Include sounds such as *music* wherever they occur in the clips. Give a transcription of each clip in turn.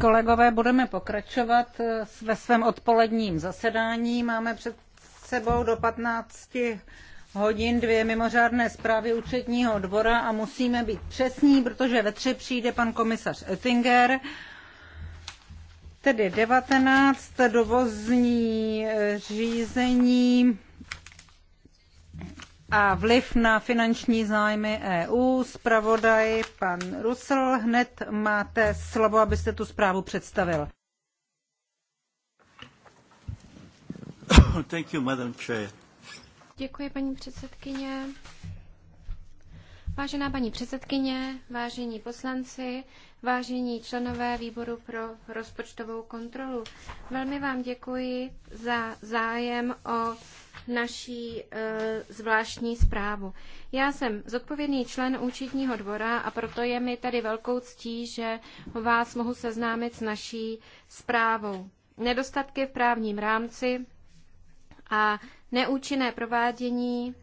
Kolegové, budeme pokračovat eh, ve svém odpoledním zasedání. Máme před sebou do 15 hodin dvě mimořádné zprávy účetního dvora a musíme být přesní, protože ve tři přijde pan komisař Oettinger. Tedy 19 dovozní eh, řízení a vliv na finanční zájmy EU. Spravodaj pan Rusel, hned máte slovo, abyste tu zprávu představil. Thank you, Madam Chair. Děkuji, paní předsedkyně. Vážená paní předsedkyně, vážení poslanci, vážení členové výboru pro rozpočtovou kontrolu, velmi vám děkuji za zájem o naší eh, zvláštní zprávu. Já jsem zodpovědný člen účetního dvora a proto je mi tady velkou ctí, že vás mohu seznámit s naší zprávou. Nedostatky v právním rámci a neúčinné provádění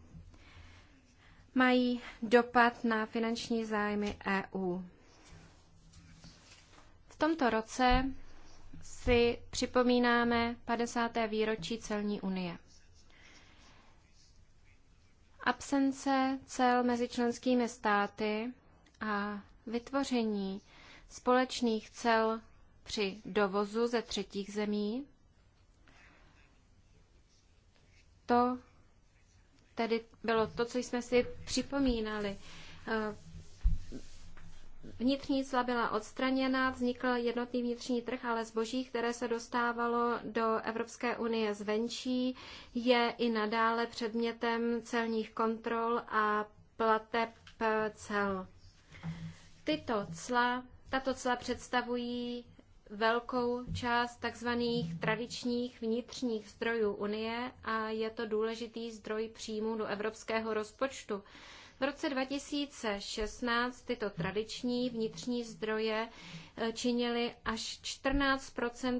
mají dopad na finanční zájmy EU. V tomto roce si připomínáme 50. výročí celní unie. Absence cel mezi členskými státy a vytvoření společných cel při dovozu ze třetích zemí. To tedy bylo to, co jsme si připomínali eh, Vnitřní cla byla odstraněna, vznikl jednotný vnitřní trh, ale zboží, které se dostávalo do Evropské unie zvenčí, je i nadále předmětem celních kontrol a plateb eh, cel. Tyto cla, tato cla představují velkou část takzvaných tradičních vnitřních zdrojů Unie a je to důležitý zdroj příjmů do evropského rozpočtu. V roce 2016 tyto tradiční vnitřní zdroje e, činily až 14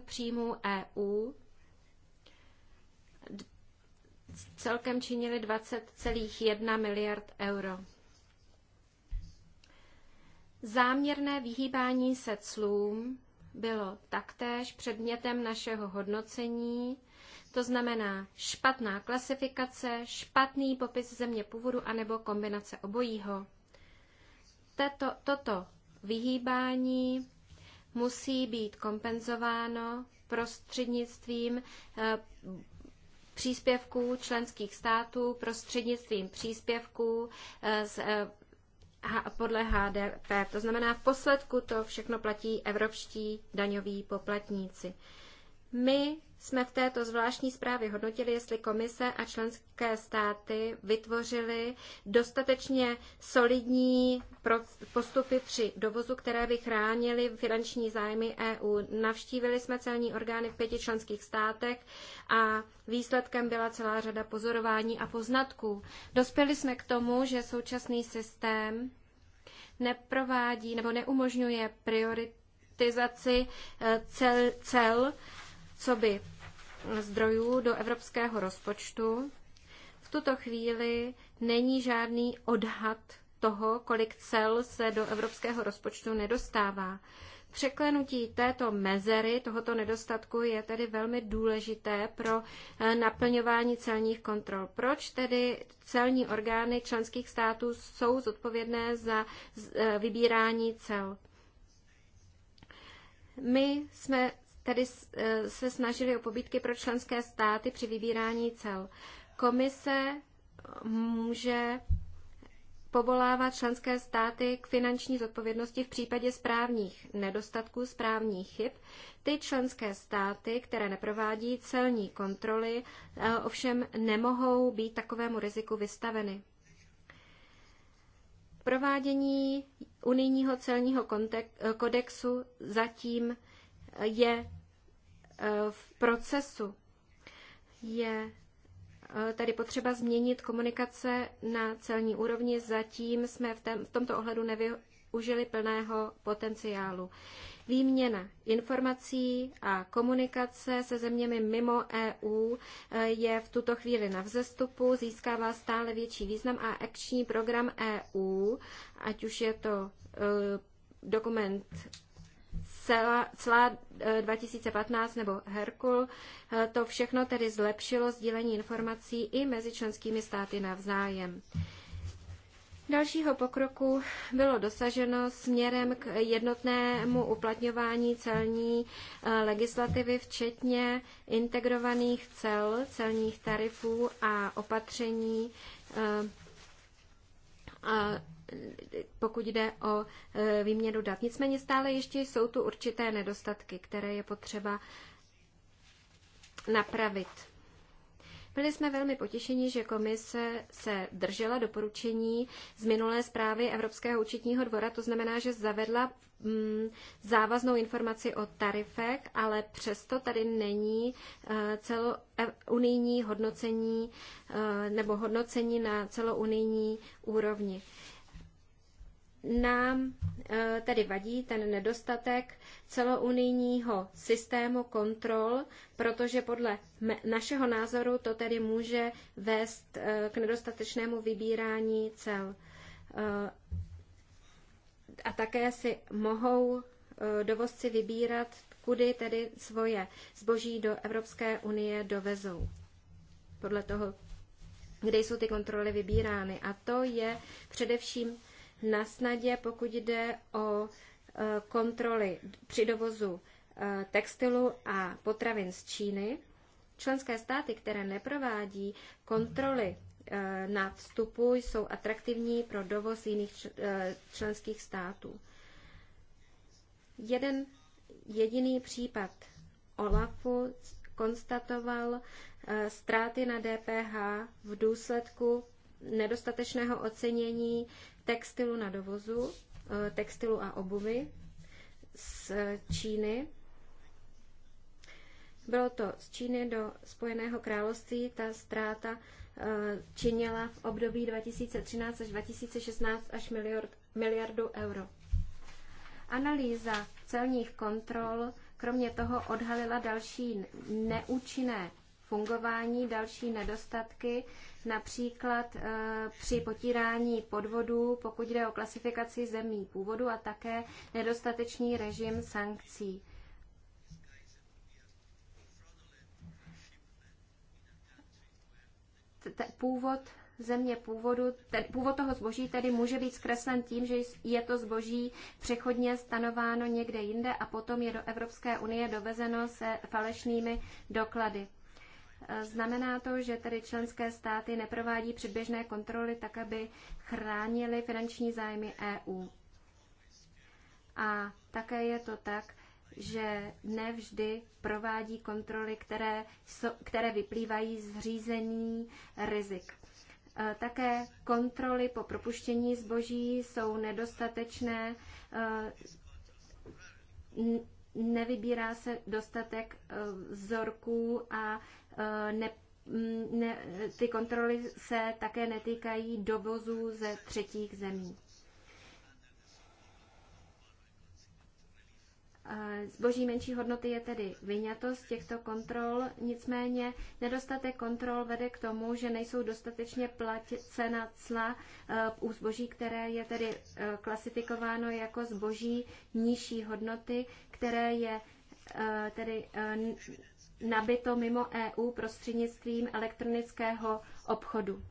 příjmů EU, celkem činily 20,1 miliard euro. Záměrné vyhýbání se clům bylo taktéž předmětem našeho hodnocení to znamená špatná klasifikace, špatný popis země původu anebo kombinace obojího. Tato, toto vyhýbání musí být kompenzováno prostřednictvím eh, příspěvků členských států, prostřednictvím příspěvků eh, z eh, podle HDP. To znamená, v posledku to všechno platí evropští daňoví poplatníci. My jsme v této zvláštní zprávě hodnotili, jestli komise a členské státy vytvořily dostatečně solidní postupy při dovozu, které by chránily finanční zájmy EU. Navštívili jsme celní orgány v pěti členských státech a výsledkem byla celá řada pozorování a poznatků. Dospěli jsme k tomu, že současný systém neprovádí nebo neumožňuje prioritizaci eh, cel, cel co by zdrojů do evropského rozpočtu. V tuto chvíli není žádný odhad toho, kolik cel se do evropského rozpočtu nedostává. Překlenutí této mezery, tohoto nedostatku, je tedy velmi důležité pro eh, naplňování celních kontrol. Proč tedy celní orgány členských států jsou zodpovědné za eh, vybírání cel? My jsme tady eh, se snažili o pobídky pro členské státy při vybírání cel. Komise může povolávat členské státy k finanční zodpovědnosti v případě správních nedostatků, správních chyb. Ty členské státy, které neprovádí celní kontroly, eh, ovšem nemohou být takovému riziku vystaveny. Provádění unijního celního eh, kodexu zatím je v procesu. Je eh, tady potřeba změnit komunikace na celní úrovni, zatím jsme v, tém, v tomto ohledu nevyužili plného potenciálu. Výměna informací a komunikace se zeměmi mimo EU eh, je v tuto chvíli na vzestupu, získává stále větší význam a akční program EU, ať už je to eh, dokument celá, celá 2015 e, nebo Herkul. E, to všechno tedy zlepšilo sdílení informací i mezi členskými státy navzájem. Dalšího pokroku bylo dosaženo směrem k jednotnému uplatňování celní e, legislativy, včetně integrovaných cel, celních tarifů a opatření a pokud jde o e, výměnu dat. Nicméně stále ještě jsou tu určité nedostatky, které je potřeba napravit. Byli jsme velmi potěšeni, že komise se držela doporučení z minulé zprávy Evropského účetního dvora, to znamená, že zavedla mm, závaznou informaci o tarifech, ale přesto tady není e, celounijní e, hodnocení nebo hodnocení na celounijní úrovni nám eh, tedy vadí ten nedostatek celounijního systému kontrol, protože podle našeho názoru to tedy může vést eh, k nedostatečnému vybírání cel. Eh, a také si mohou dovozci vybírat, kudy tedy svoje zboží do Evropské unie dovezou. Podle toho, kde jsou ty kontroly vybírány. A to je především na snadě, pokud jde o e, kontroly při dovozu e, textilu a potravin z Číny. Členské státy, které neprovádí kontroly e, na vstupu, jsou atraktivní pro dovoz jiných členských států. Jeden jediný případ OLAFu konstatoval ztráty na DPH v důsledku nedostatečného ocenění textilu na dovozu, eh, textilu a obuvy z Číny. Bylo to z Číny do Spojeného království, ta ztráta eh, činila v období 2013 až 2016 až miliard, miliardu euro. Analýza celních kontrol kromě toho odhalila další neúčinné fungování, další nedostatky, například eh, při potírání podvodů, pokud jde o klasifikaci zemí původu a také nedostatečný režim sankcí. Původ země původu, ten původ toho zboží tedy může být zkreslen tím, že je to zboží přechodně stanováno někde jinde a potom je do Evropské unie dovezeno se falešnými doklady. Znamená to, že tedy členské státy neprovádí předběžné kontroly tak, aby chránili finanční zájmy EU. A také je to tak, že nevždy provádí kontroly, které, jsou, které vyplývají z řízení rizik. E, také kontroly po propuštění zboží jsou nedostatečné, e, nevybírá se dostatek e, vzorků a Eh, ne, mm, ne, ty kontroly se také netýkají dovozů ze třetích zemí. Eh, zboží menší hodnoty je tedy vyňato z těchto kontrol, nicméně nedostatek kontrol vede k tomu, že nejsou dostatečně placena cla eh, u zboží, které je tedy klasifikováno jako zboží nižší hodnoty, které je tedy nabito mimo EU prostřednictvím elektronického obchodu.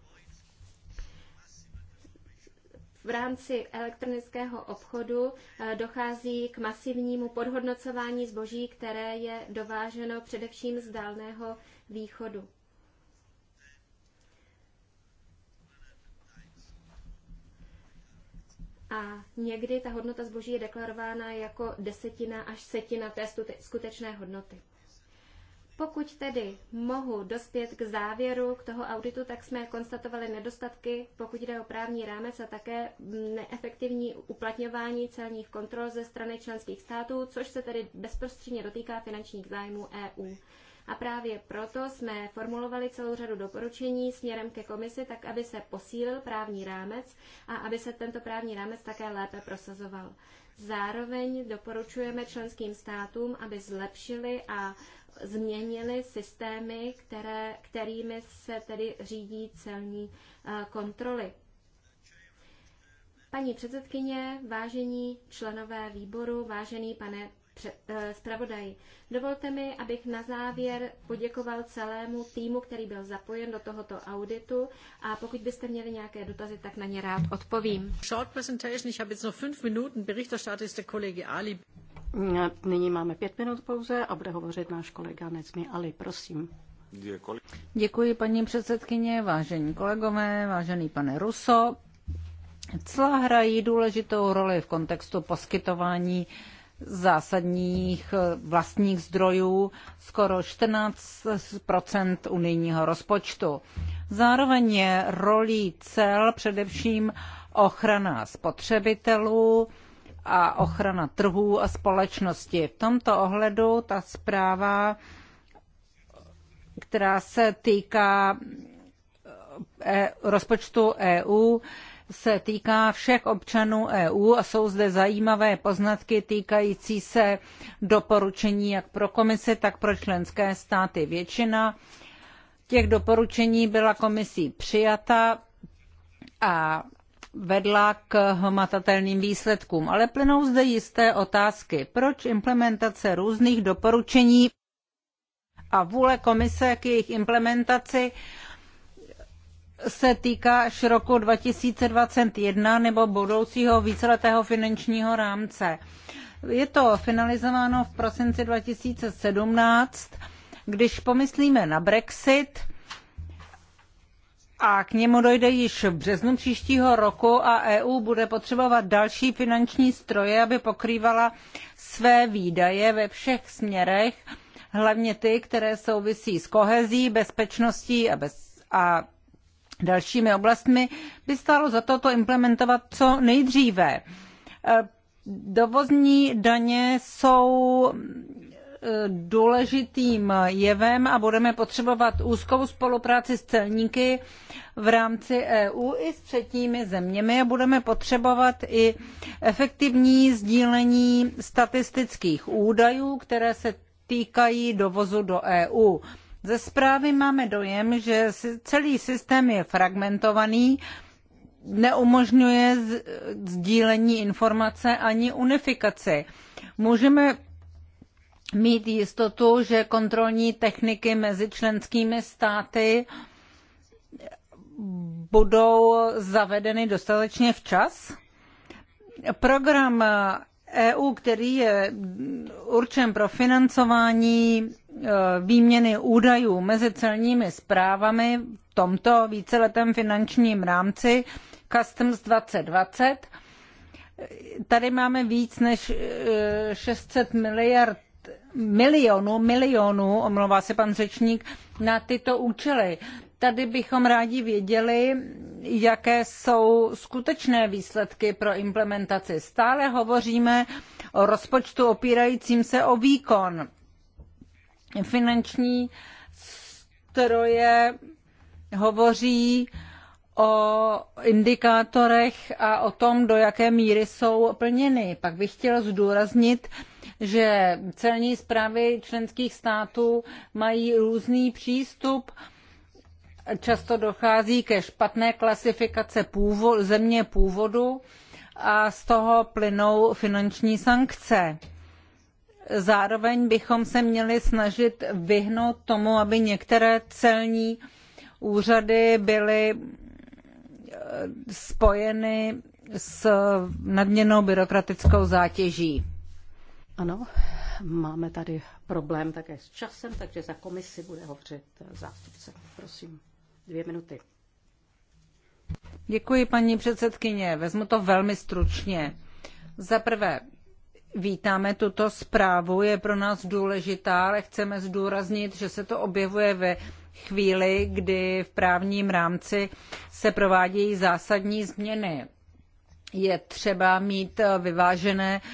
V rámci elektronického obchodu eh, dochází k masivnímu podhodnocování zboží, které je dováženo především z Dálného východu. A někdy ta hodnota zboží je deklarována jako desetina až setina té skutečné hodnoty. Pokud tedy mohu dospět k závěru k toho auditu, tak jsme konstatovali nedostatky, pokud jde o právní rámec a také neefektivní uplatňování celních kontrol ze strany členských států, což se tedy bezprostředně dotýká finančních zájmů EU. A právě proto jsme formulovali celou řadu doporučení směrem ke komisi, tak aby se posílil právní rámec a aby se tento právní rámec také lépe prosazoval. Zároveň doporučujeme členským státům, aby zlepšili a změnili systémy, které, kterými se tedy řídí celní eh, kontroly. Paní předsedkyně, vážení členové výboru, vážený pane eh, zpravodaji. Dovolte mi, abych na závěr poděkoval celému týmu, který byl zapojen do tohoto auditu a pokud byste měli nějaké dotazy, tak na ně rád odpovím. Short presentation, ich habe jetzt noch fünf Minuten. Berichterstatter ist der Kollege Ali. Nyní máme pět minut pouze a bude hovořit náš kolega Necmi Ali. Prosím. Děkuji. Děkuji, paní předsedkyně, vážení kolegové, vážený pane Ruso. Cla hrají důležitou roli v kontextu poskytování zásadních eh, vlastních zdrojů, skoro 14 unijního rozpočtu. Zároveň je rolí cel především ochrana spotřebitelů, a ochrana trhů a společnosti. V tomto ohledu ta zpráva, která se týká eh, rozpočtu EU, se týká všech občanů EU a jsou zde zajímavé poznatky týkající se doporučení jak pro komisi, tak pro členské státy. Většina těch doporučení byla komisí přijata a vedla k hmatatelným výsledkům. Ale plynou zde jisté otázky. Proč implementace různých doporučení a vůle komise k jejich implementaci se týká až roku 2021 nebo budoucího víceletého finančního rámce. Je to finalizováno v prosinci 2017. Když pomyslíme na Brexit, a k němu dojde již v březnu příštího roku a EU bude potřebovat další finanční stroje, aby pokrývala své výdaje ve všech směrech, hlavně ty, které souvisí s kohezí, bezpečností a, bez, a dalšími oblastmi, by stálo za to to implementovat co nejdříve. E, dovozní daně jsou důležitým jevem a budeme potřebovat úzkou spolupráci s celníky v rámci EU i s třetími zeměmi a budeme potřebovat i efektivní sdílení statistických údajů, které se týkají dovozu do EU. Ze zprávy máme dojem, že celý systém je fragmentovaný, neumožňuje sdílení informace ani unifikaci. Můžeme mít jistotu, že kontrolní techniky mezi členskými státy budou zavedeny dostatečně včas? Program EU, který je určen pro financování e, výměny údajů mezi celními zprávami v tomto víceletém finančním rámci Customs 2020. Tady máme víc než 600 e, miliard milionů, milionů, omlouvá se pan řečník, na tyto účely. Tady bychom rádi věděli, jaké jsou skutečné výsledky pro implementaci. Stále hovoříme o rozpočtu opírajícím se o výkon. Finanční stroje hovoří o indikátorech a o tom, do jaké míry jsou plněny. Pak bych chtěl zdůraznit, že celní zprávy členských států mají různý přístup. Často dochází ke špatné klasifikace původ, země původu a z toho plynou finanční sankce. Zároveň bychom se měli snažit vyhnout tomu, aby některé celní úřady byly eh, spojeny s nadměrnou byrokratickou zátěží. Ano, máme tady problém také s časem, takže za komisi bude hovořit zástupce. Prosím, dvě minuty. Děkuji, paní předsedkyně. Vezmu to velmi stručně. Za prvé, vítáme tuto zprávu, je pro nás důležitá, ale chceme zdůraznit, že se to objevuje ve chvíli, kdy v právním rámci se provádějí zásadní změny. Je třeba mít vyvážené uh,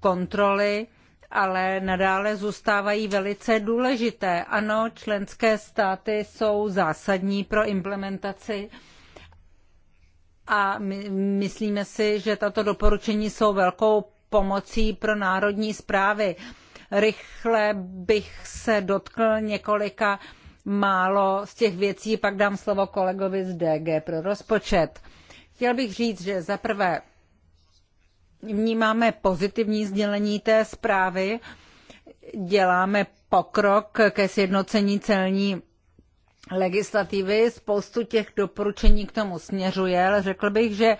kontroly, ale nadále zůstávají velice důležité. Ano, členské státy jsou zásadní pro implementaci a my, myslíme si, že tato doporučení jsou velkou pomocí pro národní správy. Rychle bych se dotkl několika málo z těch věcí, pak dám slovo kolegovi z DG pro rozpočet. Chtěl bych říct, že za prvé vnímáme pozitivní sdělení té zprávy, děláme pokrok ke sjednocení celní legislativy, spoustu těch doporučení k tomu směřuje, ale řekl bych, že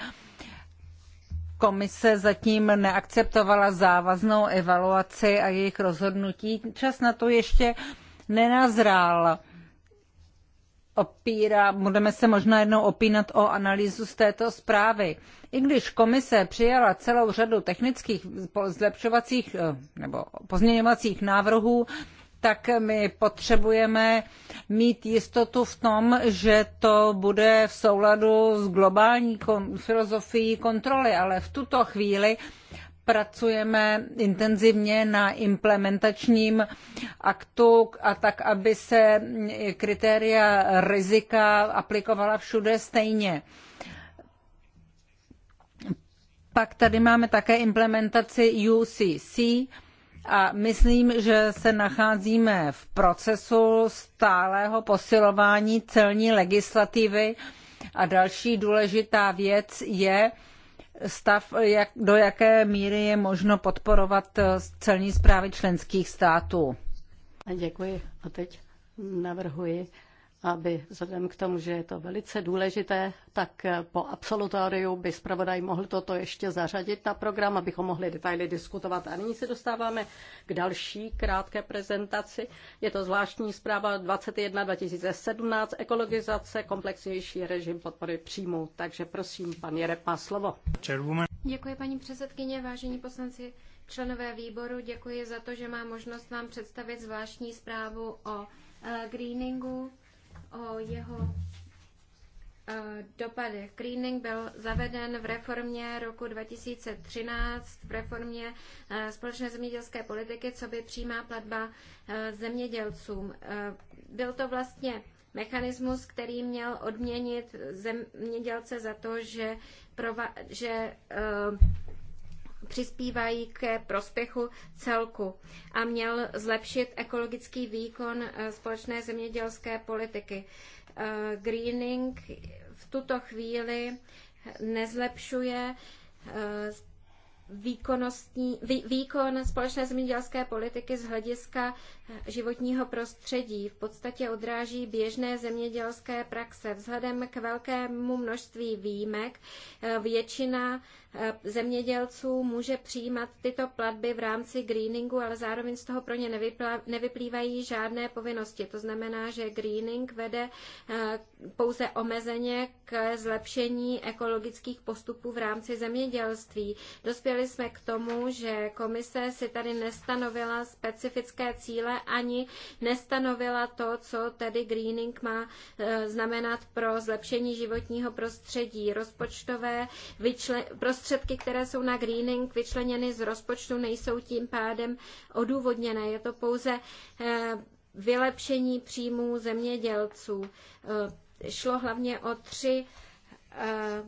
komise zatím neakceptovala závaznou evaluaci a jejich rozhodnutí. Čas na to ještě nenazrál opírá, budeme se možná jednou opínat o analýzu z této zprávy. I když komise přijala celou řadu technických zlepšovacích eh, nebo pozměňovacích návrhů, tak my potřebujeme mít jistotu v tom, že to bude v souladu s globální kon- filozofií kontroly, ale v tuto chvíli pracujeme intenzivně na implementačním aktu a tak, aby se kritéria rizika aplikovala všude stejně. Pak tady máme také implementaci UCC a myslím, že se nacházíme v procesu stálého posilování celní legislativy a další důležitá věc je, stav, jak, do jaké míry je možno podporovat eh, celní zprávy členských států. Děkuji. A teď navrhuji, aby vzhledem k tomu, že je to velice důležité, tak po absolutoriu by zpravodaj mohl toto ještě zařadit na program, abychom mohli detaily diskutovat. A nyní se dostáváme k další krátké prezentaci. Je to zvláštní zpráva 21 2017 ekologizace, komplexnější režim podpory příjmu. Takže prosím, pan Jerep má slovo. Děkuji, paní předsedkyně, vážení poslanci, členové výboru. Děkuji za to, že má možnost vám představit zvláštní zprávu o eh, greeningu o jeho eh, dopady. Greening byl zaveden v reformě roku 2013, v reformě eh, společné zemědělské politiky, co by přímá platba eh, zemědělcům. Byl to vlastně mechanismus, který měl odměnit zemědělce za to, že, prova- že přispívají k prospěchu celku a měl zlepšit ekologický výkon eh, společné zemědělské politiky. Eh, greening v tuto chvíli nezlepšuje eh, výkonnostní, vý, výkon společné zemědělské politiky z hlediska životního prostředí v podstatě odráží běžné zemědělské praxe. Vzhledem k velkému množství výjimek většina Eh, zemědělců může přijímat tyto platby v rámci greeningu, ale zároveň z toho pro ně nevyplývají žádné povinnosti. To znamená, že greening vede eh, pouze omezeně k zlepšení ekologických postupů v rámci zemědělství. Dospěli jsme k tomu, že komise si tady nestanovila specifické cíle ani nestanovila to, co tedy greening má eh, znamenat pro zlepšení životního prostředí. Rozpočtové vyčle, pros prostředky, které jsou na greening vyčleněny z rozpočtu, nejsou tím pádem odůvodněné. Je to pouze eh, vylepšení příjmů zemědělců. Eh, šlo hlavně o tři eh,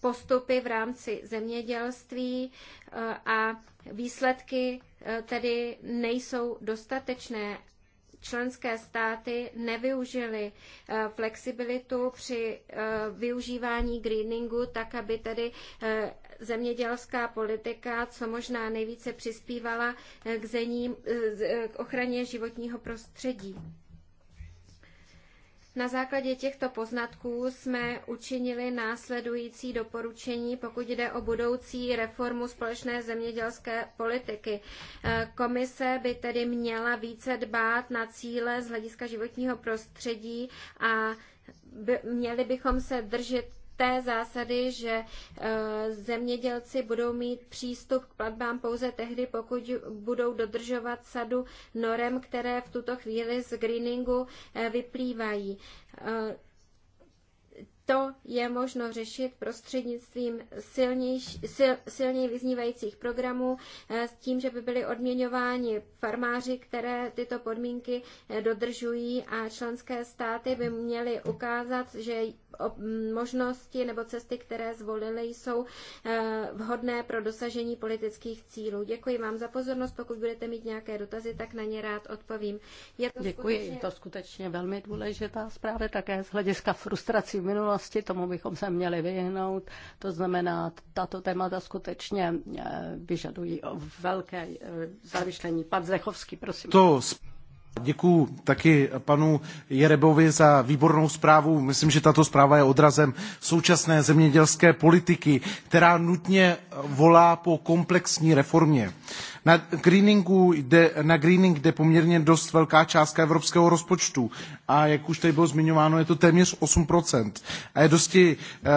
postupy v rámci zemědělství a výsledky tedy nejsou dostatečné členské státy nevyužily eh, flexibilitu při eh, využívání greeningu, tak aby tedy eh, zemědělská politika co možná nejvíce přispívala k, zením, k ochraně životního prostředí. Na základě těchto poznatků jsme učinili následující doporučení, pokud jde o budoucí reformu společné zemědělské politiky. Eh, komise by tedy měla více dbát na cíle z hlediska životního prostředí a měli bychom se držet té zásady, že e, zemědělci budou mít přístup k platbám pouze tehdy, pokud budou dodržovat sadu norem, které v tuto chvíli z greeningu e, vyplývají. E, to je možno řešit prostřednictvím silnějš, sil, silněji vyznívajících programů s tím, že by byli odměňováni farmáři, které tyto podmínky dodržují a členské státy by měly ukázat, že možnosti nebo cesty, které zvolili, jsou eh, vhodné pro dosažení politických cílů. Děkuji vám za pozornost. Pokud budete mít nějaké dotazy, tak na ně rád odpovím. Je to Děkuji, skutečně... je to skutečně velmi důležitá zpráva, také z hlediska frustrací v minulosti, tomu bychom se měli vyhnout. To znamená, tato témata skutečně eh, vyžadují velké eh, zamyšlení. Pan Zechovský, prosím. To Děkuji taky panu Jerebovi za výbornou zprávu. Myslím, že tato zpráva je odrazem současné zemědělské politiky, která nutně volá po komplexní reformě. Na, greeningu jde, na greening jde poměrně dost velká částka evropského rozpočtu a jak už tady bylo zmiňováno, je to téměř 8%. A je dosti eh,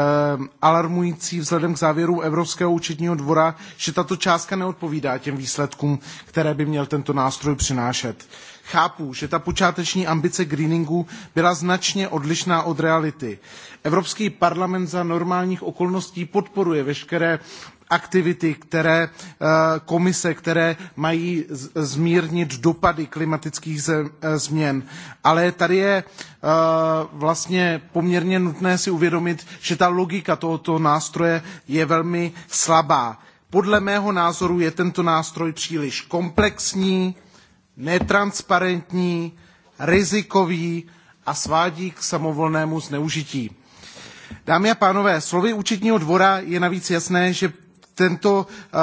alarmující vzhledem k závěru Evropského účetního dvora, že tato částka neodpovídá těm výsledkům, které by měl tento nástroj přinášet. Eh, Chápu, že ta počáteční ambice greeningu byla značně odlišná od reality. Evropský parlament za normálních okolností podporuje veškeré aktivity, které eh, komise, které mají zmírnit dopady klimatických eh, změn. Ale tady je eh, vlastně poměrně nutné si uvědomit, že ta logika tohoto nástroje je velmi slabá. Podle mého názoru je tento nástroj příliš komplexní, netransparentní, rizikový a svádí k samovolnému zneužití. Dámy a pánové, slovy účetního dvora je navíc jasné, že tento, eh,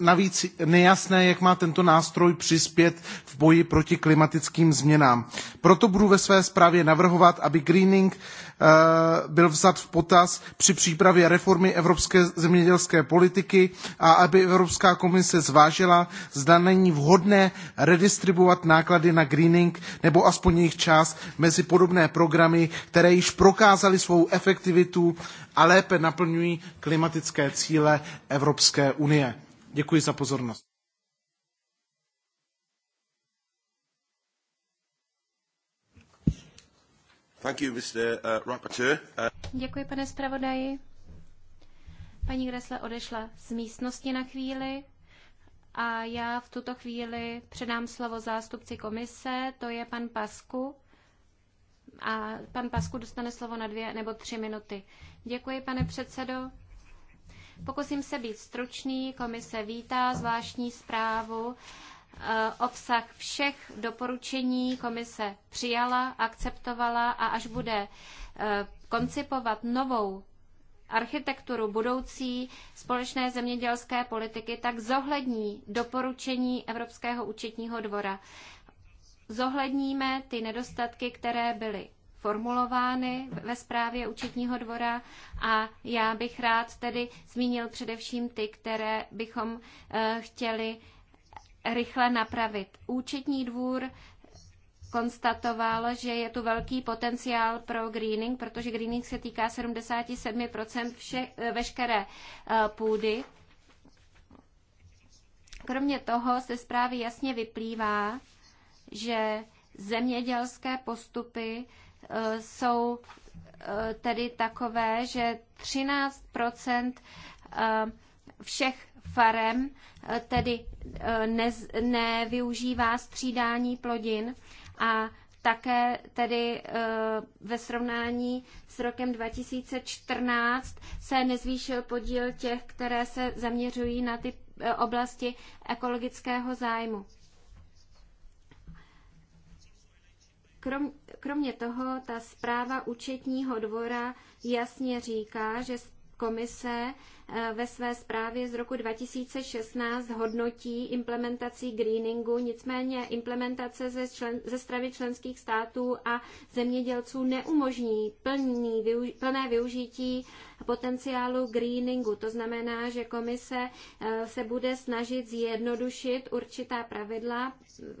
navíc nejasné, jak má tento nástroj přispět v boji proti klimatickým změnám. Proto budu ve své zprávě navrhovat, aby greening Eh, byl vzat v potaz při přípravě reformy evropské zemědělské politiky a aby Evropská komise zvážila, zda není vhodné redistribuovat náklady na greening nebo aspoň jejich část mezi podobné programy, které již prokázaly svou efektivitu a lépe naplňují klimatické cíle Evropské unie. Děkuji za pozornost. Uh, uh, Děkuji, pane zpravodaji. Paní Gresle odešla z místnosti na chvíli a já v tuto chvíli předám slovo zástupci komise, to je pan Pasku. A pan Pasku dostane slovo na dvě nebo tři minuty. Děkuji, pane předsedo. Pokusím se být stručný. Komise vítá zvláštní zprávu Eh, obsah všech doporučení komise přijala, akceptovala a až bude eh, koncipovat novou architekturu budoucí společné zemědělské politiky, tak zohlední doporučení Evropského účetního dvora. Zohledníme ty nedostatky, které byly formulovány ve zprávě účetního dvora a já bych rád tedy zmínil především ty, které bychom eh, chtěli rychle napravit. Účetní dvůr konstatoval, že je tu velký potenciál pro greening, protože greening se týká 77% vše, eh, veškeré eh, půdy. Kromě toho se zprávy jasně vyplývá, že zemědělské postupy eh, jsou tedy takové, že 13 všech farem eh, tedy eh, ne, nevyužívá střídání plodin a také tedy eh, ve srovnání s rokem 2014 se nezvýšil podíl těch, které se zaměřují na ty oblasti ekologického zájmu. Krom, kromě toho, ta zpráva účetního dvora jasně říká, že komise Eh, ve své zprávě z roku 2016 hodnotí implementaci greeningu, nicméně implementace ze, člen, ze strany členských států a zemědělců neumožní plný, plné využití potenciálu greeningu. To znamená, že komise eh, se bude snažit zjednodušit určitá pravidla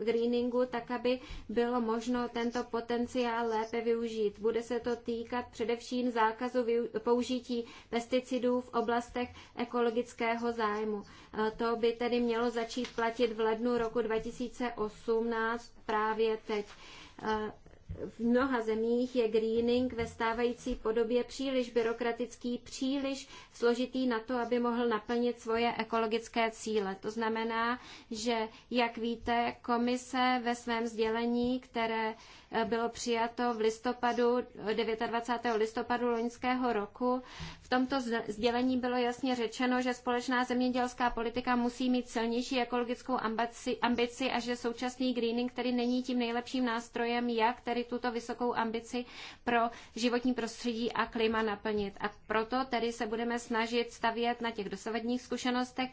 greeningu, tak aby bylo možno tento potenciál lépe využít. Bude se to týkat především zákazu použití pesticidů v oblasti oblastech ekologického zájmu. E, to by tedy mělo začít platit v lednu roku 2018 právě teď. E, v mnoha zemích je greening ve stávající podobě příliš byrokratický, příliš složitý na to, aby mohl naplnit svoje ekologické cíle. To znamená, že, jak víte, komise ve svém sdělení, které bylo přijato v listopadu, 29. listopadu loňského roku. V tomto sdělení bylo jasně řečeno, že společná zemědělská politika musí mít silnější ekologickou ambici, ambici a že současný greening tedy není tím nejlepším nástrojem, jak tedy tuto vysokou ambici pro životní prostředí a klima naplnit. A proto tedy se budeme snažit stavět na těch dosavadních zkušenostech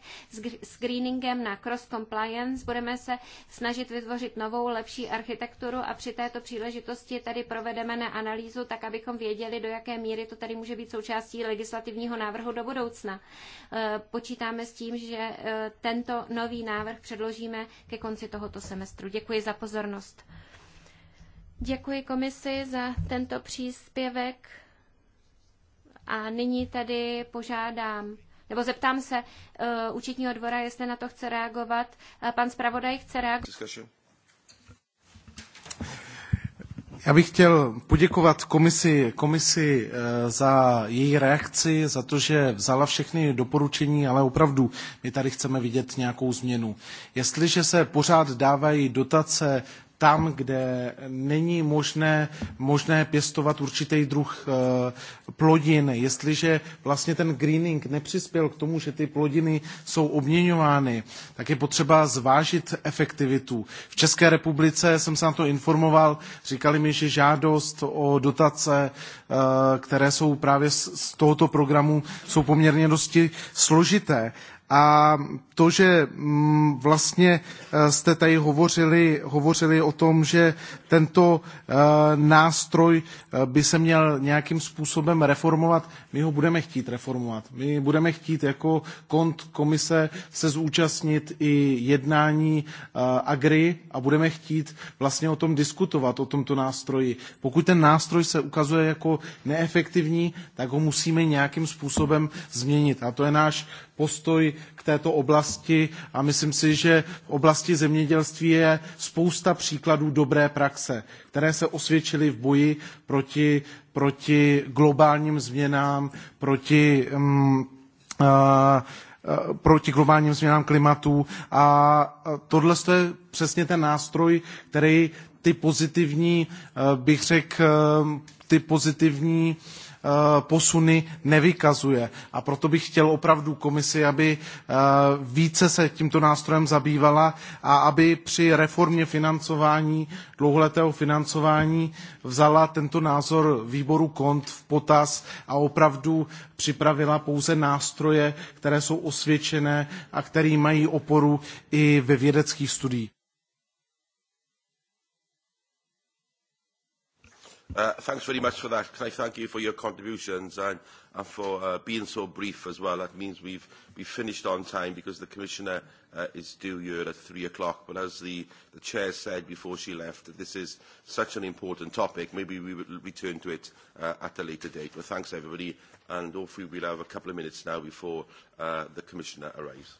s greeningem na cross compliance. Budeme se snažit vytvořit novou, lepší architekturu a při této příležitosti tady provedeme na analýzu, tak abychom věděli, do jaké míry to tady může být součástí legislativního návrhu do budoucna. Eh, počítáme s tím, že eh, tento nový návrh předložíme ke konci tohoto semestru. Děkuji za pozornost. Děkuji komisi za tento příspěvek a nyní tady požádám nebo zeptám se uh, účetního dvora, jestli na to chce reagovat. Uh, pan zpravodaj chce reagovat. Já bych chtěl poděkovat komisi, komisi eh, za její reakci, za to, že vzala všechny doporučení, ale opravdu my tady chceme vidět nějakou změnu. Jestliže se pořád dávají dotace tam, kde není možné, možné pěstovat určitý druh eh, plodin. Jestliže vlastně ten greening nepřispěl k tomu, že ty plodiny jsou obměňovány, tak je potřeba zvážit efektivitu. V České republice jsem se na to informoval, říkali mi, že žádost o dotace, eh, které jsou právě z, z tohoto programu, jsou poměrně dosti složité. A to, že mm, vlastně eh, jste tady hovořili, hovořili o tom, že tento eh, nástroj eh, by se měl nějakým způsobem reformovat, my ho budeme chtít reformovat. My budeme chtít jako kont komise se zúčastnit i jednání agri a budeme chtít vlastně o tom diskutovat, o tomto nástroji. Pokud ten nástroj se ukazuje jako neefektivní, tak ho musíme nějakým způsobem změnit. A to je náš postoj k této oblasti a myslím si, že v oblasti zemědělství je spousta příkladů dobré praxe, které se osvědčily v boji proti, proti globálním změnám, proti um, uh, proti globálním změnám klimatu a tohle je přesně ten nástroj, který ty pozitivní, bych řekl, ty pozitivní uh, Eh, posuny nevykazuje. A proto bych chtěl opravdu komisi, aby eh, více se tímto nástrojem zabývala a aby při reformě financování, dlouholetého financování vzala tento názor výboru KONT v potaz a opravdu připravila pouze nástroje, které jsou osvědčené a které mají oporu i ve vědeckých studiích. Uh, thanks very much for that. Can I thank you for your contributions and, and for uh, being so brief as well. That means we've, we've finished on time because the Commissioner uh, is due here at 3 o'clock. But as the, the Chair said before she left, this is such an important topic. Maybe we will return to it uh, at a later date. But thanks, everybody. And hopefully we'll have a couple of minutes now before uh, the Commissioner arrives.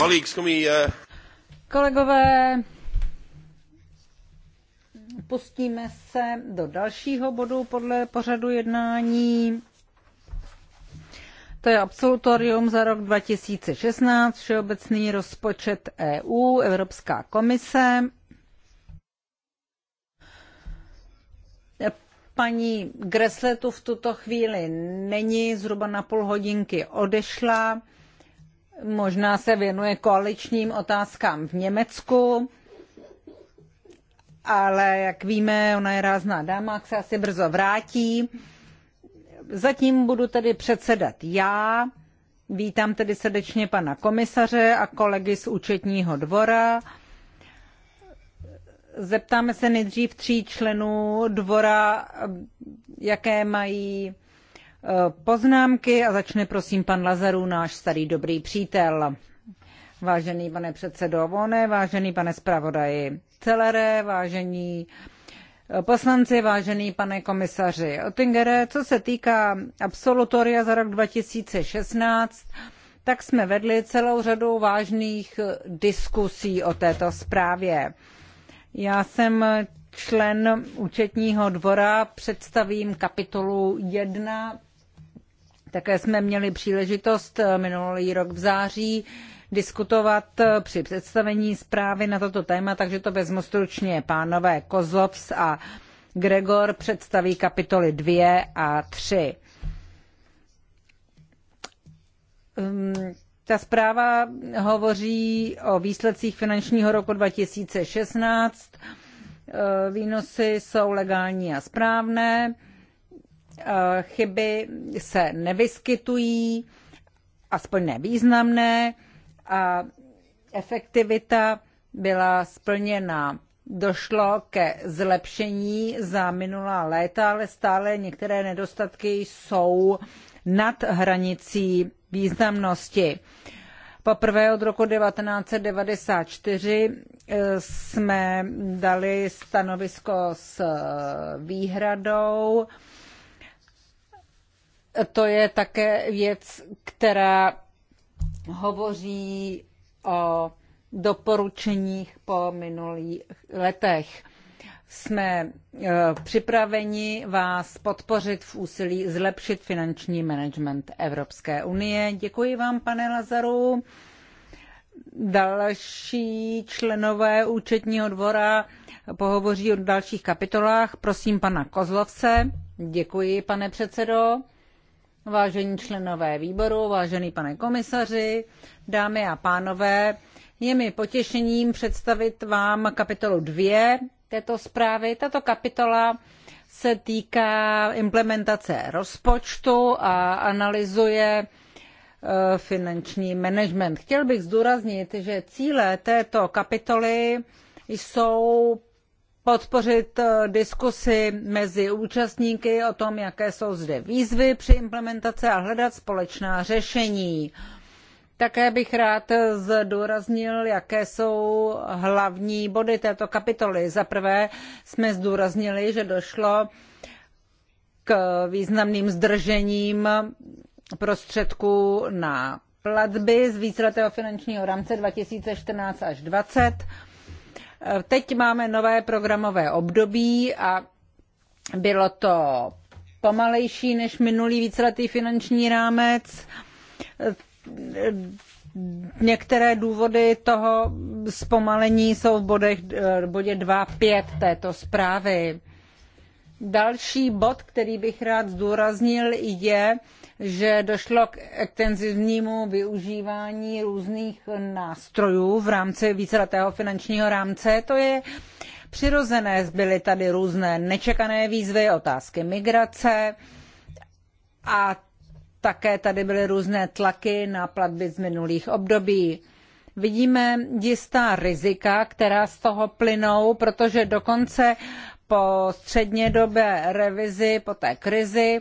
Uh, Kolegové, pustíme se do dalšího bodu podle pořadu jednání. To je absolutorium za rok 2016, Všeobecný rozpočet EU, Evropská komise. Paní Gresle tu v tuto chvíli není, zhruba na půl hodinky odešla možná se věnuje koaličním otázkám v Německu, ale jak víme, ona je rázná dáma, se asi brzo vrátí. Zatím budu tedy předsedat já. Vítám tedy srdečně pana komisaře a kolegy z účetního dvora. Zeptáme se nejdřív tří členů dvora, jaké mají poznámky a začne prosím pan Lazarů, náš starý dobrý přítel. Vážený pane předsedo Vone, vážený pane zpravodaji Celere, vážení eh, poslanci, vážený pane komisaři Oettingere, co se týká absolutoria za rok 2016, tak jsme vedli celou řadu vážných eh, diskusí o této zprávě. Já jsem člen účetního dvora, představím kapitolu 1 také jsme měli příležitost eh, minulý rok v září diskutovat eh, při představení zprávy na toto téma, takže to vezmu stručně. Pánové Kozlovs a Gregor představí kapitoly 2 a 3. Ehm, ta zpráva hovoří o výsledcích finančního roku 2016. Eh, výnosy jsou legální a správné. Eh, chyby se nevyskytují, aspoň nevýznamné, a efektivita byla splněna. Došlo ke zlepšení za minulá léta, ale stále některé nedostatky jsou nad hranicí významnosti. Poprvé od roku 1994 eh, jsme dali stanovisko s výhradou to je také věc, která hovoří o doporučeních po minulých letech. Jsme e, připraveni vás podpořit v úsilí zlepšit finanční management Evropské unie. Děkuji vám, pane Lazaru. Další členové účetního dvora pohovoří o dalších kapitolách. Prosím pana Kozlovce. Děkuji, pane předsedo vážení členové výboru, vážený pane komisaři, dámy a pánové. Je mi potěšením představit vám kapitolu 2 této zprávy. Tato kapitola se týká implementace rozpočtu a analyzuje eh, finanční management. Chtěl bych zdůraznit, že cíle této kapitoly jsou podpořit eh, diskusi mezi účastníky o tom, jaké jsou zde výzvy při implementaci a hledat společná řešení. Také bych rád eh, zdůraznil, jaké jsou hlavní body této kapitoly. Za prvé jsme zdůraznili, že došlo k významným zdržením prostředků na platby z víceletého finančního rámce 2014 až 2020 Teď máme nové programové období a bylo to pomalejší než minulý víceletý finanční rámec. Některé důvody toho zpomalení jsou v bodech, bodě 2.5 této zprávy. Další bod, který bych rád zdůraznil, je, že došlo k extenzivnímu využívání různých nástrojů v rámci víceletého finančního rámce. To je přirozené, byly tady různé nečekané výzvy, otázky migrace a také tady byly různé tlaky na platby z minulých období. Vidíme jistá rizika, která z toho plynou, protože dokonce po střednědobé revizi, po té krizi,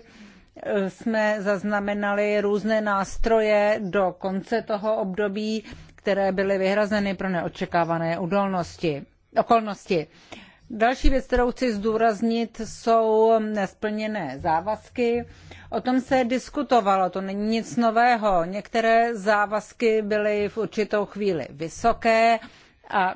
jsme zaznamenali různé nástroje do konce toho období, které byly vyhrazeny pro neočekávané udolnosti, okolnosti. Další věc, kterou chci zdůraznit, jsou nesplněné závazky. O tom se diskutovalo, to není nic nového. Některé závazky byly v určitou chvíli vysoké a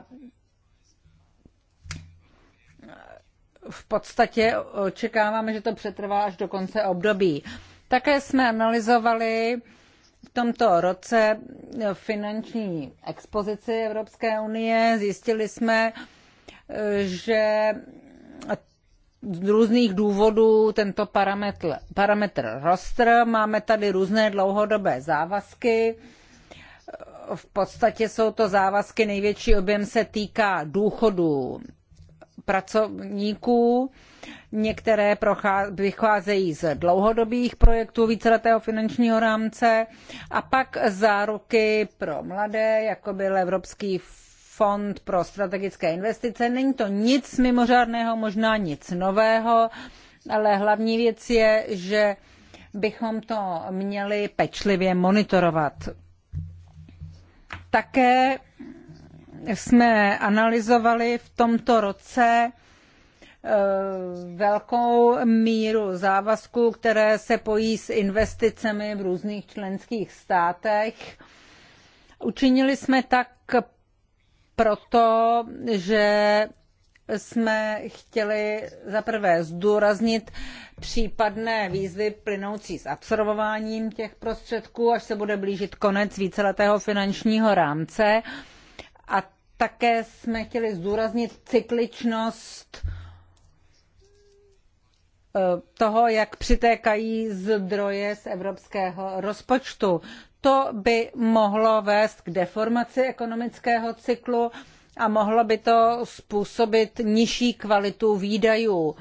v podstatě očekáváme, že to přetrvá až do konce období. Také jsme analyzovali v tomto roce finanční expozici Evropské unie. Zjistili jsme, že z různých důvodů tento parametr, parametr rostr. Máme tady různé dlouhodobé závazky. V podstatě jsou to závazky, největší objem se týká důchodů pracovníků. Některé vycházejí z dlouhodobých projektů víceletého finančního rámce a pak záruky pro mladé, jako byl Evropský fond pro strategické investice. Není to nic mimořádného, možná nic nového, ale hlavní věc je, že bychom to měli pečlivě monitorovat. Také jsme analyzovali v tomto roce eh, velkou míru závazků, které se pojí s investicemi v různých členských státech. Učinili jsme tak proto, že jsme chtěli zaprvé zdůraznit případné výzvy plynoucí s absorbováním těch prostředků, až se bude blížit konec víceletého finančního rámce a také jsme chtěli zdůraznit cykličnost eh, toho, jak přitékají zdroje z evropského rozpočtu. To by mohlo vést k deformaci ekonomického cyklu a mohlo by to způsobit nižší kvalitu výdajů.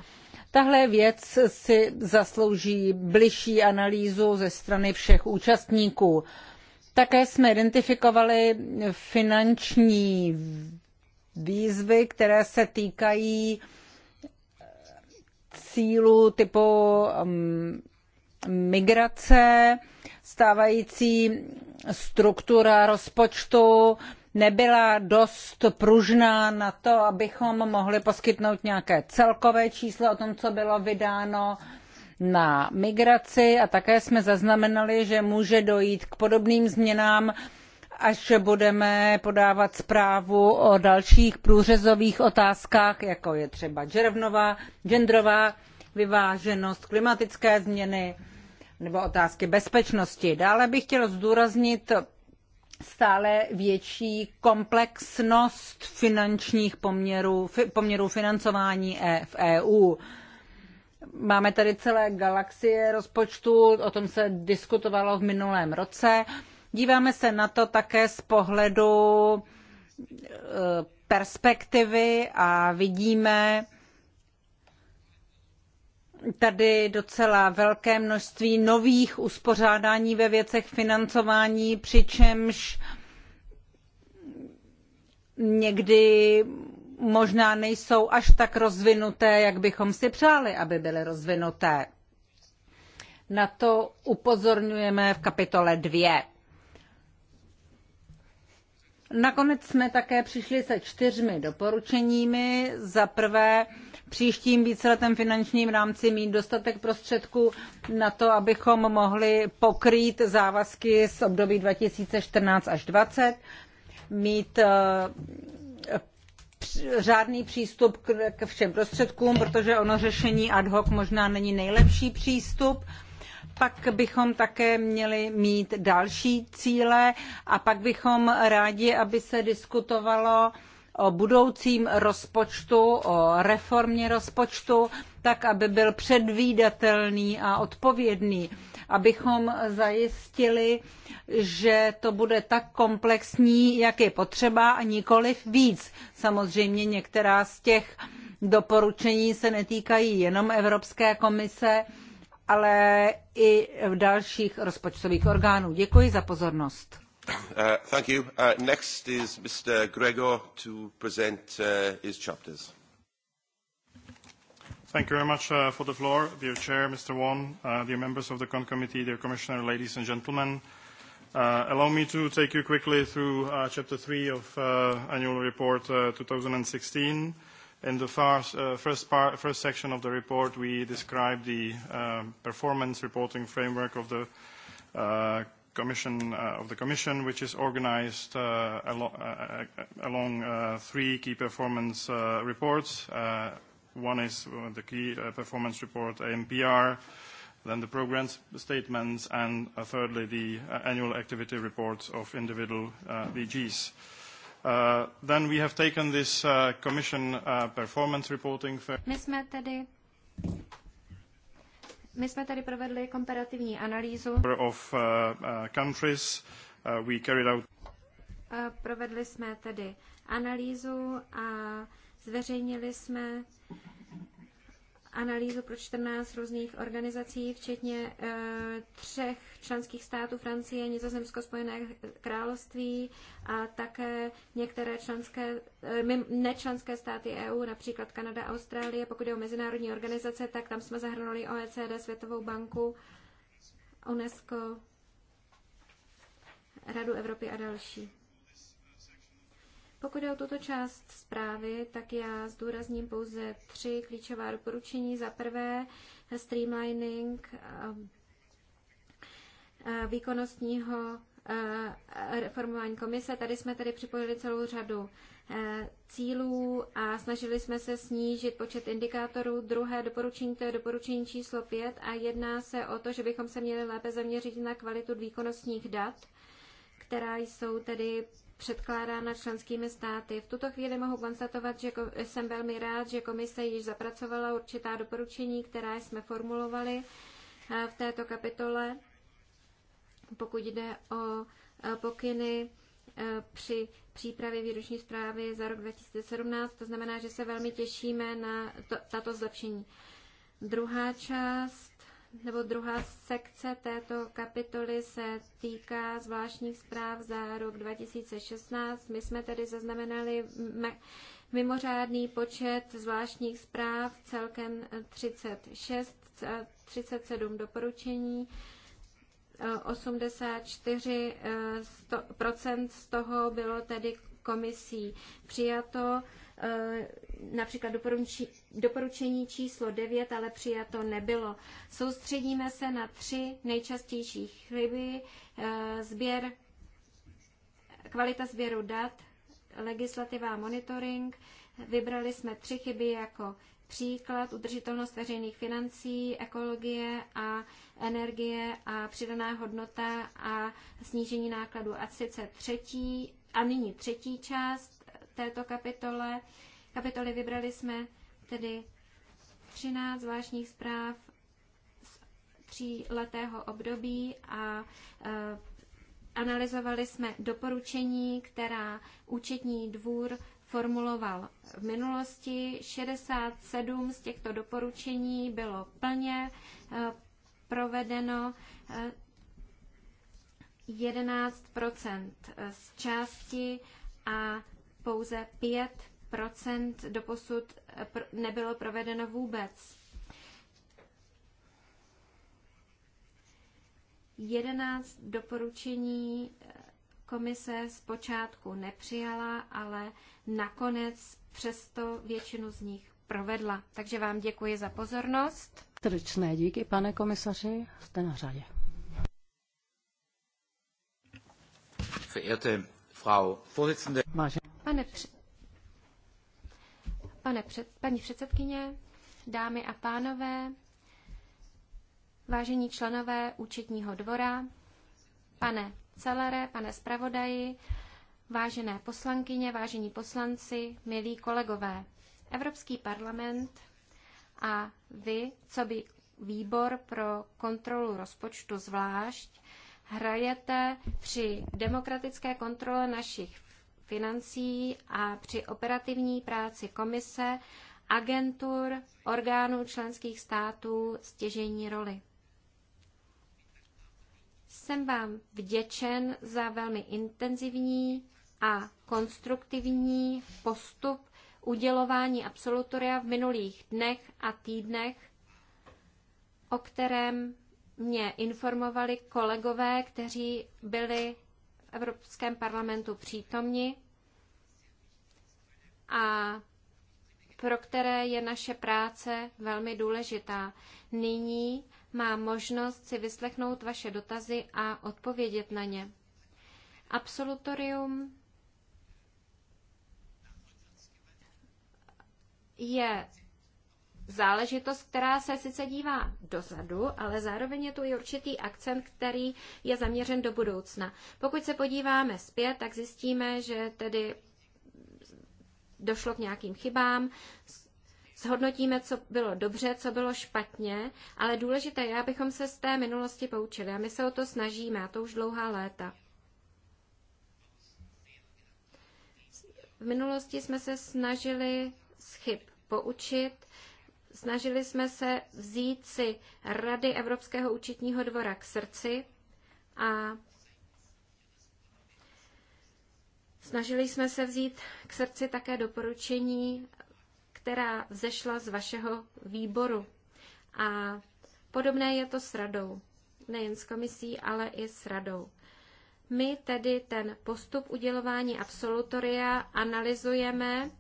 Tahle věc si zaslouží bližší analýzu ze strany všech účastníků. Také jsme identifikovali finanční výzvy, které se týkají eh, cílů typu mm, migrace, stávající struktura rozpočtu nebyla dost pružná na to, abychom mohli poskytnout nějaké celkové číslo o tom, co bylo vydáno na migraci a také jsme zaznamenali, že může dojít k podobným změnám, až budeme podávat zprávu o dalších průřezových otázkách, jako je třeba džerovnová, genderová vyváženost, klimatické změny nebo otázky bezpečnosti. Dále bych chtěl zdůraznit stále větší komplexnost finančních poměrů, poměrů financování e- v EU. Máme tady celé galaxie rozpočtu, o tom se diskutovalo v minulém roce. Díváme se na to také z pohledu eh, perspektivy a vidíme tady docela velké množství nových uspořádání ve věcech financování, přičemž někdy možná nejsou až tak rozvinuté, jak bychom si přáli, aby byly rozvinuté. Na to upozorňujeme v kapitole 2. Nakonec jsme také přišli se čtyřmi doporučeními. Za prvé, příštím víceletém finančním rámci mít dostatek prostředků na to, abychom mohli pokrýt závazky z období 2014 až 2020, mít eh, řádný přístup k všem prostředkům, protože ono řešení ad hoc možná není nejlepší přístup. Pak bychom také měli mít další cíle a pak bychom rádi, aby se diskutovalo o budoucím rozpočtu, o reformě rozpočtu, tak aby byl předvídatelný a odpovědný, abychom zajistili, že to bude tak komplexní, jak je potřeba a nikoliv víc. Samozřejmě některá z těch doporučení se netýkají jenom Evropské komise, ale i dalších rozpočtových orgánů. Děkuji za pozornost. Uh, thank you. Uh, next is Mr. Gregor to present uh, his chapters. Thank you very much uh, for the floor, dear Chair, Mr. Wong, uh, dear members of the Con Committee, dear Commissioner, ladies and gentlemen. Uh, allow me to take you quickly through uh, Chapter 3 of uh, Annual Report uh, 2016. In the first, uh, first, part, first section of the report, we describe the uh, performance reporting framework of the uh, commission uh, of the commission, which is organized uh, alo uh, uh along uh, three key performance uh, reports. Uh, one is uh, the key uh, performance report AMPR, then the program statements, and uh, thirdly the uh, annual activity reports of individual uh, DGs. Uh, then we have taken this uh, commission uh, performance reporting. My jsme tedy my jsme tady provedli komparativní analýzu. Of, uh, uh, uh, we out... Provedli jsme tedy analýzu a zveřejnili jsme analýzu pro 14 různých organizací, včetně eh, třech členských států Francie, Nizozemsko, Spojené království a také některé členské, eh, nečlenské státy EU, například Kanada, Austrálie. Pokud je o mezinárodní organizace, tak tam jsme zahrnuli OECD, Světovou banku, UNESCO, Radu Evropy a další. Pokud je o tuto část zprávy, tak já zdůrazním pouze tři klíčová doporučení. Za prvé, streamlining eh, eh, výkonnostního eh, reformování komise. Tady jsme tedy připojili celou řadu cílů a snažili jsme se snížit počet indikátorů. Druhé doporučení, to je doporučení číslo 5 a jedná se o to, že bychom se měli lépe zaměřit na kvalitu výkonnostních dat, která jsou tedy předkládána členskými státy. V tuto chvíli mohu konstatovat, že jsem velmi rád, že komise již zapracovala určitá doporučení, která jsme formulovali eh, v této kapitole, pokud jde o eh, pokyny eh, při přípravě výroční zprávy za rok 2017. To znamená, že se velmi těšíme na to, tato zlepšení. Druhá část nebo druhá sekce této kapitoly se týká zvláštních zpráv za rok 2016. My jsme tedy zaznamenali mimořádný počet zvláštních zpráv, celkem 36, 37 doporučení. 84 eh, eh, z toho bylo tedy komisí přijato. Eh, například doporučení číslo 9, ale přijato nebylo. Soustředíme se na tři nejčastější chyby, eh, sběr, kvalita sběru dat, legislativa a monitoring. Vybrali jsme tři chyby jako příklad udržitelnost veřejných financí, ekologie a energie a přidaná hodnota a snížení nákladů. A sice třetí, a nyní třetí část, této kapitole. Kapitoly vybrali jsme tedy 13 zvláštních zpráv z tříletého období a e, analyzovali jsme doporučení, která účetní dvůr formuloval v minulosti. 67 z těchto doporučení bylo plně e, provedeno 11 e, z části a pouze 5 doposud eh, nebylo provedeno vůbec. 11 doporučení eh, komise zpočátku nepřijala, ale nakonec přesto většinu z nich provedla. Takže vám děkuji za pozornost. Trčné díky, pane komisaři, jste na řadě. Verehrte Frau Vorsitzende. Pane, před... Pane před... Paní předsedkyně, dámy a pánové, vážení členové účetního dvora, pane Celere, pane zpravodaji, vážené poslankyně, vážení poslanci, milí kolegové. Evropský parlament a vy, co by výbor pro kontrolu rozpočtu zvlášť, hrajete při demokratické kontrole našich financí a při operativní práci komise, agentur, orgánů členských států stěžení roli. Jsem vám vděčen za velmi intenzivní a konstruktivní postup udělování absolutoria v minulých dnech a týdnech, o kterém mě informovali kolegové, kteří byli Evropském parlamentu přítomni a pro které je naše práce velmi důležitá. Nyní má možnost si vyslechnout vaše dotazy a odpovědět na ně. Absolutorium je záležitost, která se sice dívá dozadu, ale zároveň je tu i určitý akcent, který je zaměřen do budoucna. Pokud se podíváme zpět, tak zjistíme, že tedy došlo k nějakým chybám, zhodnotíme, co bylo dobře, co bylo špatně, ale důležité je, abychom se z té minulosti poučili. A my se o to snažíme, a to už dlouhá léta. V minulosti jsme se snažili z chyb poučit Snažili jsme se vzít si rady Evropského účetního dvora k srdci a snažili jsme se vzít k srdci také doporučení, která vzešla z vašeho výboru. A podobné je to s radou, nejen s komisí, ale i s radou. My tedy ten postup udělování absolutoria analyzujeme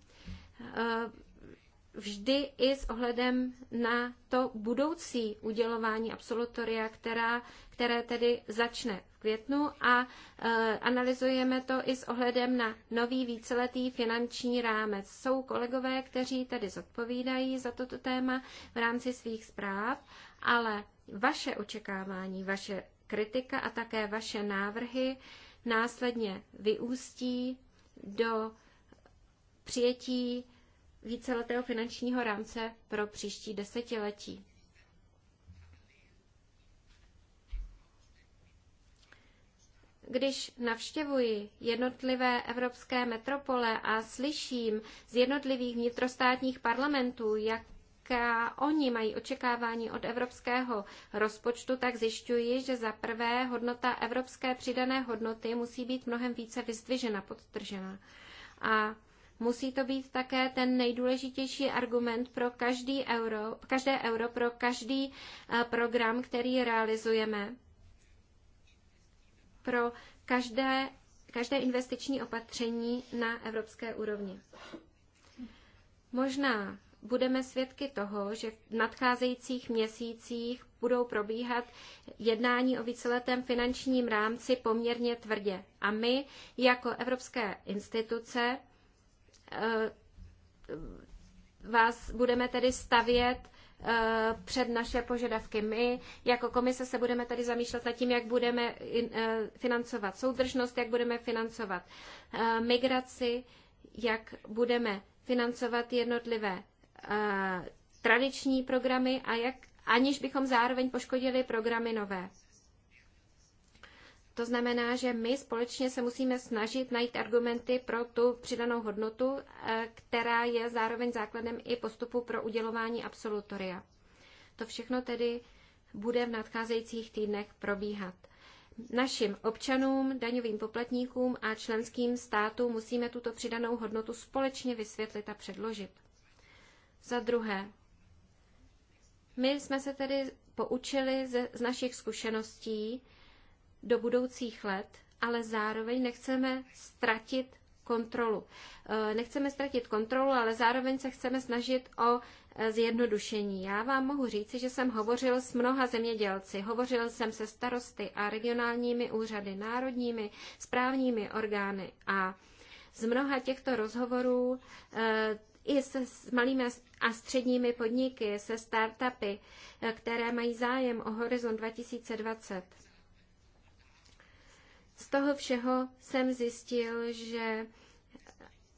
eh, vždy i s ohledem na to budoucí udělování absolutoria, která, které tedy začne v květnu a e, analyzujeme to i s ohledem na nový víceletý finanční rámec. Jsou kolegové, kteří tedy zodpovídají za toto téma v rámci svých zpráv, ale vaše očekávání, vaše kritika a také vaše návrhy následně vyústí do přijetí víceletého finančního rámce pro příští desetiletí. Když navštěvuji jednotlivé evropské metropole a slyším z jednotlivých vnitrostátních parlamentů, jak oni mají očekávání od evropského rozpočtu, tak zjišťuji, že za prvé hodnota evropské přidané hodnoty musí být mnohem více vyzdvižena, podtržena. A Musí to být také ten nejdůležitější argument pro každý euro, každé euro, pro každý eh, program, který realizujeme, pro každé, každé investiční opatření na evropské úrovni. Možná budeme svědky toho, že v nadcházejících měsících budou probíhat jednání o víceletém finančním rámci poměrně tvrdě. A my jako evropské instituce Eh, vás budeme tedy stavět eh, před naše požadavky. My jako komise se budeme tady zamýšlet nad tím, jak budeme eh, financovat soudržnost, jak budeme financovat migraci, jak budeme financovat jednotlivé tradiční programy a jak, aniž bychom zároveň poškodili programy nové. To znamená, že my společně se musíme snažit najít argumenty pro tu přidanou hodnotu, eh, která je zároveň základem i postupu pro udělování absolutoria. To všechno tedy bude v nadcházejících týdnech probíhat. Našim občanům, daňovým poplatníkům a členským státům musíme tuto přidanou hodnotu společně vysvětlit a předložit. Za druhé, my jsme se tedy poučili ze, z našich zkušeností, do budoucích let, ale zároveň nechceme ztratit kontrolu. Eh, nechceme ztratit kontrolu, ale zároveň se chceme snažit o eh, zjednodušení. Já vám mohu říci, že jsem hovořil s mnoha zemědělci, hovořil jsem se starosty a regionálními úřady, národními správními orgány a z mnoha těchto rozhovorů eh, i se, s malými a středními podniky, se startupy, které mají zájem o Horizon 2020 z toho všeho jsem zjistil, že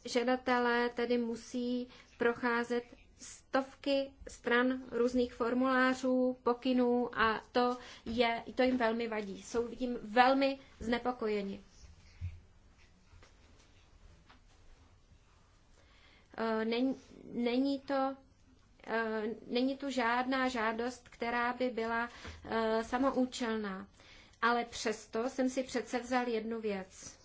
žadatelé tedy musí procházet stovky stran různých formulářů, pokynů a to, je, to jim velmi vadí. Jsou tím velmi znepokojeni. Eh, není, není to eh, není tu žádná žádost, která by byla eh, samoučelná ale přesto jsem si přece vzal jednu věc.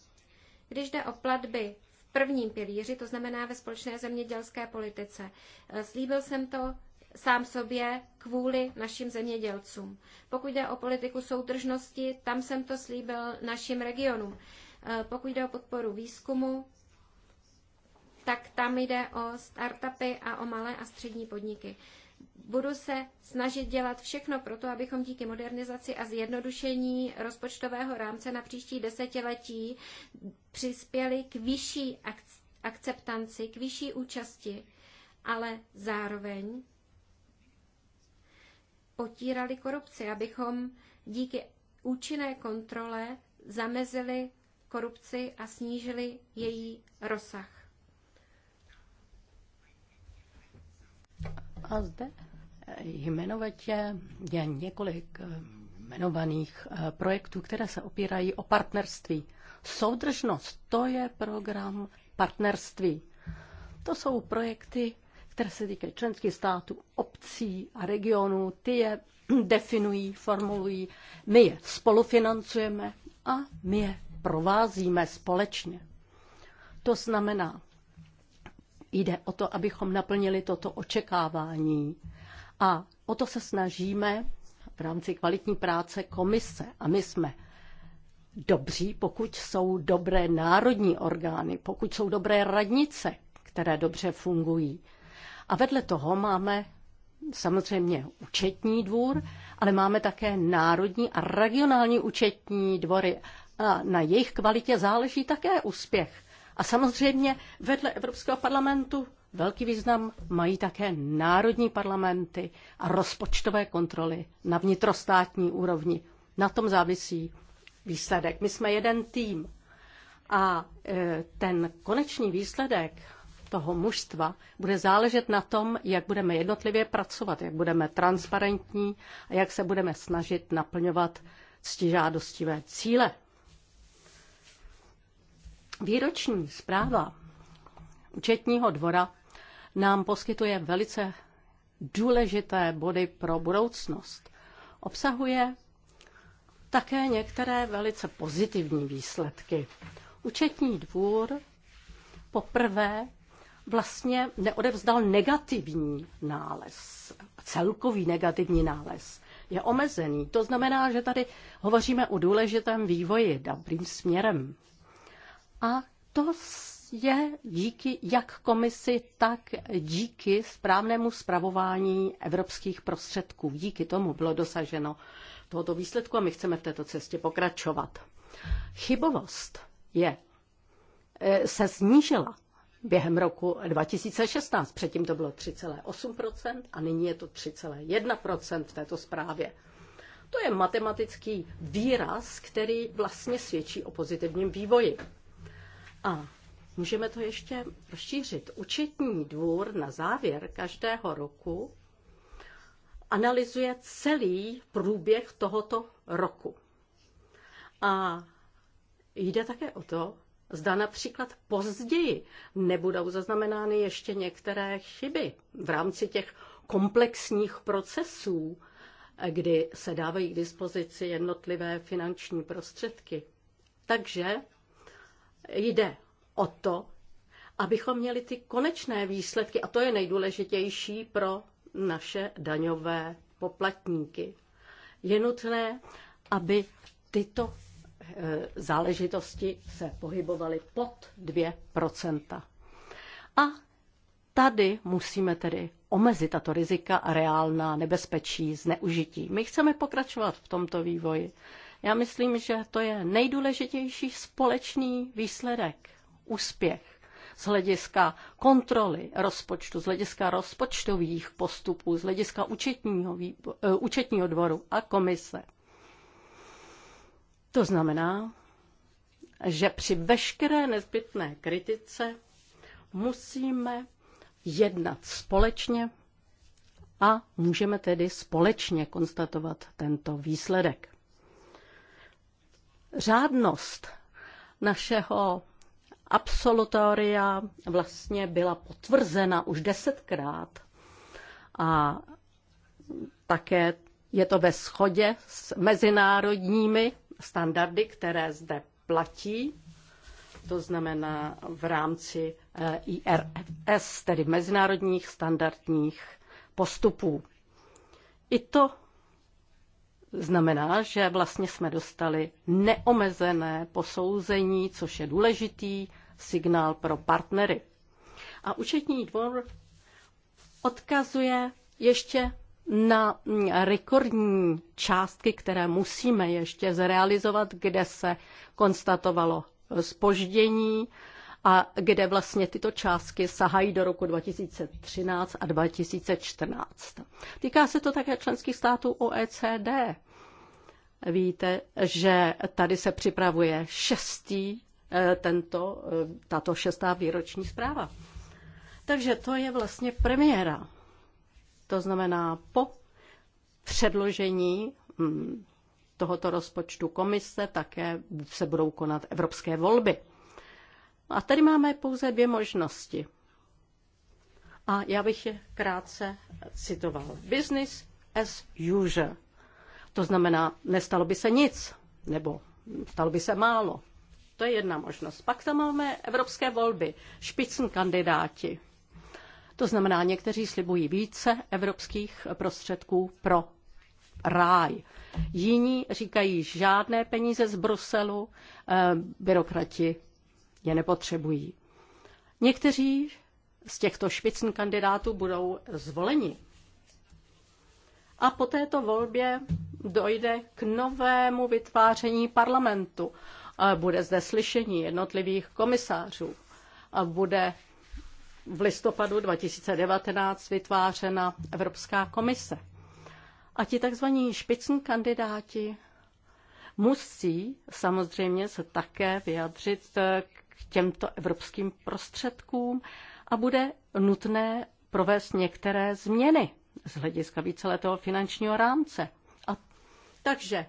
Když jde o platby v prvním pilíři, to znamená ve společné zemědělské politice, eh, slíbil jsem to sám sobě kvůli našim zemědělcům. Pokud jde o politiku soudržnosti, tam jsem to slíbil našim regionům. Eh, pokud jde o podporu výzkumu, tak tam jde o startupy a o malé a střední podniky budu se snažit dělat všechno pro to, abychom díky modernizaci a zjednodušení rozpočtového rámce na příští desetiletí přispěli k vyšší akceptanci, k vyšší účasti, ale zároveň potírali korupci, abychom díky účinné kontrole zamezili korupci a snížili její rozsah. A zde jmenovatě je několik jmenovaných eh, projektů, které se opírají o partnerství. Soudržnost, to je program partnerství. To jsou projekty, které se týkají členských států, obcí a regionů. Ty je *clears throat* definují, formulují, my je spolufinancujeme a my je provázíme společně. To znamená, jde o to, abychom naplnili toto očekávání a o to se snažíme v rámci kvalitní práce komise. A my jsme dobří, pokud jsou dobré národní orgány, pokud jsou dobré radnice, které dobře fungují. A vedle toho máme samozřejmě účetní dvůr, ale máme také národní a regionální účetní dvory. A na jejich kvalitě záleží také úspěch. A samozřejmě vedle Evropského parlamentu Velký význam mají také národní parlamenty a rozpočtové kontroly na vnitrostátní úrovni. Na tom závisí výsledek. My jsme jeden tým a e, ten konečný výsledek toho mužstva bude záležet na tom, jak budeme jednotlivě pracovat, jak budeme transparentní a jak se budeme snažit naplňovat ctižádostivé cíle. Výroční zpráva účetního dvora nám poskytuje velice důležité body pro budoucnost. Obsahuje také některé velice pozitivní výsledky. Účetní dvůr poprvé vlastně neodevzdal negativní nález, celkový negativní nález. Je omezený. To znamená, že tady hovoříme o důležitém vývoji, dobrým směrem. A to je díky jak komisi, tak díky správnému zpravování evropských prostředků. Díky tomu bylo dosaženo tohoto výsledku a my chceme v této cestě pokračovat. Chybovost je, eh, se snížila během roku 2016. Předtím to bylo 3,8% a nyní je to 3,1% v této zprávě. To je matematický výraz, který vlastně svědčí o pozitivním vývoji. A Můžeme to ještě rozšířit. Učetní dvůr na závěr každého roku analyzuje celý průběh tohoto roku. A jde také o to, zda například později nebudou zaznamenány ještě některé chyby v rámci těch komplexních procesů, kdy se dávají k dispozici jednotlivé finanční prostředky. Takže jde o to, abychom měli ty konečné výsledky, a to je nejdůležitější pro naše daňové poplatníky. Je nutné, aby tyto eh, záležitosti se pohybovaly pod 2%. A tady musíme tedy omezit tato rizika a reálná nebezpečí zneužití. My chceme pokračovat v tomto vývoji. Já myslím, že to je nejdůležitější společný výsledek úspěch z hlediska kontroly rozpočtu, z hlediska rozpočtových postupů, z hlediska účetního, výbo- eh, účetního dvoru a komise. To znamená, že při veškeré nezbytné kritice musíme jednat společně a můžeme tedy společně konstatovat tento výsledek. Řádnost našeho absolutoria vlastně byla potvrzena už desetkrát a také je to ve shodě s mezinárodními standardy, které zde platí, to znamená v rámci eh, IRFS, tedy mezinárodních standardních postupů. I to znamená, že vlastně jsme dostali neomezené posouzení, což je důležitý signál pro partnery. A účetní dvor odkazuje ještě na rekordní částky, které musíme ještě zrealizovat, kde se konstatovalo spoždění a kde vlastně tyto částky sahají do roku 2013 a 2014. Týká se to také členských států OECD. Víte, že tady se připravuje šestý Eh, tento, eh, tato šestá výroční zpráva. Takže to je vlastně premiéra. To znamená po předložení mm, tohoto rozpočtu komise také se budou konat evropské volby. A tady máme pouze dvě možnosti. A já bych je krátce citoval. Business as usual. To znamená, nestalo by se nic, nebo stalo by se málo. To je jedna možnost. Pak tam máme evropské volby, špicn kandidáti. To znamená, někteří slibují více evropských prostředků pro ráj. Jiní říkají žádné peníze z Bruselu, eh, byrokrati je nepotřebují. Někteří z těchto špicn kandidátů budou zvoleni. A po této volbě dojde k novému vytváření parlamentu. Bude zde slyšení jednotlivých komisářů a bude v listopadu 2019 vytvářena Evropská komise. A ti tzv. špicní kandidáti musí samozřejmě se také vyjadřit k těmto evropským prostředkům a bude nutné provést některé změny z hlediska víceletého finančního rámce. A takže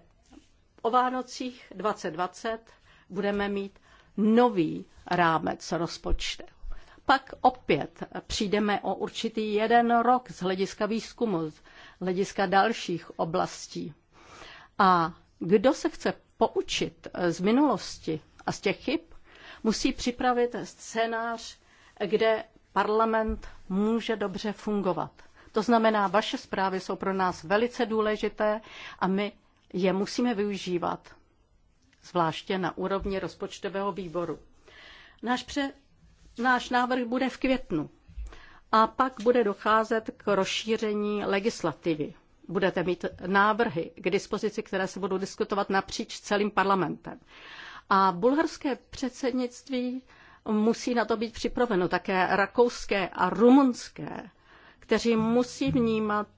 o Vánocích 2020 budeme mít nový rámec rozpočtu. Pak opět přijdeme o určitý jeden rok z hlediska výzkumu, z hlediska dalších oblastí. A kdo se chce poučit z minulosti a z těch chyb, musí připravit scénář, kde parlament může dobře fungovat. To znamená, vaše zprávy jsou pro nás velice důležité a my je musíme využívat, zvláště na úrovni rozpočtového výboru. Náš, pře, náš návrh bude v květnu a pak bude docházet k rozšíření legislativy. Budete mít návrhy k dispozici, které se budou diskutovat napříč celým parlamentem. A bulharské předsednictví musí na to být připraveno také rakouské a rumunské kteří musí vnímat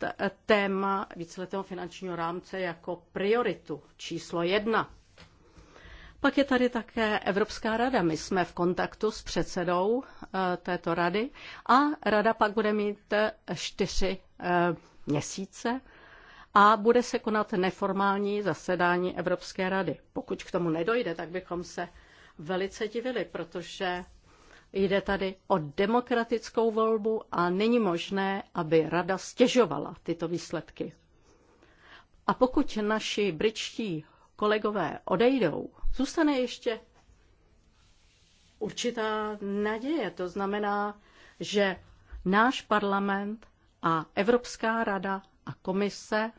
téma víceletého finančního rámce jako prioritu číslo jedna. Pak je tady také Evropská rada. My jsme v kontaktu s předsedou eh, této rady a rada pak bude mít eh, čtyři eh, měsíce a bude se konat neformální zasedání Evropské rady. Pokud k tomu nedojde, tak bychom se velice divili, protože Jde tady o demokratickou volbu a není možné, aby rada stěžovala tyto výsledky. A pokud naši britští kolegové odejdou, zůstane ještě určitá naděje. To znamená, že náš parlament a Evropská rada a komise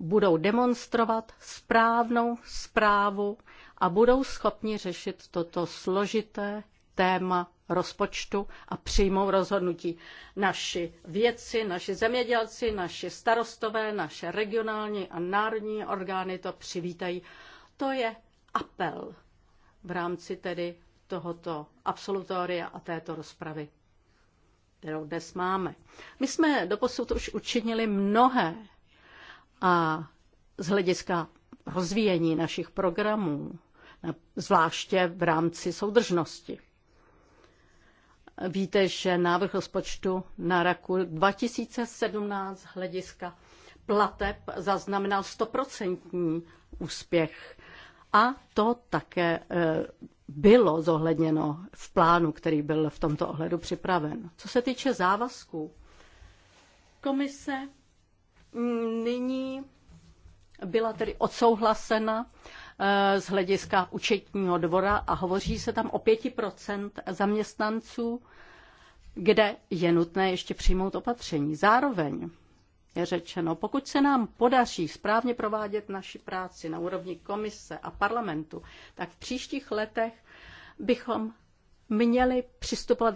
budou demonstrovat správnou zprávu a budou schopni řešit toto složité téma rozpočtu a přijmou rozhodnutí. Naši vědci, naši zemědělci, naši starostové, naše regionální a národní orgány to přivítají. To je apel v rámci tedy tohoto absolutoria a této rozpravy, kterou dnes máme. My jsme doposud už učinili mnohé a z hlediska rozvíjení našich programů, zvláště v rámci soudržnosti. Víte, že návrh rozpočtu na roku 2017 hlediska plateb zaznamenal stoprocentní úspěch. A to také eh, bylo zohledněno v plánu, který byl v tomto ohledu připraven. Co se týče závazků, komise mm, nyní byla tedy odsouhlasena Eh, z hlediska účetního dvora a hovoří se tam o 5% zaměstnanců, kde je nutné ještě přijmout opatření. Zároveň je řečeno, pokud se nám podaří správně provádět naši práci na úrovni komise a parlamentu, tak v příštích letech bychom měli přistupovat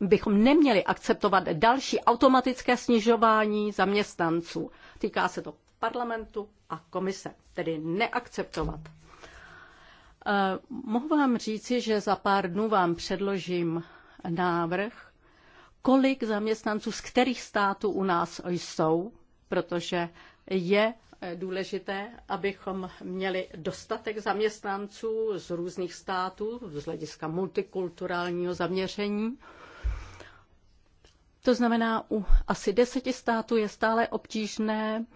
bychom neměli akceptovat další automatické snižování zaměstnanců. Týká se to parlamentu, a komise, tedy neakceptovat. Eh, mohu vám říci, že za pár dnů vám předložím návrh, kolik zaměstnanců z kterých států u nás jsou, protože je eh, důležité, abychom měli dostatek zaměstnanců z různých států z hlediska multikulturálního zaměření. To znamená, u asi deseti států je stále obtížné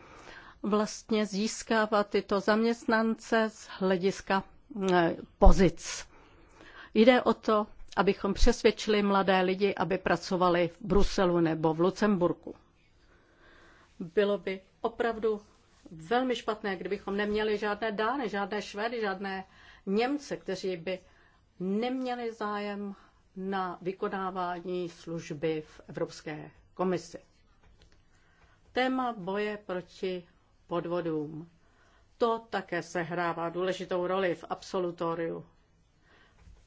vlastně získávat tyto zaměstnance z hlediska eh, pozic. Jde o to, abychom přesvědčili mladé lidi, aby pracovali v Bruselu nebo v Lucemburku. Bylo by opravdu velmi špatné, kdybychom neměli žádné Dány, žádné Švédy, žádné Němce, kteří by neměli zájem na vykonávání služby v Evropské komisi. Téma boje proti podvodům. To také sehrává důležitou roli v absolutoriu.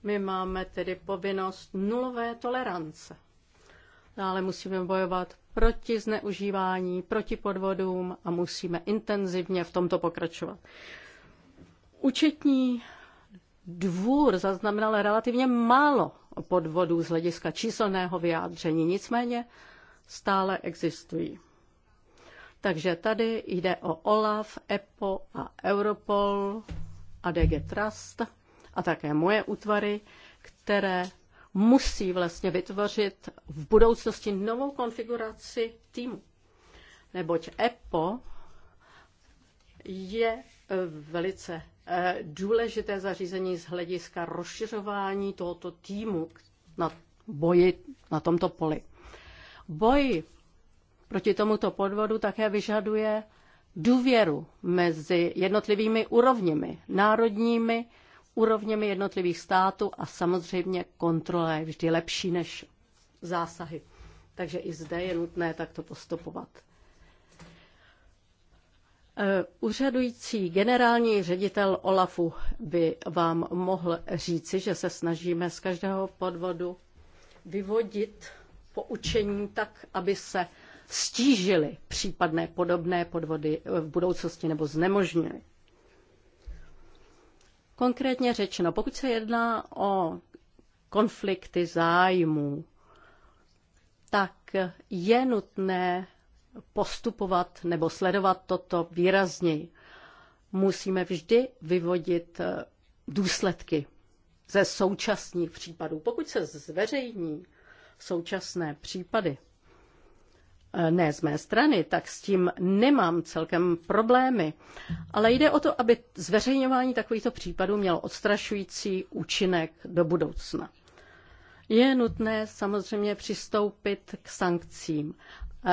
My máme tedy povinnost nulové tolerance. Dále musíme bojovat proti zneužívání, proti podvodům a musíme intenzivně v tomto pokračovat. Účetní dvůr zaznamenal relativně málo podvodů z hlediska číselného vyjádření, nicméně stále existují. Takže tady jde o OLAF, EPO a Europol a DG Trust a také moje útvary, které musí vlastně vytvořit v budoucnosti novou konfiguraci týmu. Neboť EPO je eh, velice eh, důležité zařízení z hlediska rozšiřování tohoto týmu na boji na tomto poli. Boj proti tomuto podvodu také vyžaduje důvěru mezi jednotlivými úrovněmi, národními úrovněmi jednotlivých států a samozřejmě kontrola je vždy lepší než zásahy. Takže i zde je nutné takto postupovat. E, úřadující generální ředitel Olafu by vám mohl říci, že se snažíme z každého podvodu vyvodit poučení tak, aby se stížily případné podobné podvody v budoucnosti nebo znemožnily. Konkrétně řečeno, pokud se jedná o konflikty zájmů, tak je nutné postupovat nebo sledovat toto výrazněji. Musíme vždy vyvodit eh, důsledky ze současných případů. Pokud se zveřejní současné případy, ne z mé strany, tak s tím nemám celkem problémy. Ale jde o to, aby zveřejňování takovýchto případů mělo odstrašující účinek do budoucna. Je nutné samozřejmě přistoupit k sankcím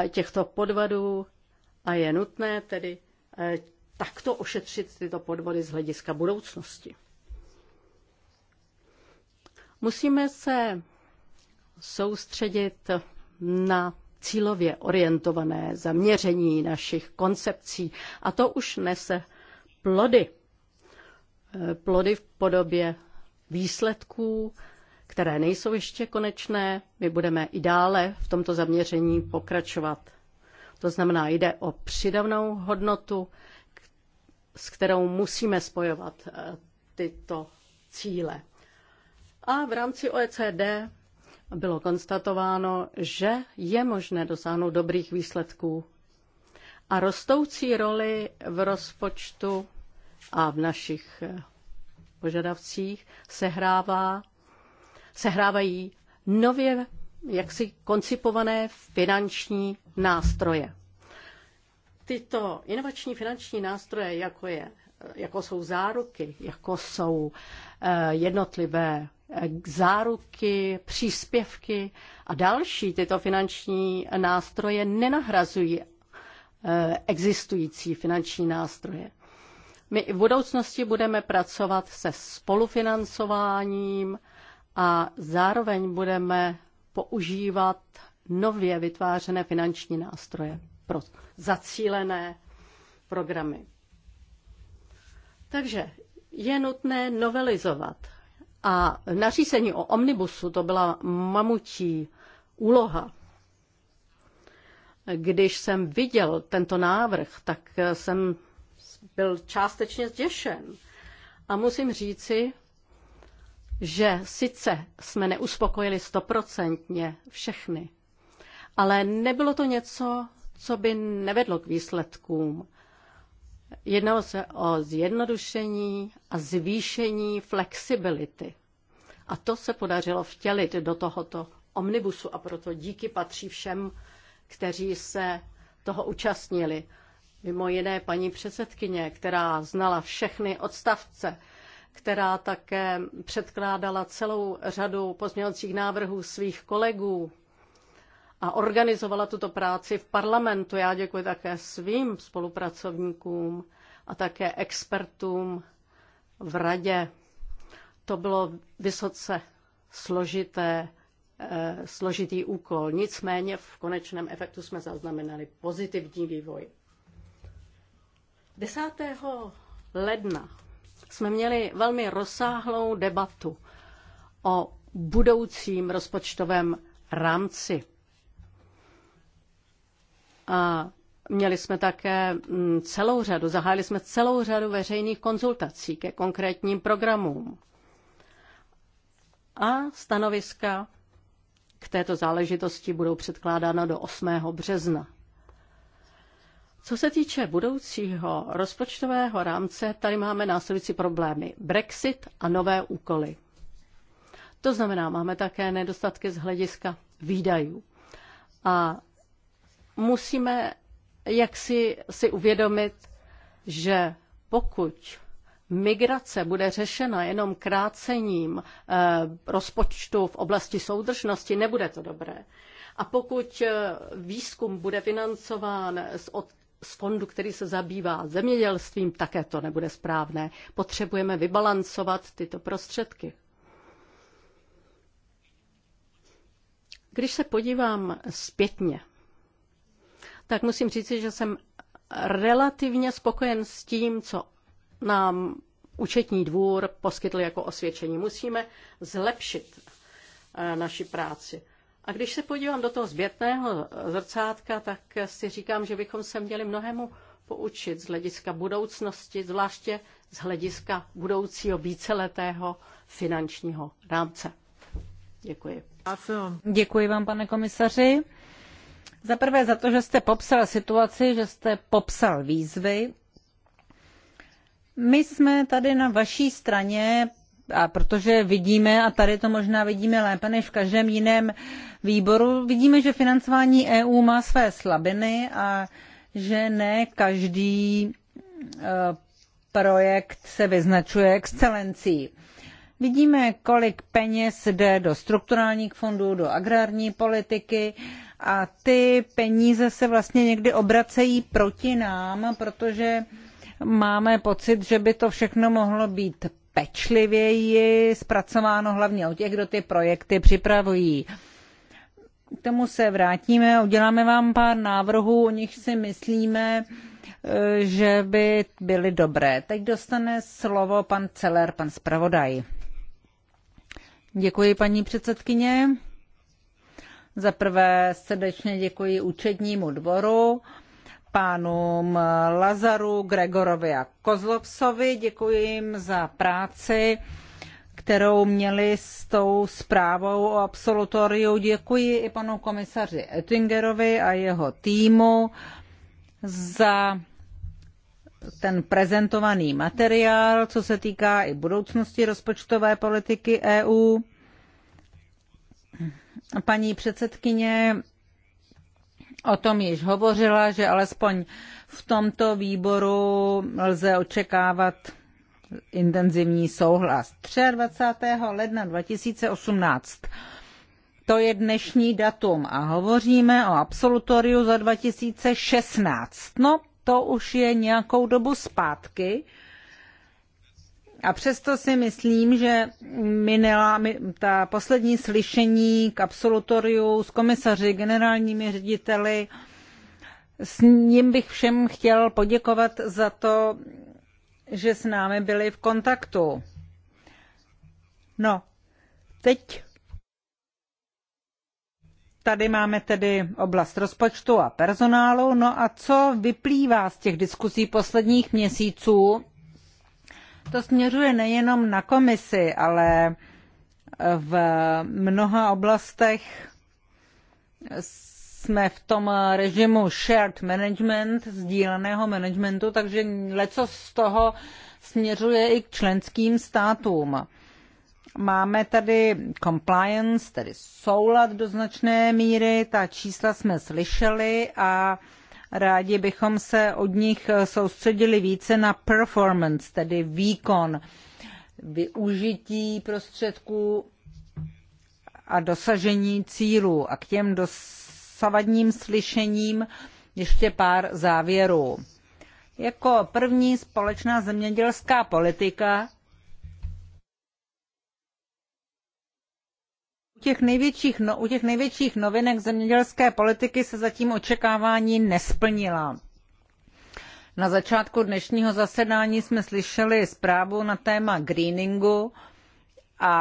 těchto podvodů a je nutné tedy eh, takto ošetřit tyto podvody z hlediska budoucnosti. Musíme se soustředit na cílově orientované zaměření našich koncepcí a to už nese plody. E, plody v podobě výsledků, které nejsou ještě konečné. My budeme i dále v tomto zaměření pokračovat. To znamená, jde o přidavnou hodnotu, s kterou musíme spojovat e, tyto cíle. A v rámci OECD bylo konstatováno, že je možné dosáhnout dobrých výsledků. A rostoucí roli v rozpočtu a v našich eh, požadavcích sehrává, sehrávají nově jaksi koncipované finanční nástroje. Tyto inovační finanční nástroje, jako, je, jako jsou záruky, jako jsou eh, jednotlivé záruky, příspěvky a další tyto finanční nástroje nenahrazují eh, existující finanční nástroje. My i v budoucnosti budeme pracovat se spolufinancováním a zároveň budeme používat nově vytvářené finanční nástroje pro zacílené programy. Takže je nutné novelizovat a nařízení o omnibusu to byla mamutí úloha. Když jsem viděl tento návrh, tak jsem byl částečně zděšen. A musím říci, že sice jsme neuspokojili stoprocentně všechny, ale nebylo to něco, co by nevedlo k výsledkům. Jednalo se o zjednodušení a zvýšení flexibility. A to se podařilo vtělit do tohoto omnibusu a proto díky patří všem, kteří se toho účastnili. Mimo jiné paní předsedkyně, která znala všechny odstavce, která také předkládala celou řadu pozměňovacích návrhů svých kolegů, a organizovala tuto práci v parlamentu. Já děkuji také svým spolupracovníkům a také expertům v radě. To bylo vysoce složité, eh, složitý úkol. Nicméně v konečném efektu jsme zaznamenali pozitivní vývoj. 10. ledna jsme měli velmi rozsáhlou debatu o budoucím rozpočtovém rámci. A měli jsme také mm, celou řadu, zahájili jsme celou řadu veřejných konzultací ke konkrétním programům. A stanoviska k této záležitosti budou předkládána do 8. března. Co se týče budoucího rozpočtového rámce, tady máme následující problémy. Brexit a nové úkoly. To znamená, máme také nedostatky z hlediska výdajů. A musíme jaksi si uvědomit, že pokud migrace bude řešena jenom krácením eh, rozpočtu v oblasti soudržnosti, nebude to dobré. A pokud eh, výzkum bude financován z, od, z fondu, který se zabývá zemědělstvím, také to nebude správné. Potřebujeme vybalancovat tyto prostředky. Když se podívám zpětně tak musím říci, že jsem relativně spokojen s tím, co nám účetní dvůr poskytl jako osvědčení. Musíme zlepšit eh, naši práci. A když se podívám do toho zbětného zrcátka, tak si říkám, že bychom se měli mnohému poučit z hlediska budoucnosti, zvláště z hlediska budoucího víceletého finančního rámce. Děkuji. Děkuji vám, pane komisaři. Za prvé za to, že jste popsal situaci, že jste popsal výzvy. My jsme tady na vaší straně a protože vidíme, a tady to možná vidíme lépe než v každém jiném výboru, vidíme, že financování EU má své slabiny a že ne každý eh, projekt se vyznačuje excelencí. Vidíme, kolik peněz jde do strukturálních fondů, do agrární politiky a ty peníze se vlastně někdy obracejí proti nám, protože máme pocit, že by to všechno mohlo být pečlivěji zpracováno hlavně od těch, kdo ty projekty připravují. K tomu se vrátíme a uděláme vám pár návrhů, o nich si myslíme, eh, že by byly dobré. Teď dostane slovo pan Celer, pan zpravodaj. Děkuji, paní předsedkyně. Za prvé srdečně děkuji účetnímu dvoru, pánům Lazaru, Gregorovi a Kozlovsovi. Děkuji jim za práci, kterou měli s tou zprávou o absolutoriu. Děkuji i panu komisaři Ettingerovi a jeho týmu za ten prezentovaný materiál, co se týká i budoucnosti rozpočtové politiky EU. Paní předsedkyně o tom již hovořila, že alespoň v tomto výboru lze očekávat intenzivní souhlas. 23. ledna 2018. To je dnešní datum a hovoříme o absolutoriu za 2016. No, to už je nějakou dobu zpátky. A přesto si myslím, že minela ta poslední slyšení k absolutoriu s komisaři, generálními řediteli, s ním bych všem chtěl poděkovat za to, že s námi byli v kontaktu. No, teď tady máme tedy oblast rozpočtu a personálu. No a co vyplývá z těch diskuzí posledních měsíců to směřuje nejenom na komisi, ale eh, v mnoha oblastech jsme v tom eh, režimu shared management, sdíleného managementu, takže leco z toho směřuje i k členským státům. Máme tady compliance, tedy soulad do značné míry, ta čísla jsme slyšeli a Rádi bychom se od nich soustředili více na performance, tedy výkon, využití prostředků a dosažení cílů. A k těm dosavadním slyšením ještě pár závěrů. Jako první společná zemědělská politika těch největších, no, u těch největších novinek zemědělské politiky se zatím očekávání nesplnila. Na začátku dnešního zasedání jsme slyšeli zprávu na téma greeningu a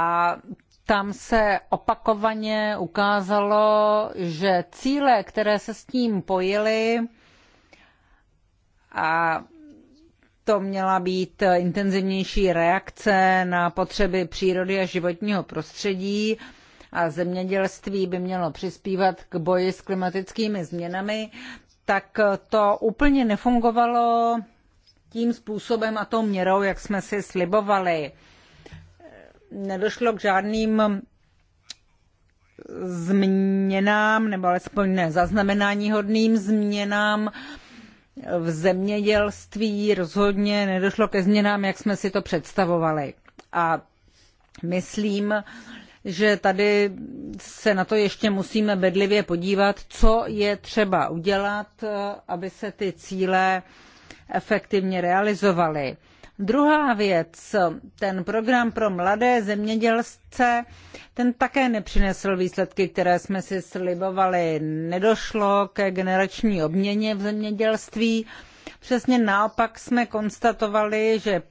tam se opakovaně ukázalo, že cíle, které se s tím pojily, a to měla být intenzivnější reakce na potřeby přírody a životního prostředí, a zemědělství by mělo přispívat k boji s klimatickými změnami, tak to úplně nefungovalo tím způsobem a tou měrou, jak jsme si slibovali. Nedošlo k žádným změnám, nebo alespoň ne zaznamenání hodným změnám v zemědělství rozhodně nedošlo ke změnám, jak jsme si to představovali. A myslím, že tady se na to ještě musíme bedlivě podívat, co je třeba udělat, eh, aby se ty cíle efektivně realizovaly. Druhá věc, ten program pro mladé zemědělce, ten také nepřinesl výsledky, které jsme si slibovali. Nedošlo ke generační obměně v zemědělství. Přesně naopak jsme konstatovali, že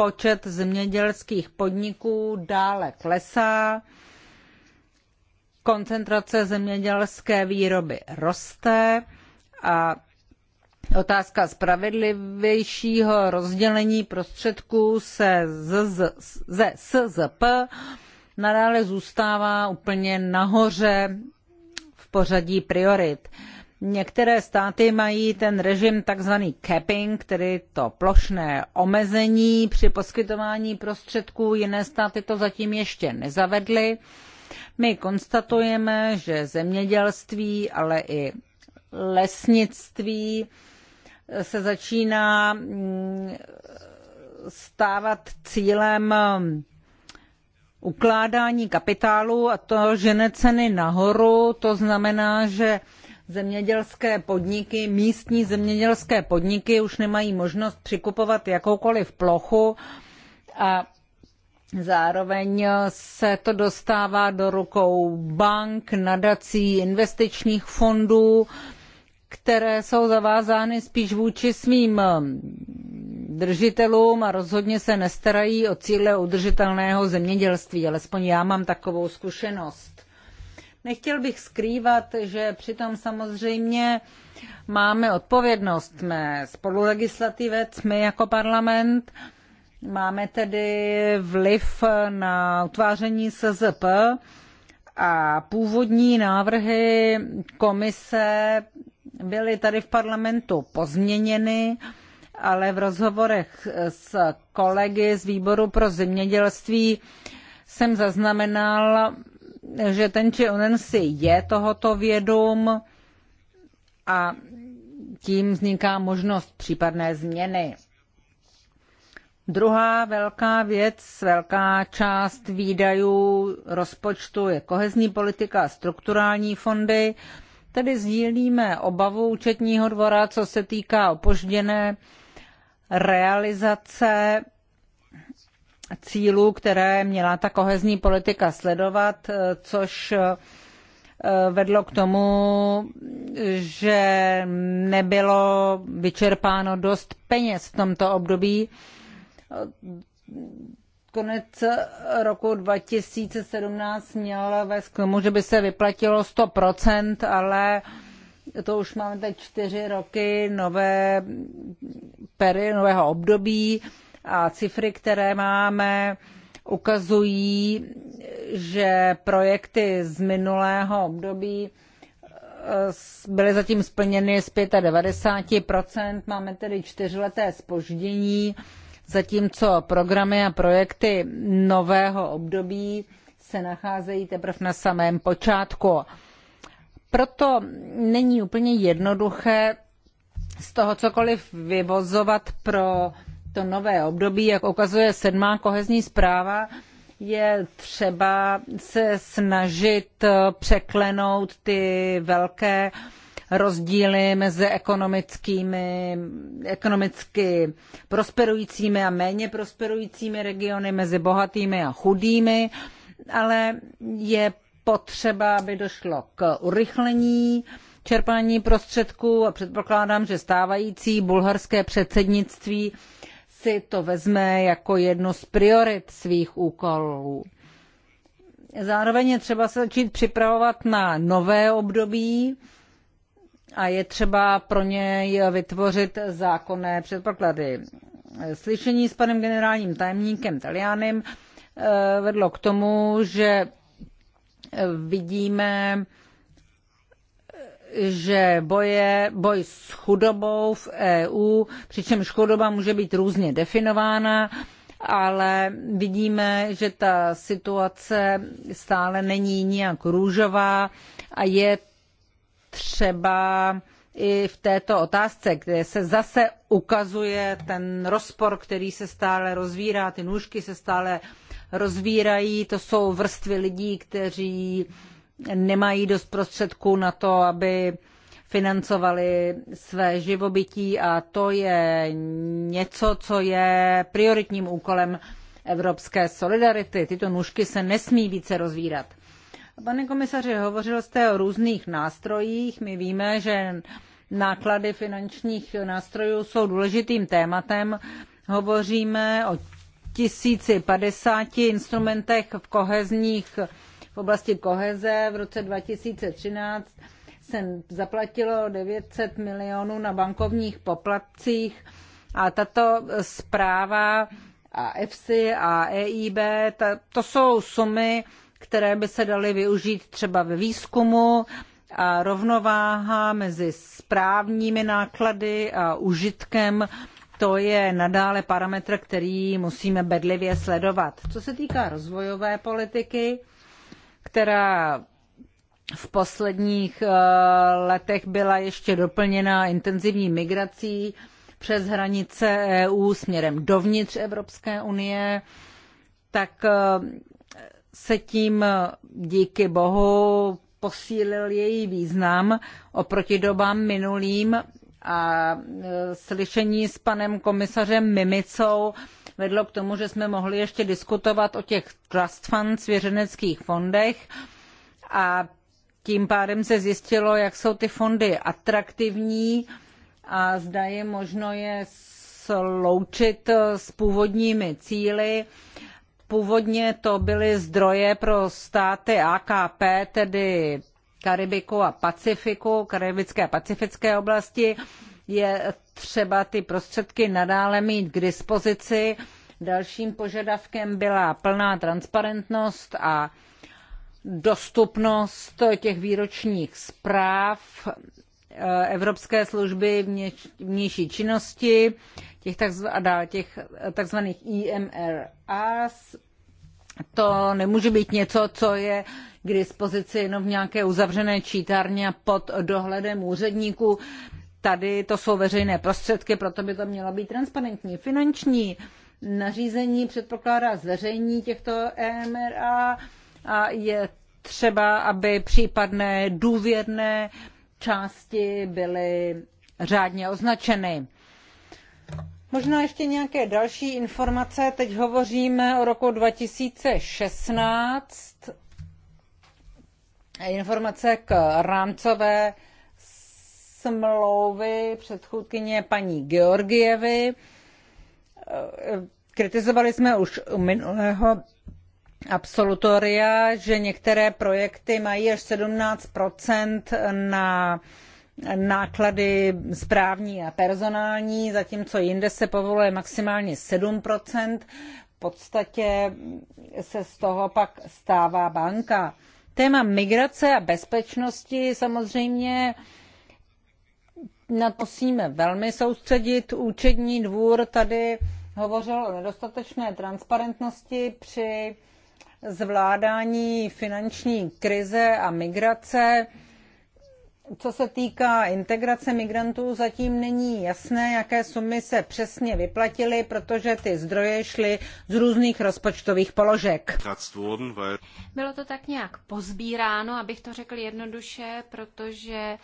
počet zemědělských podniků dále klesá, koncentrace zemědělské výroby roste a otázka spravedlivějšího rozdělení prostředků se z, z, ze SZP nadále zůstává úplně nahoře v pořadí priorit. Některé státy mají ten režim takzvaný capping, tedy to plošné omezení při poskytování prostředků, jiné státy to zatím ještě nezavedly. My konstatujeme, že zemědělství, ale i lesnictví se začíná mm, stávat cílem mm, ukládání kapitálu a to žene ceny nahoru. To znamená, že zemědělské podniky, místní zemědělské podniky už nemají možnost přikupovat jakoukoliv plochu a zároveň se to dostává do rukou bank, nadací, investičních fondů, které jsou zavázány spíš vůči svým držitelům a rozhodně se nestarají o cíle udržitelného zemědělství. Alespoň já mám takovou zkušenost. Nechtěl bych skrývat, že přitom samozřejmě máme odpovědnost. Jsme spolulegislativec, my jako parlament, máme tedy vliv na utváření SZP a původní návrhy komise byly tady v parlamentu pozměněny, ale v rozhovorech s kolegy z výboru pro zemědělství jsem zaznamenal že ten či onen si je tohoto vědom a tím vzniká možnost případné změny. Druhá velká věc, velká část výdajů rozpočtu je kohezní politika a strukturální fondy. Tedy sdílíme obavu účetního dvora, co se týká opožděné realizace cílů, které měla ta kohezní politika sledovat, eh, což eh, vedlo k tomu, že nebylo vyčerpáno dost peněz v tomto období. Konec roku 2017 měl vést k tomu, že by se vyplatilo 100%, ale to už máme teď čtyři roky nové pery, nového období a cifry, které máme, ukazují, že projekty z minulého období eh, byly zatím splněny z 95%, máme tedy čtyřleté spoždění, zatímco programy a projekty nového období se nacházejí teprve na samém počátku. Proto není úplně jednoduché z toho cokoliv vyvozovat pro to nové období, jak ukazuje sedmá kohezní zpráva, je třeba se snažit eh, překlenout ty velké rozdíly mezi ekonomickými, ekonomicky prosperujícími a méně prosperujícími regiony, mezi bohatými a chudými, ale je potřeba, aby došlo k urychlení čerpání prostředků a předpokládám, že stávající bulharské předsednictví si to vezme jako jednu z priorit svých úkolů. Zároveň je třeba se začít připravovat na nové období a je třeba pro něj vytvořit zákonné předpoklady. Slyšení s panem generálním tajemníkem Talianem eh, vedlo k tomu, že vidíme že boje, boj s chudobou v EU, přičemž chudoba může být různě definována, ale vidíme, že ta situace stále není nijak růžová a je třeba i v této otázce, kde se zase ukazuje ten rozpor, který se stále rozvírá, ty nůžky se stále rozvírají, to jsou vrstvy lidí, kteří nemají dost prostředků na to, aby financovali své živobytí a to je něco, co je prioritním úkolem evropské solidarity. Tyto nůžky se nesmí více rozvírat. Pane komisaři, hovořil jste o různých nástrojích. My víme, že náklady finančních nástrojů jsou důležitým tématem. Hovoříme o 1050 instrumentech v kohezních v oblasti koheze v roce 2013 se zaplatilo 900 milionů na bankovních poplatcích a tato zpráva a EFSI a EIB, ta, to jsou sumy, které by se daly využít třeba ve výzkumu a rovnováha mezi správními náklady a užitkem, to je nadále parametr, který musíme bedlivě sledovat. Co se týká rozvojové politiky, která v posledních eh, letech byla ještě doplněna intenzivní migrací přes hranice EU směrem dovnitř Evropské unie, tak eh, se tím eh, díky bohu posílil její význam oproti dobám minulým a e, slyšení s panem komisařem Mimicou vedlo k tomu, že jsme mohli ještě diskutovat o těch trust funds, svěřeneckých fondech a tím pádem se zjistilo, jak jsou ty fondy atraktivní a zda je možno je sloučit e, s původními cíli. Původně to byly zdroje pro státy AKP, tedy Karibiku a Pacifiku, karibické a pacifické oblasti, je třeba ty prostředky nadále mít k dispozici. Dalším požadavkem byla plná transparentnost a dostupnost těch výročních zpráv eh, Evropské služby vnější činnosti, těch eh, takzvaných IMRAs, e to nemůže být něco, co je k dispozici jenom v nějaké uzavřené čítárně pod dohledem úředníků. Tady to jsou veřejné prostředky, proto by to mělo být transparentní. Finanční nařízení předpokládá zveřejnění těchto EMRA a je třeba, aby případné důvěrné části byly řádně označeny. Možná ještě nějaké další informace. Teď hovoříme o roku 2016. Informace k rámcové smlouvy předchůdkyně paní Georgievy. Kritizovali jsme už u minulého absolutoria, že některé projekty mají až 17 na náklady správní a personální, zatímco jinde se povoluje maximálně 7 V podstatě se z toho pak stává banka. Téma migrace a bezpečnosti samozřejmě na to musíme velmi soustředit. Účetní dvůr tady hovořil o nedostatečné transparentnosti při zvládání finanční krize a migrace co se týká integrace migrantů, zatím není jasné, jaké sumy se přesně vyplatily, protože ty zdroje šly z různých rozpočtových položek. Bylo to tak nějak pozbíráno, abych to řekl jednoduše, protože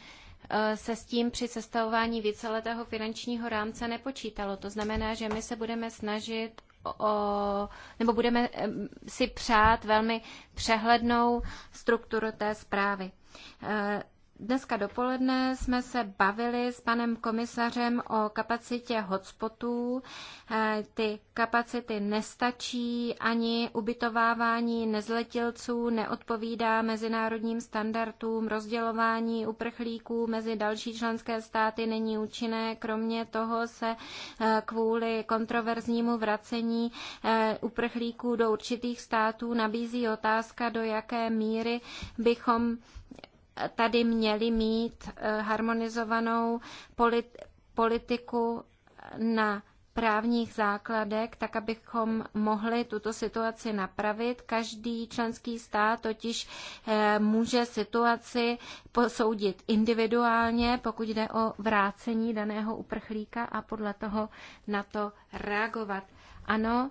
e, se s tím při sestavování víceletého finančního rámce nepočítalo. To znamená, že my se budeme snažit o, nebo budeme e, si přát velmi přehlednou strukturu té zprávy. E, Dneska dopoledne jsme se bavili s panem komisařem o kapacitě hotspotů. Eh, ty kapacity nestačí, ani ubytovávání nezletilců neodpovídá mezinárodním standardům, rozdělování uprchlíků mezi další členské státy není účinné. Kromě toho se eh, kvůli kontroverznímu vracení eh, uprchlíků do určitých států nabízí otázka, do jaké míry bychom tady měli mít eh, harmonizovanou politiku na právních základek, tak abychom mohli tuto situaci napravit. Každý členský stát totiž eh, může situaci posoudit individuálně, pokud jde o vrácení daného uprchlíka a podle toho na to reagovat. Ano,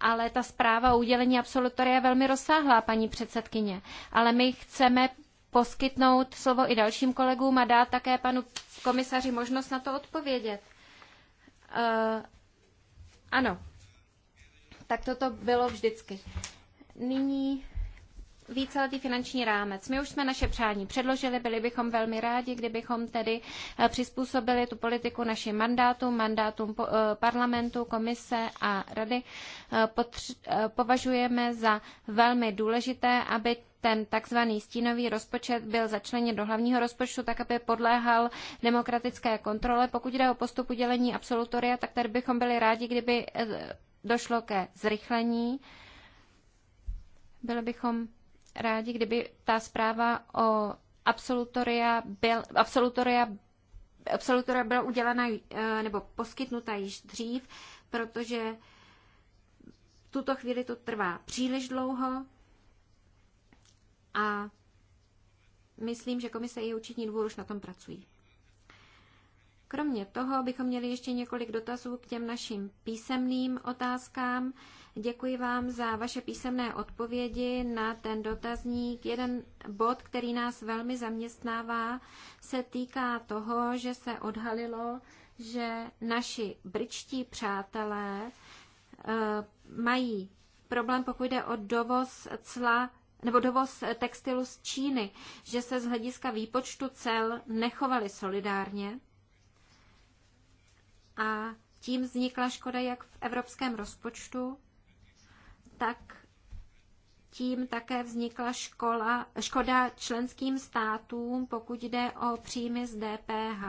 ale ta zpráva o udělení absolutoria je velmi rozsáhlá, paní předsedkyně. Ale my chceme poskytnout slovo i dalším kolegům a dát také panu komisaři možnost na to odpovědět. Uh, ano, tak toto bylo vždycky. Nyní víceletý finanční rámec. My už jsme naše přání předložili, byli bychom velmi rádi, kdybychom tedy eh, přizpůsobili tu politiku našim mandátům, mandátům eh, parlamentu, komise a rady. Eh, považujeme za velmi důležité, aby ten takzvaný stínový rozpočet byl začleněn do hlavního rozpočtu, tak aby podléhal demokratické kontrole. Pokud jde o postup udělení absolutoria, tak tady bychom byli rádi, kdyby došlo ke zrychlení. Byli bychom rádi, kdyby ta zpráva o absolutoria, byl, absolutoria, absolutoria byla udělena eh, nebo poskytnuta již dřív, protože v tuto chvíli to trvá příliš dlouho a myslím, že komise i účetní dvůr už na tom pracují. Kromě toho bychom měli ještě několik dotazů k těm našim písemným otázkám. Děkuji vám za vaše písemné odpovědi na ten dotazník. Jeden bod, který nás velmi zaměstnává, se týká toho, že se odhalilo, že naši britští přátelé eh, mají problém, pokud jde o dovoz cla nebo dovoz textilu z Číny, že se z hlediska výpočtu cel nechovali solidárně a tím vznikla škoda jak v evropském rozpočtu, tak tím také vznikla škola, škoda členským státům, pokud jde o příjmy z DPH.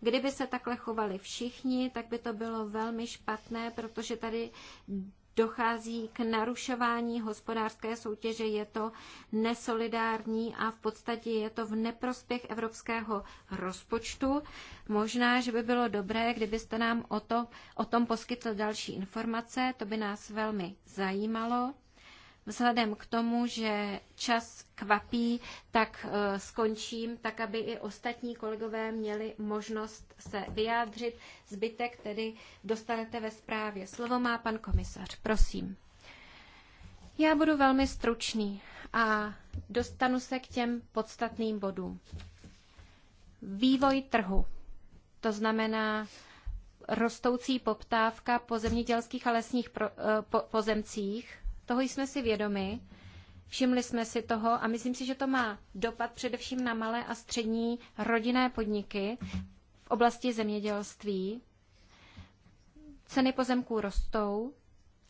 Kdyby se takhle chovali všichni, tak by to bylo velmi špatné, protože tady dochází k narušování hospodářské soutěže, je to nesolidární a v podstatě je to v neprospěch evropského rozpočtu. Možná, že by bylo dobré, kdybyste nám o, to, o tom poskytl další informace, to by nás velmi zajímalo. Vzhledem k tomu, že čas kvapí, tak eh, skončím, tak aby i ostatní kolegové měli možnost se vyjádřit. Zbytek tedy dostanete ve zprávě. Slovo má pan komisař. Prosím. Já budu velmi stručný a dostanu se k těm podstatným bodům. Vývoj trhu, to znamená rostoucí poptávka po zemědělských a lesních eh, pozemcích, toho jsme si vědomi, všimli jsme si toho a myslím si, že to má dopad především na malé a střední rodinné podniky v oblasti zemědělství. Ceny pozemků rostou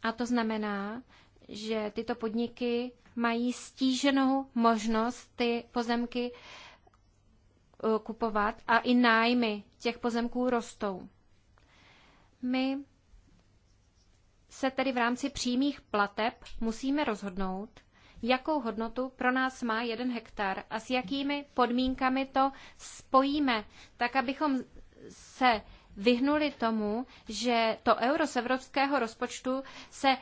a to znamená, že tyto podniky mají stíženou možnost ty pozemky eh, kupovat a i nájmy těch pozemků rostou. My se tedy v rámci přímých plateb musíme rozhodnout, jakou hodnotu pro nás má jeden hektar a s jakými podmínkami to spojíme, tak abychom se vyhnuli tomu, že to euro z evropského rozpočtu se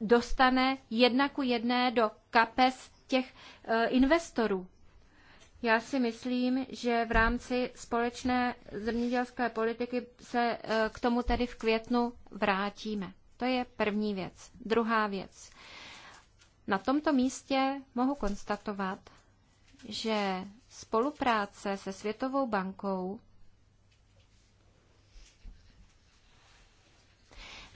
dostane jedna ku jedné do kapes těch e, investorů. Já si myslím, že v rámci společné zemědělské politiky se e, k tomu tedy v květnu vrátíme. To je první věc. Druhá věc. Na tomto místě mohu konstatovat, že spolupráce se Světovou bankou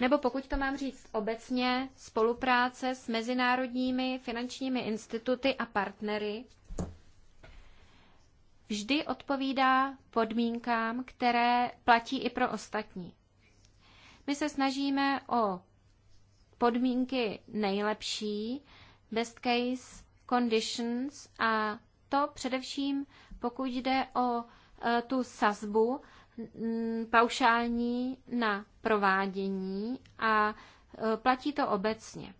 nebo pokud to mám říct obecně, spolupráce s mezinárodními finančními instituty a partnery vždy odpovídá podmínkám, které platí i pro ostatní. My se snažíme o podmínky nejlepší, best case conditions a to především pokud jde o e, tu sazbu paušální na provádění a e, platí to obecně.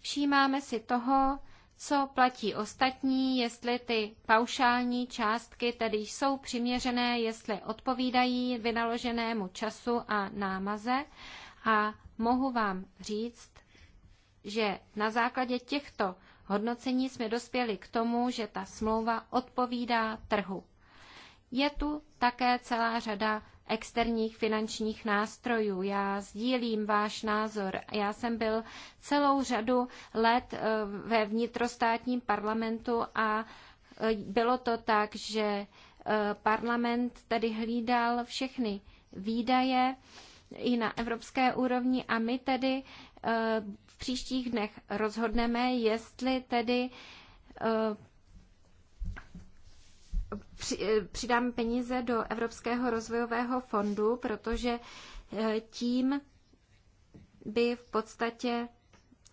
Všímáme si toho, co platí ostatní, jestli ty paušální částky tedy jsou přiměřené, jestli odpovídají vynaloženému času a námaze. A mohu vám říct, že na základě těchto hodnocení jsme dospěli k tomu, že ta smlouva odpovídá trhu. Je tu také celá řada externích finančních nástrojů. Já sdílím váš názor. Já jsem byl celou řadu let eh, ve vnitrostátním parlamentu a eh, bylo to tak, že eh, parlament tedy hlídal všechny výdaje i na evropské úrovni a my tedy v příštích dnech rozhodneme, jestli tedy Eh, přidám peníze do Evropského rozvojového fondu, protože eh, tím by v podstatě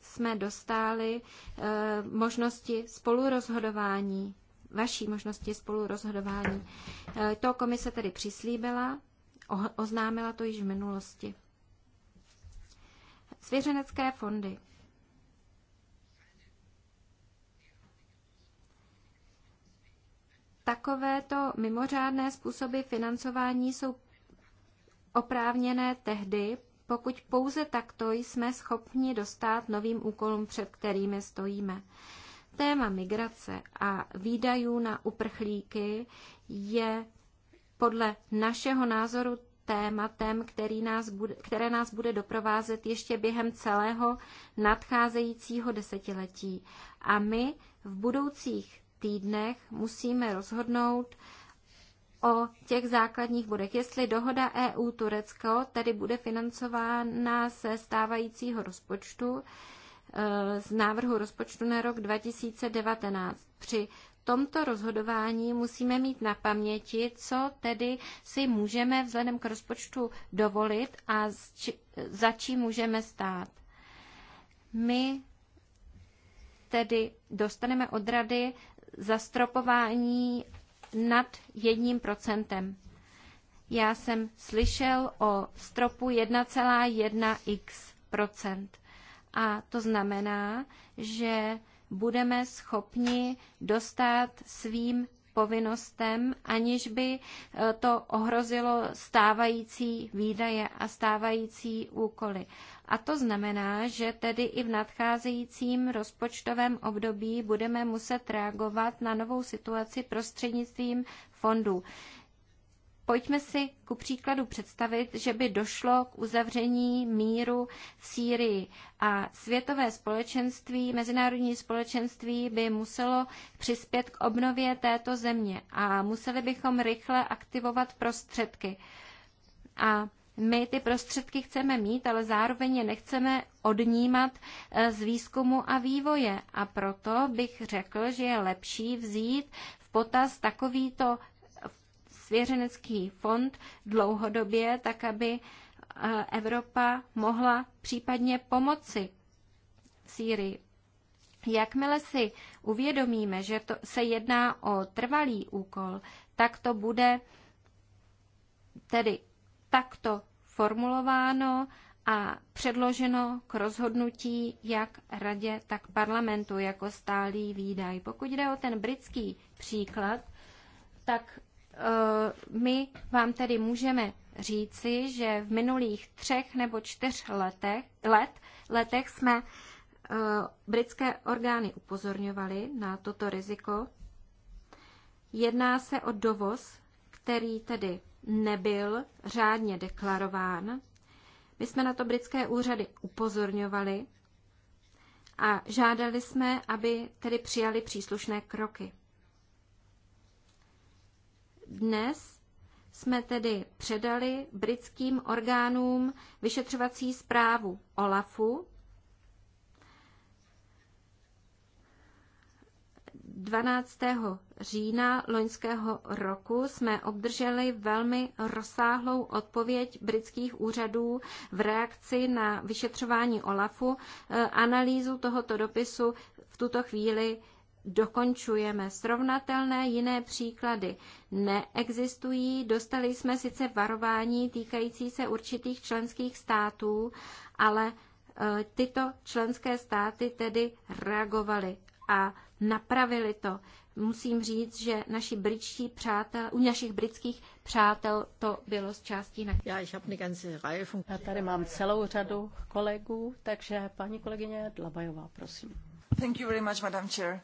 jsme dostali eh, možnosti spolurozhodování, vaší možnosti spolurozhodování. To komise tedy přislíbila, oznámila to již v minulosti. Svěřenecké fondy. Takovéto mimořádné způsoby financování jsou oprávněné tehdy, pokud pouze takto jsme schopni dostat novým úkolům, před kterými stojíme. Téma migrace a výdajů na uprchlíky je podle našeho názoru tématem, který nás bude, které nás bude doprovázet ještě během celého nadcházejícího desetiletí. A my v budoucích týdnech musíme rozhodnout o těch základních bodech. Jestli dohoda EU-Turecko tedy bude financována se stávajícího rozpočtu, e, z návrhu rozpočtu na rok 2019. Při tomto rozhodování musíme mít na paměti, co tedy si můžeme vzhledem k rozpočtu dovolit a za čím můžeme stát. My tedy dostaneme od rady zastropování nad jedním procentem. Já jsem slyšel o stropu 1,1x procent. A to znamená, že budeme schopni dostat svým povinnostem, aniž by e, to ohrozilo stávající výdaje a stávající úkoly. A to znamená, že tedy i v nadcházejícím rozpočtovém období budeme muset reagovat na novou situaci prostřednictvím fondů. Pojďme si ku příkladu představit, že by došlo k uzavření míru v Sýrii a světové společenství, mezinárodní společenství by muselo přispět k obnově této země a museli bychom rychle aktivovat prostředky. A my ty prostředky chceme mít, ale zároveň je nechceme odnímat eh, z výzkumu a vývoje. A proto bych řekl, že je lepší vzít v potaz takovýto svěřenecký fond dlouhodobě, tak aby eh, Evropa mohla případně pomoci Sýrii. Jakmile si uvědomíme, že to se jedná o trvalý úkol, tak to bude tedy takto formulováno a předloženo k rozhodnutí jak radě, tak parlamentu jako stálý výdaj. Pokud jde o ten britský příklad, tak Eh, my vám tedy můžeme říci, že v minulých třech nebo čtyř letech, let, letech jsme eh, britské orgány upozorňovali na toto riziko. Jedná se o dovoz, který tedy nebyl řádně deklarován. My jsme na to britské úřady upozorňovali a žádali jsme, aby tedy přijali příslušné kroky. Dnes jsme tedy předali britským orgánům vyšetřovací zprávu OLAFu. 12. října loňského roku jsme obdrželi velmi rozsáhlou odpověď britských úřadů v reakci na vyšetřování OLAFu. Eh, analýzu tohoto dopisu v tuto chvíli dokončujeme. Srovnatelné jiné příklady neexistují. Dostali jsme sice varování týkající se určitých členských států, ale e, tyto členské státy tedy reagovaly a napravili to. Musím říct, že naši britští přátel, u našich britských přátel to bylo z částí ne. Já, ich habe ganze Reihe von... Já tady mám celou řadu kolegů, takže paní kolegyně Dlabajová, prosím. Thank you very much, Madam Chair.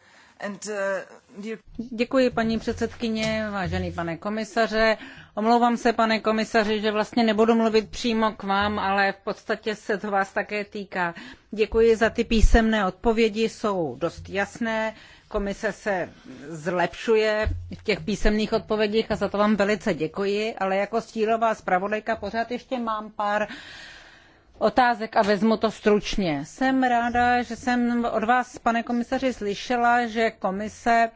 Uh, děkuji, paní předsedkyně, vážený pane komisaře. Omlouvám se, pane komisaři, že vlastně nebudu mluvit přímo k vám, ale v podstatě se to vás také týká. Děkuji za ty písemné odpovědi, jsou dost jasné. Komise se zlepšuje v těch písemných odpovědích a za to vám velice děkuji, ale jako stílová zpravodajka pořád ještě mám pár otázek otázek a vezmu to stručně. Jsem ráda, že jsem od vás, pane komisaři, slyšela, že komise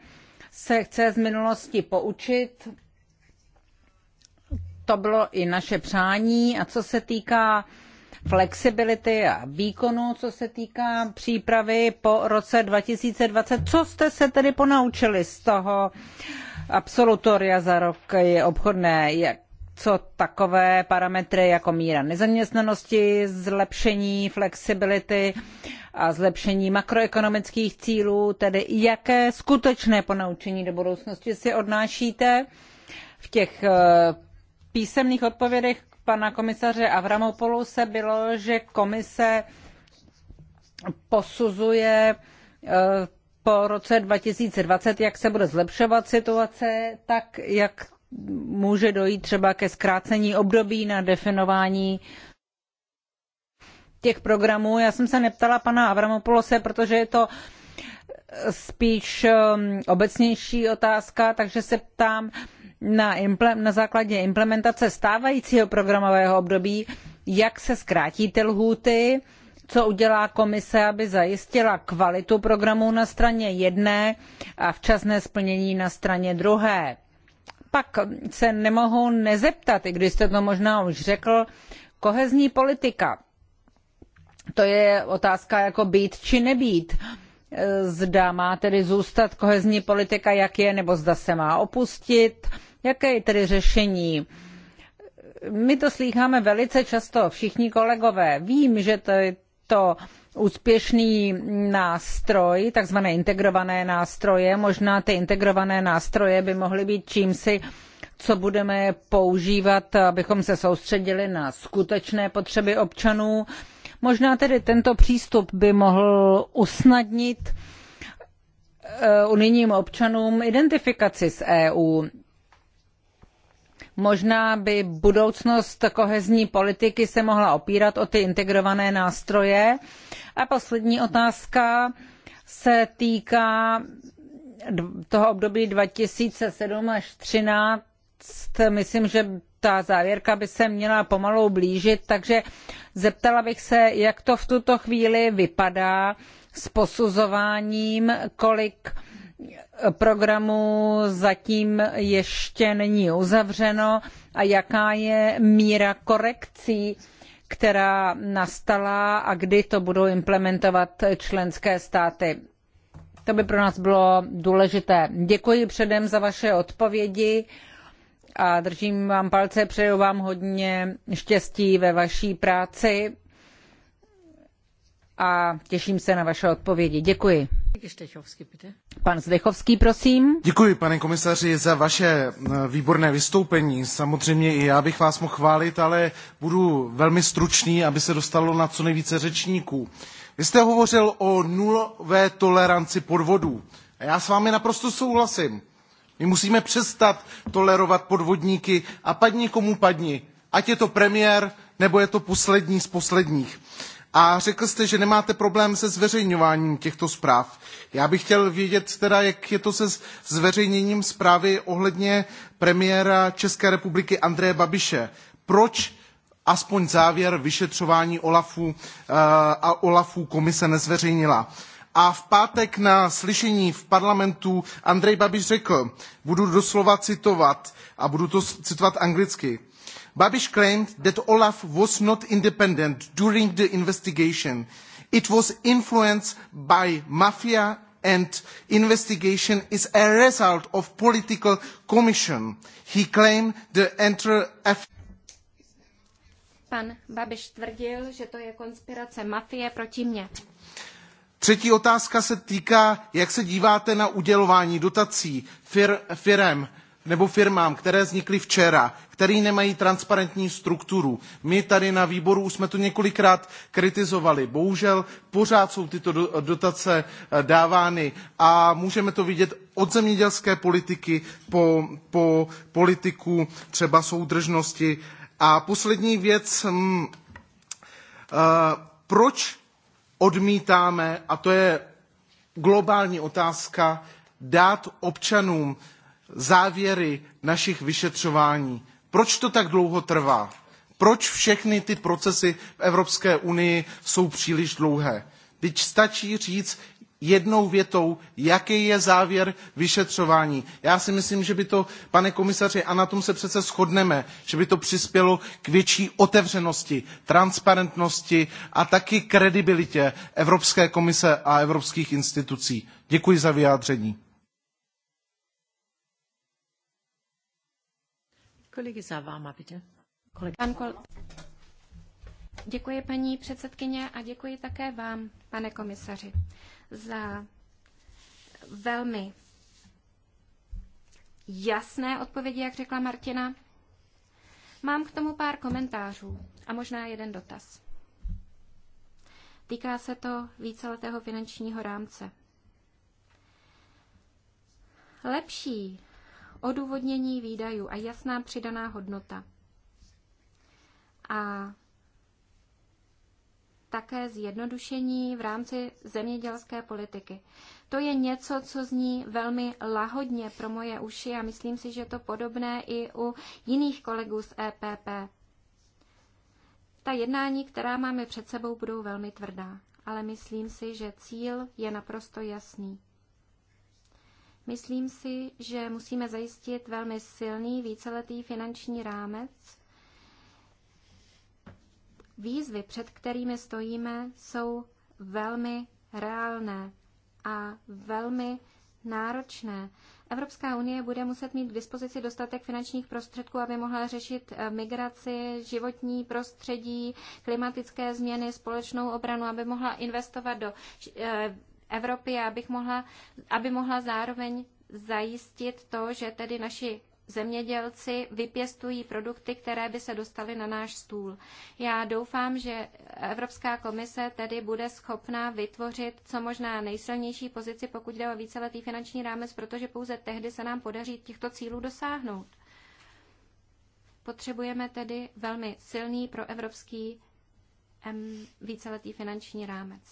se chce z minulosti poučit. To bylo i naše přání. A co se týká flexibility a výkonu, co se týká přípravy po roce 2020, co jste se tedy ponaučili z toho absolutoria za rok je obchodné? Jak co takové parametry jako míra nezaměstnanosti, zlepšení flexibility a zlepšení makroekonomických cílů, tedy jaké skutečné ponaučení do budoucnosti si odnášíte. V těch eh, písemných odpovědech pana komisaře Avramopoulose bylo, že komise posuzuje eh, po roce 2020, jak se bude zlepšovat situace, tak jak může dojít třeba ke zkrácení období na definování těch programů. Já jsem se neptala pana Avramopolose, protože je to spíš um, obecnější otázka, takže se ptám na, na základě implementace stávajícího programového období, jak se zkrátí ty lhůty, co udělá komise, aby zajistila kvalitu programů na straně jedné a včasné splnění na straně druhé pak se nemohu nezeptat, i když jste to možná už řekl, kohezní politika. To je otázka jako být či nebýt. Zda má tedy zůstat kohezní politika, jak je, nebo zda se má opustit. Jaké je tedy řešení? My to slýcháme velice často, všichni kolegové. Vím, že to je to úspěšný nástroj, takzvané integrované nástroje. Možná ty integrované nástroje by mohly být čímsi, co budeme používat, abychom se soustředili na skutečné potřeby občanů. Možná tedy tento přístup by mohl usnadnit eh, unijním občanům identifikaci s EU. Možná by budoucnost kohezní politiky se mohla opírat o ty integrované nástroje, a poslední otázka se týká toho období 2007 až 2013. Myslím, že ta závěrka by se měla pomalu blížit, takže zeptala bych se, jak to v tuto chvíli vypadá s posuzováním, kolik programů zatím ještě není uzavřeno a jaká je míra korekcí která nastala a kdy to budou implementovat členské státy. To by pro nás bylo důležité. Děkuji předem za vaše odpovědi a držím vám palce, přeju vám hodně štěstí ve vaší práci a těším se na vaše odpovědi. Děkuji. Pan Zdechovský, prosím. Děkuji, pane komisaři, za vaše eh, výborné vystoupení. Samozřejmě i já bych vás mohl chválit, ale budu velmi stručný, aby se dostalo na co nejvíce řečníků. Vy jste hovořil o nulové toleranci podvodů. A já s vámi naprosto souhlasím. My musíme přestat tolerovat podvodníky a padni komu padni. Ať je to premiér, nebo je to poslední z posledních. Uh, a řekl jste, že nemáte problém se zveřejňováním těchto zpráv. Já bych chtěl vědět teda, jak je to se zveřejněním zprávy ohledně premiéra České republiky Andreje Babiše. Proč aspoň závěr vyšetřování OLAFu eh, a OLAFu komise nezveřejnila? A v pátek na slyšení v parlamentu Andrej Babiš řekl, budu doslova citovat a budu to citovat anglicky. Babish claimed that Olaf was not independent during the investigation. It was influenced by mafia and investigation is a result of political commission. He claimed the enter F Pan Babiš tvrdil, že to je konspirace mafie proti mně. Třetí otázka se týká, jak se díváte na udělování dotací fir, firem nebo firmám, které vznikly včera, které nemají transparentní strukturu. My tady na výboru už jsme to několikrát kritizovali. Bohužel pořád jsou tyto dotace eh, dávány a můžeme to vidět od zemědělské politiky po, po politiku třeba soudržnosti. A poslední věc, uh, proč odmítáme, a to je globální otázka, dát občanům závěry našich vyšetřování. Proč to tak dlouho trvá? Proč všechny ty procesy v Evropské unii jsou příliš dlouhé? Teď stačí říct jednou větou, jaký je závěr vyšetřování. Já si myslím, že by to, pane komisaři, a na tom se přece shodneme, že by to přispělo k větší otevřenosti, transparentnosti a taky kredibilitě Evropské komise a evropských institucí. Děkuji za vyjádření. Kolegy Zaváma, bitte. Děkuji paní předsedkyně a děkuji také vám, pane komisaři, za velmi jasné odpovědi, jak řekla Martina. Mám k tomu pár komentářů a možná jeden dotaz. Týká se to víceletého finančního rámce. Lepší odůvodnění výdajů a jasná přidaná hodnota. A také zjednodušení v rámci zemědělské politiky. To je něco, co zní velmi lahodně pro moje uši a myslím si, že to podobné i u jiných kolegů z EPP. Ta jednání, která máme před sebou, budou velmi tvrdá, ale myslím si, že cíl je naprosto jasný. Myslím si, že musíme zajistit velmi silný víceletý finanční rámec. Výzvy, před kterými stojíme, jsou velmi reálné a velmi náročné. Evropská unie bude muset mít k dispozici dostatek finančních prostředků, aby mohla řešit eh, migraci, životní prostředí, klimatické změny, společnou obranu, aby mohla investovat do eh, Evropy, abych mohla, aby mohla zároveň zajistit to, že tedy naši zemědělci vypěstují produkty, které by se dostaly na náš stůl. Já doufám, že Evropská komise tedy bude schopná vytvořit co možná nejsilnější pozici, pokud jde o víceletý finanční rámec, protože pouze tehdy se nám podaří těchto cílů dosáhnout. Potřebujeme tedy velmi silný proevropský víceletý finanční rámec.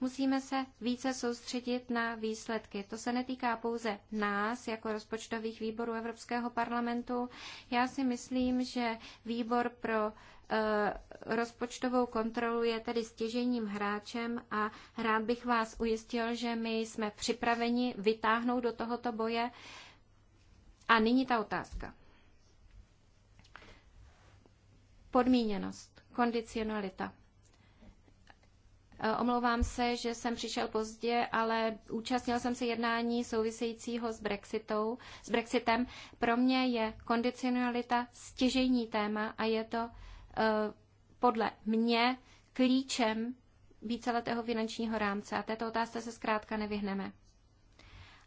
Musíme se více soustředit na výsledky. To se netýká pouze nás jako rozpočtových výborů Evropského parlamentu. Já si myslím, že výbor pro eh, rozpočtovou kontrolu je tedy stěžením hráčem a rád bych vás ujistil, že my jsme připraveni vytáhnout do tohoto boje. A nyní ta otázka. Podmíněnost, kondicionalita. Eh, omlouvám se, že jsem přišel pozdě, ale účastnil jsem se jednání souvisejícího s, Brexitou, s Brexitem. Pro mě je kondicionalita stěžejní téma a je to eh, podle mě klíčem víceletého finančního rámce a této otázce se zkrátka nevyhneme.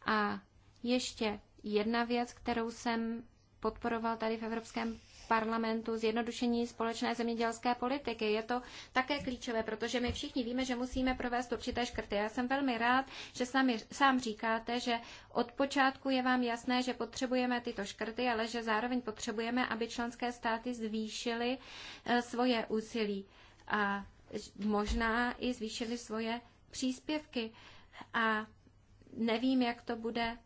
A ještě jedna věc, kterou jsem podporoval tady v Evropském parlamentu zjednodušení společné zemědělské politiky. Je to také klíčové, protože my všichni víme, že musíme provést určité škrty. Já jsem velmi rád, že sami, sám říkáte, že od počátku je vám jasné, že potřebujeme tyto škrty, ale že zároveň potřebujeme, aby členské státy zvýšily eh, svoje úsilí a možná i zvýšily svoje příspěvky. A nevím, jak to bude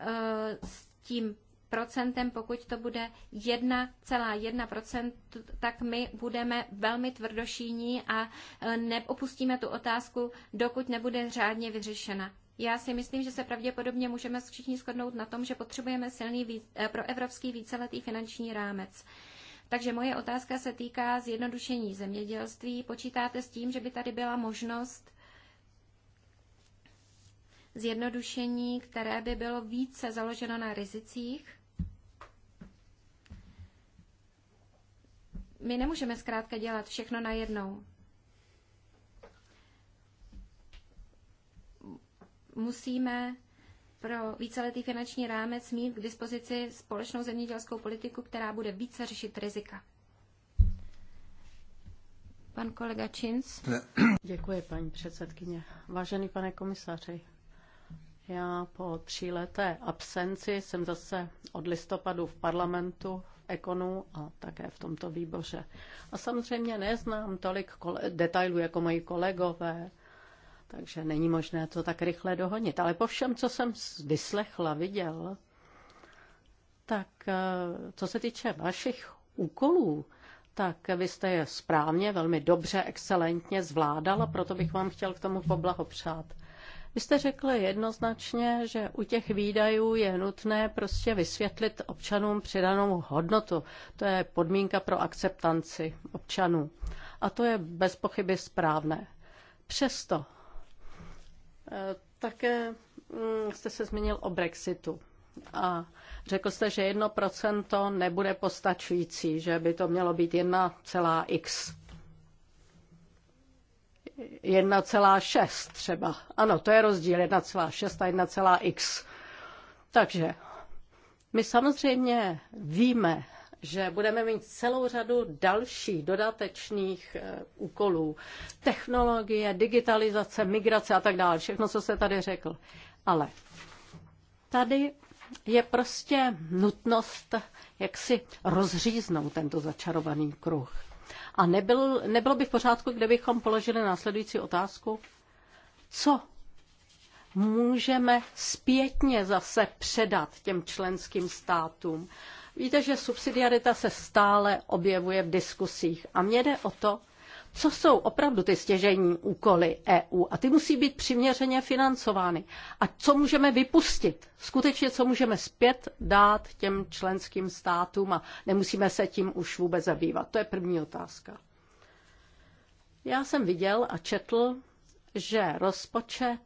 eh, s tím procentem, pokud to bude 1,1%, tak my budeme velmi tvrdošíní a e, neopustíme tu otázku, dokud nebude řádně vyřešena. Já si myslím, že se pravděpodobně můžeme všichni shodnout na tom, že potřebujeme silný e, proevropský víceletý finanční rámec. Takže moje otázka se týká zjednodušení zemědělství. Počítáte s tím, že by tady byla možnost zjednodušení, které by bylo více založeno na rizicích? my nemůžeme zkrátka dělat všechno najednou. Musíme pro víceletý finanční rámec mít k dispozici společnou zemědělskou politiku, která bude více řešit rizika. Pan kolega Čins. Děkuji, paní předsedkyně. Vážený pane komisaři, já po tříleté absenci jsem zase od listopadu v parlamentu ekonu a také v tomto výboře. A samozřejmě neznám tolik detailů jako moji kolegové, takže není možné to tak rychle dohonit. Ale po všem, co jsem vyslechla, viděl, tak eh, co se týče vašich úkolů, tak vy jste je správně, velmi dobře, excelentně zvládala, proto bych vám chtěl k tomu poblahopřát. Vy jste řekli jednoznačně, že u těch výdajů je nutné prostě vysvětlit občanům přidanou hodnotu. To je podmínka pro akceptanci občanů. A to je bez pochyby správné. Přesto eh, také hm, jste se zmínil o Brexitu. A řekl jste, že 1% nebude postačující, že by to mělo být 1,x. 1,6 třeba. Ano, to je rozdíl 1,6 a 1,x. Takže my samozřejmě víme, že budeme mít celou řadu dalších dodatečných eh, úkolů. Technologie, digitalizace, migrace a tak dále. Všechno, co se tady řekl. Ale tady je prostě nutnost, jak si rozříznout tento začarovaný kruh. A nebyl, nebylo by v pořádku, kdybychom položili následující otázku. Co můžeme zpětně zase předat těm členským státům? Víte, že subsidiarita se stále objevuje v diskusích a mně jde o to, co jsou opravdu ty stěžejní úkoly EU a ty musí být přiměřeně financovány. A co můžeme vypustit? Skutečně, co můžeme zpět dát těm členským státům a nemusíme se tím už vůbec zabývat. To je první otázka. Já jsem viděl a četl, že rozpočet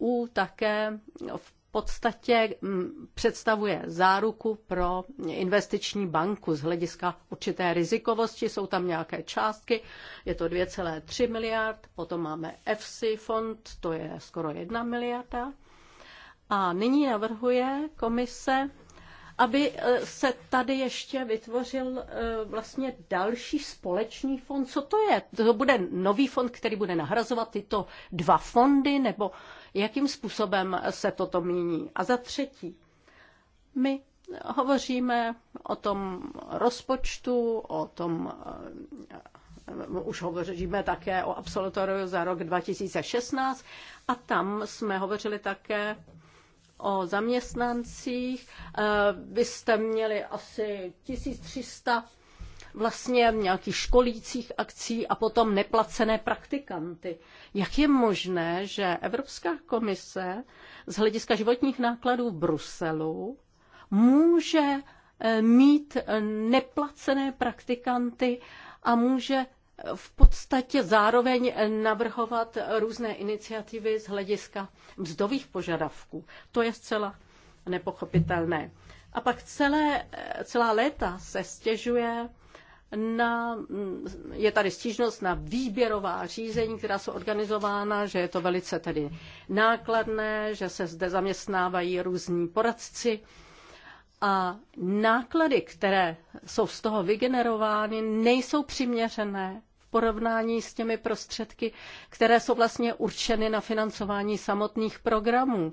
EU také v podstatě mm, představuje záruku pro investiční banku z hlediska určité rizikovosti. Jsou tam nějaké částky, je to 2,3 miliard, potom máme EFSI fond, to je skoro 1 miliarda. A nyní navrhuje komise aby eh, se tady ještě vytvořil eh, vlastně další společný fond. Co to je? To bude nový fond, který bude nahrazovat tyto dva fondy, nebo jakým způsobem se toto míní? A za třetí, my hovoříme o tom rozpočtu, o tom eh, už hovoříme také o absolutoriu za rok 2016 a tam jsme hovořili také o zaměstnancích. Eh, vy jste měli asi 1300 vlastně nějakých školících akcí a potom neplacené praktikanty. Jak je možné, že Evropská komise z hlediska životních nákladů v Bruselu může eh, mít eh, neplacené praktikanty a může v podstatě zároveň navrhovat různé iniciativy z hlediska mzdových požadavků. To je zcela nepochopitelné. A pak celé, celá léta se stěžuje na, je tady stížnost na výběrová řízení, která jsou organizována, že je to velice tedy nákladné, že se zde zaměstnávají různí poradci, a náklady, které jsou z toho vygenerovány, nejsou přiměřené v porovnání s těmi prostředky, které jsou vlastně určeny na financování samotných programů.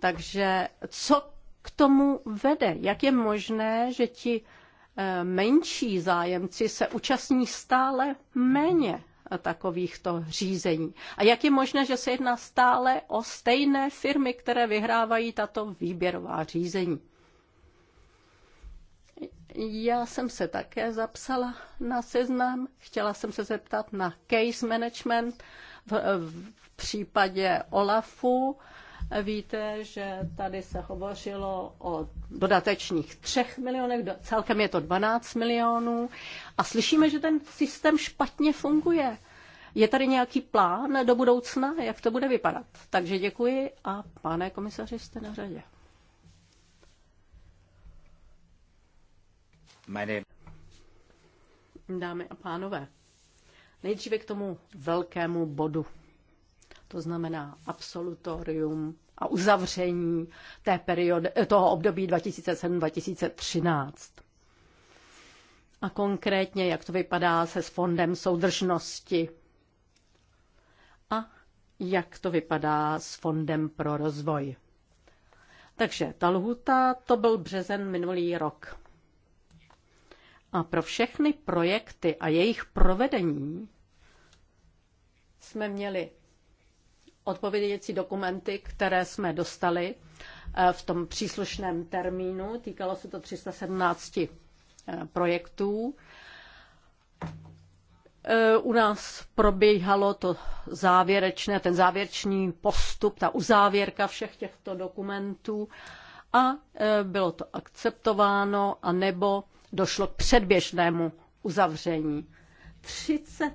Takže co k tomu vede? Jak je možné, že ti eh, menší zájemci se účastní stále méně takovýchto řízení. A jak je možné, že se jedná stále o stejné firmy, které vyhrávají tato výběrová řízení? Já jsem se také zapsala na seznam. Chtěla jsem se zeptat na case management v, v případě OLAFu. Víte, že tady se hovořilo o dodatečných 3 milionech, celkem je to 12 milionů a slyšíme, že ten systém špatně funguje. Je tady nějaký plán do budoucna, jak to bude vypadat? Takže děkuji a pane komisaři, jste na řadě. Dámy a pánové, nejdříve k tomu velkému bodu. To znamená absolutorium a uzavření té periody, toho období 2007-2013. A konkrétně, jak to vypadá se s fondem soudržnosti a jak to vypadá s fondem pro rozvoj. Takže ta lhuta, to byl březen minulý rok. A pro všechny projekty a jejich provedení jsme měli odpovědějící dokumenty, které jsme dostali eh, v tom příslušném termínu. Týkalo se to 317 eh, projektů. Eh, u nás probíhalo to závěrečné, ten závěrečný postup, ta uzávěrka všech těchto dokumentů a bylo to akceptováno a nebo došlo k předběžnému uzavření. 30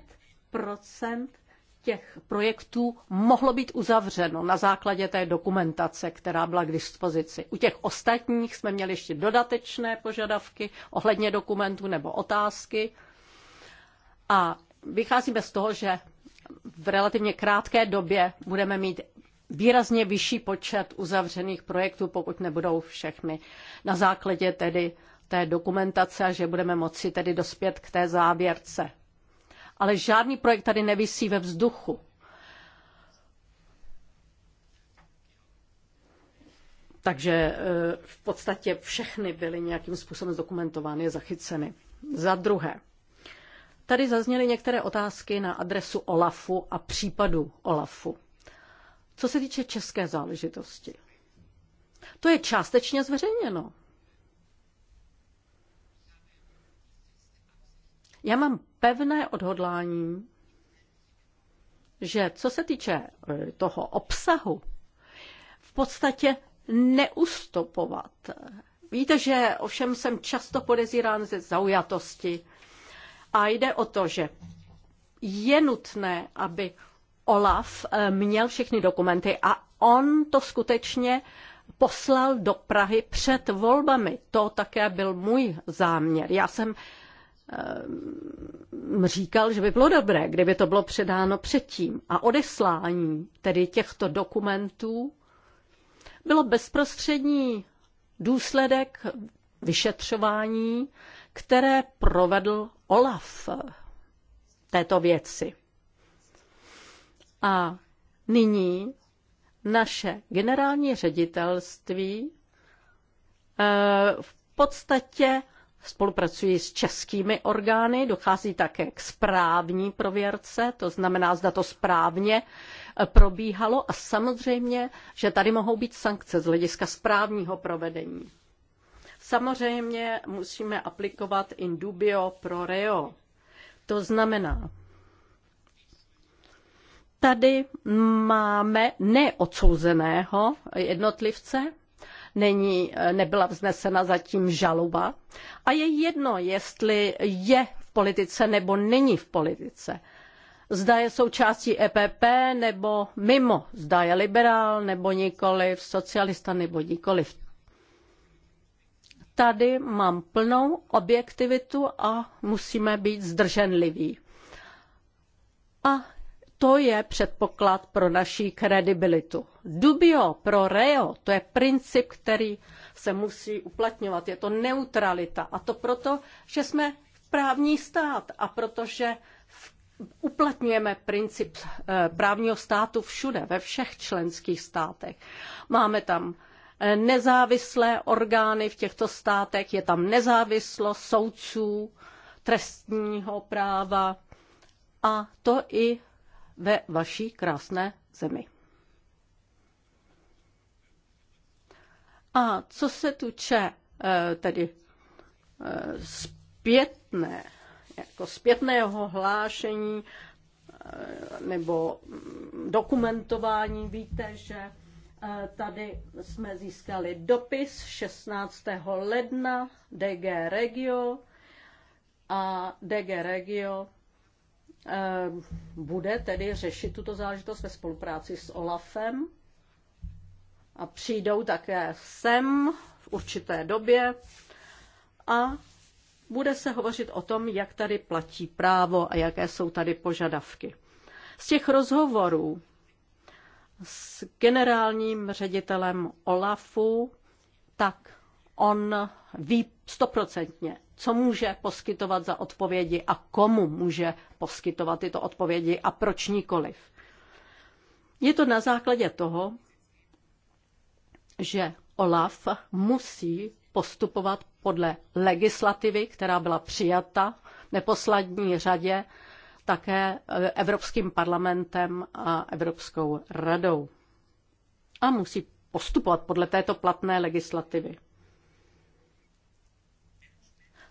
těch projektů mohlo být uzavřeno na základě té dokumentace, která byla k dispozici. U těch ostatních jsme měli ještě dodatečné požadavky ohledně dokumentů nebo otázky. A vycházíme z toho, že v relativně krátké době budeme mít výrazně vyšší počet uzavřených projektů, pokud nebudou všechny na základě tedy té dokumentace a že budeme moci tedy dospět k té závěrce. Ale žádný projekt tady nevisí ve vzduchu. Takže e, v podstatě všechny byly nějakým způsobem zdokumentovány, zachyceny. Za druhé, tady zazněly některé otázky na adresu OLAFu a případu OLAFu. Co se týče české záležitosti, to je částečně zveřejněno. Já mám pevné odhodlání, že co se týče eh, toho obsahu, v podstatě neustupovat. Víte, že ovšem jsem často podezírán ze zaujatosti. A jde o to, že je nutné, aby Olaf eh, měl všechny dokumenty a on to skutečně poslal do Prahy před volbami. To také byl můj záměr. Já jsem Ehm, říkal, že by bylo dobré, kdyby to bylo předáno předtím. A odeslání tedy těchto dokumentů bylo bezprostřední důsledek vyšetřování, které provedl Olaf této věci. A nyní naše generální ředitelství eh, v podstatě spolupracuji s českými orgány, dochází také k správní prověrce, to znamená, zda to správně eh, probíhalo a samozřejmě, že tady mohou být sankce z hlediska správního provedení. Samozřejmě musíme aplikovat in dubio pro reo. To znamená, tady máme neodsouzeného jednotlivce, není, eh, nebyla vznesena zatím žaloba. A je jedno, jestli je v politice nebo není v politice. Zda je součástí EPP nebo mimo, zda je liberál nebo nikoliv, socialista nebo nikoliv. Tady mám plnou objektivitu a musíme být zdrženliví. A to je předpoklad pro naší kredibilitu. Dubio pro reo, to je princip, který se musí uplatňovat. Je to neutralita. A to proto, že jsme právní stát a protože uplatňujeme princip eh, právního státu všude, ve všech členských státech. Máme tam eh, nezávislé orgány v těchto státech, je tam nezávislost soudců, trestního práva a to i ve vaší krásné zemi. A co se tuče eh, tedy eh, zpětné, jako zpětného hlášení eh, nebo dokumentování, víte, že Tady jsme získali dopis 16. ledna DG Regio a DG Regio Eh, bude tedy řešit tuto záležitost ve spolupráci s OLAFem a přijdou také sem v určité době a bude se hovořit o tom, jak tady platí právo a jaké jsou tady požadavky. Z těch rozhovorů s generálním ředitelem OLAFu, tak on ví stoprocentně, co může poskytovat za odpovědi a komu může poskytovat tyto odpovědi a proč nikoliv. Je to na základě toho, že OLAF musí postupovat podle legislativy, která byla přijata v neposlední řadě také Evropským parlamentem a Evropskou radou. A musí postupovat podle této platné legislativy.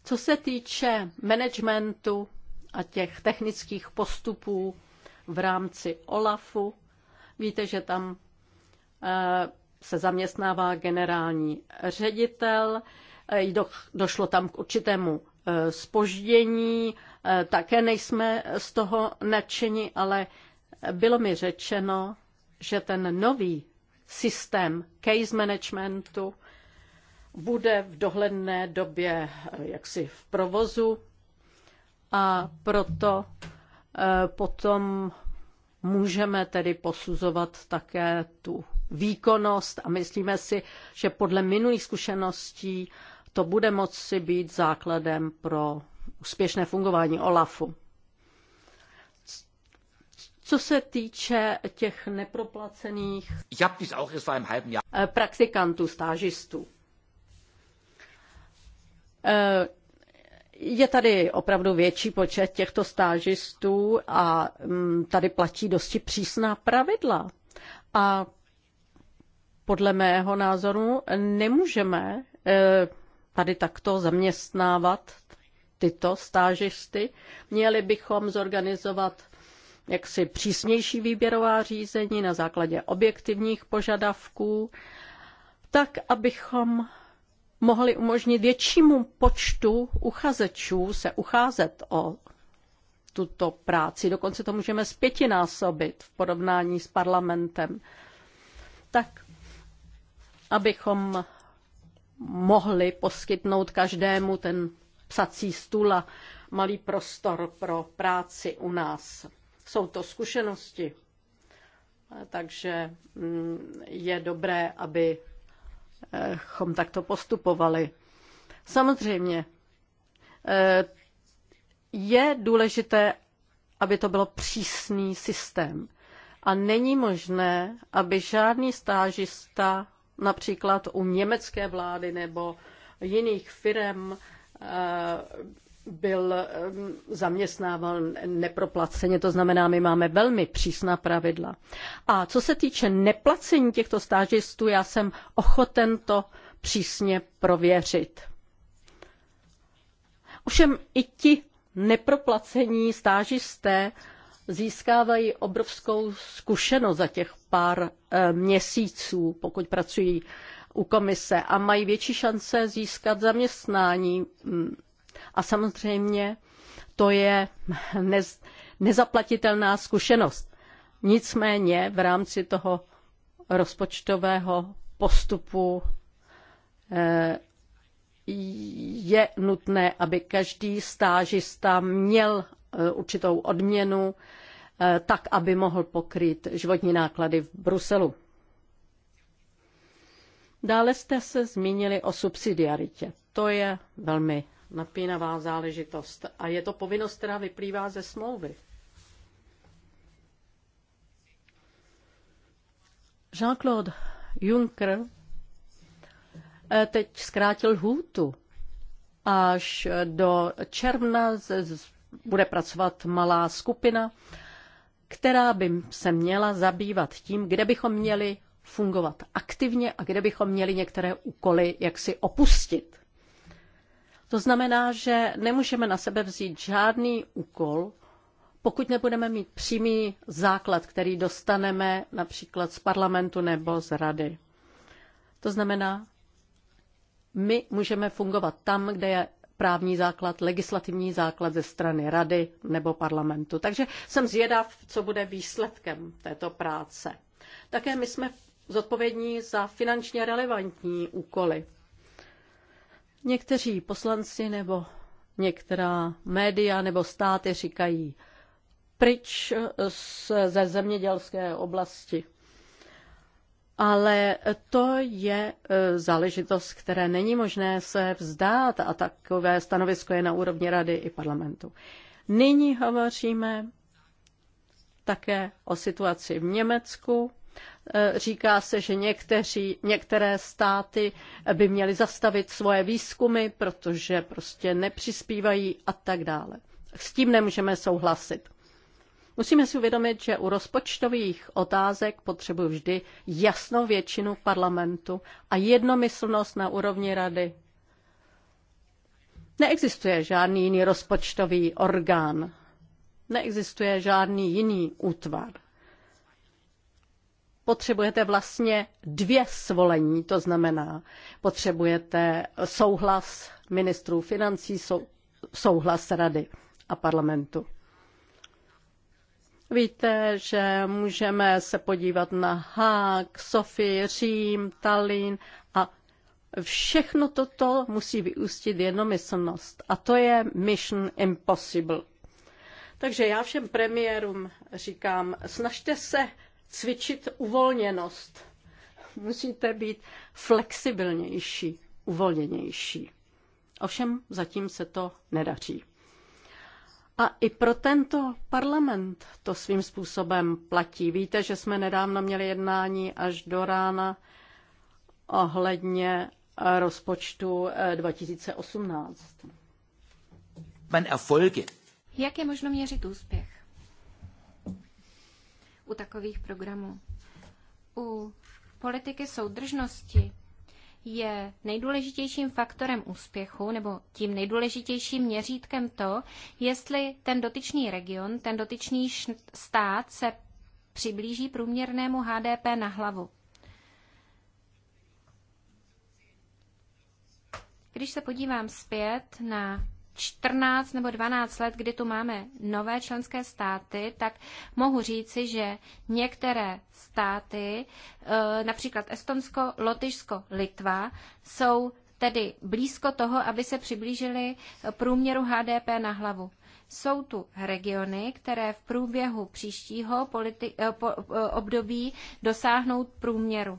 Co se týče managementu a těch technických postupů v rámci OLAFu, víte, že tam eh, se zaměstnává generální ředitel, eh, došlo tam k určitému spoždění, eh, také nejsme z toho nadšeni, ale bylo mi řečeno, že ten nový systém case managementu bude v dohledné době eh, jaksi v provozu a proto eh, potom můžeme tedy posuzovat také tu výkonnost a myslíme si, že podle minulých zkušeností to bude moci být základem pro úspěšné fungování OLAFu. Co se týče těch neproplacených eh, praktikantů, stážistů, Eh, je tady opravdu větší počet těchto stážistů a mm, tady platí dosti přísná pravidla. A podle mého názoru nemůžeme eh, tady takto zaměstnávat tyto stážisty. Měli bychom zorganizovat jaksi přísnější výběrová řízení na základě objektivních požadavků, tak abychom mohli umožnit většímu počtu uchazečů se ucházet o tuto práci. Dokonce to můžeme zpětinásobit v porovnání s parlamentem. Tak, abychom mohli poskytnout každému ten psací stůl a malý prostor pro práci u nás. Jsou to zkušenosti, takže mm, je dobré, aby chom takto postupovali. Samozřejmě eh, je důležité, aby to bylo přísný systém. A není možné, aby žádný stážista, například u německé vlády nebo jiných firm, eh, byl zaměstnáván neproplaceně, to znamená, my máme velmi přísná pravidla. A co se týče neplacení těchto stážistů, já jsem ochoten to přísně prověřit. Ovšem i ti neproplacení stážisté získávají obrovskou zkušenost za těch pár měsíců, pokud pracují u komise a mají větší šance získat zaměstnání a samozřejmě to je nez, nezaplatitelná zkušenost. Nicméně v rámci toho rozpočtového postupu eh, je nutné, aby každý stážista měl eh, určitou odměnu, eh, tak aby mohl pokryt životní náklady v Bruselu. Dále jste se zmínili o subsidiaritě. To je velmi napínavá záležitost a je to povinnost, která vyplývá ze smlouvy. Jean-Claude Juncker eh, teď zkrátil hůtu. Až eh, do června bude pracovat malá skupina, která by se měla zabývat tím, kde bychom měli fungovat aktivně a kde bychom měli některé úkoly jaksi opustit. To znamená, že nemůžeme na sebe vzít žádný úkol, pokud nebudeme mít přímý základ, který dostaneme například z parlamentu nebo z rady. To znamená, my můžeme fungovat tam, kde je právní základ, legislativní základ ze strany rady nebo parlamentu. Takže jsem zvědav, co bude výsledkem této práce. Také my jsme zodpovědní za finančně relevantní úkoly. Někteří poslanci nebo některá média nebo státy říkají pryč eh, ze zemědělské oblasti. Ale to je eh, záležitost, které není možné se vzdát a takové stanovisko je na úrovni rady i parlamentu. Nyní hovoříme také o situaci v Německu Eh, říká se, že někteří, některé státy by měly zastavit svoje výzkumy, protože prostě nepřispívají a tak dále. S tím nemůžeme souhlasit. Musíme si uvědomit, že u rozpočtových otázek potřebuji vždy jasnou většinu parlamentu a jednomyslnost na úrovni rady. Neexistuje žádný jiný rozpočtový orgán. Neexistuje žádný jiný útvar potřebujete vlastně dvě svolení, to znamená, potřebujete souhlas ministrů financí, sou, souhlas rady a parlamentu. Víte, že můžeme se podívat na Hák, Sofii, Řím, Tallinn a všechno toto musí vyústit jednomyslnost. A to je mission impossible. Takže já všem premiérům říkám, snažte se cvičit uvolněnost. Musíte být flexibilnější, uvolněnější. Ovšem zatím se to nedaří. A i pro tento parlament to svým způsobem platí. Víte, že jsme nedávno měli jednání až do rána ohledně rozpočtu 2018. Eh, Jak je možno měřit úspěch? u takových programů. U politiky soudržnosti je nejdůležitějším faktorem úspěchu nebo tím nejdůležitějším měřítkem to, jestli ten dotyčný region, ten dotyčný stát se přiblíží průměrnému HDP na hlavu. Když se podívám zpět na 14 nebo 12 let, kdy tu máme nové členské státy, tak mohu říci, že některé státy, e, například Estonsko, Lotyšsko, Litva, jsou tedy blízko toho, aby se přiblížili průměru HDP na hlavu. Jsou tu regiony, které v průběhu příštího e, e, období dosáhnou průměru.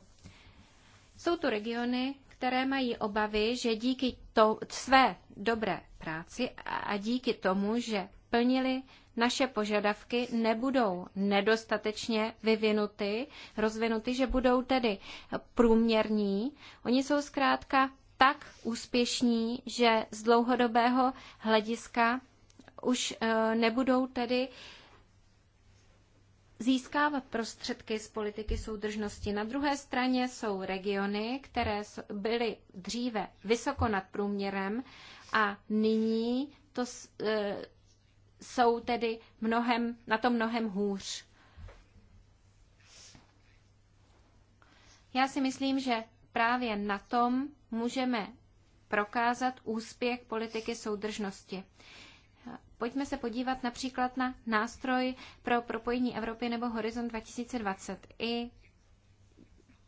Jsou tu regiony, které mají obavy, že díky to, své dobré práci a díky tomu, že plnili naše požadavky, nebudou nedostatečně vyvinuty, rozvinuty, že budou tedy průměrní. Oni jsou zkrátka tak úspěšní, že z dlouhodobého hlediska už e, nebudou tedy získávat prostředky z politiky soudržnosti. Na druhé straně jsou regiony, které byly dříve vysoko nad průměrem a nyní to e, jsou tedy mnohem, na to mnohem hůř. Já si myslím, že právě na tom můžeme prokázat úspěch politiky soudržnosti. Pojďme se podívat například na nástroj pro propojení Evropy nebo Horizon 2020. I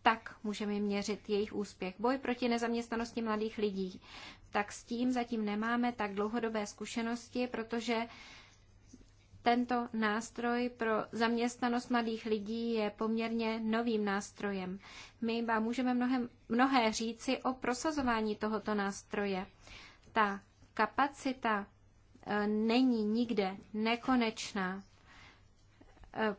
tak můžeme měřit jejich úspěch. Boj proti nezaměstnanosti mladých lidí, tak s tím zatím nemáme tak dlouhodobé zkušenosti, protože tento nástroj pro zaměstnanost mladých lidí je poměrně novým nástrojem. My iba můžeme mnohem, mnohé říci o prosazování tohoto nástroje. Ta kapacita e, není nikde nekonečná. E,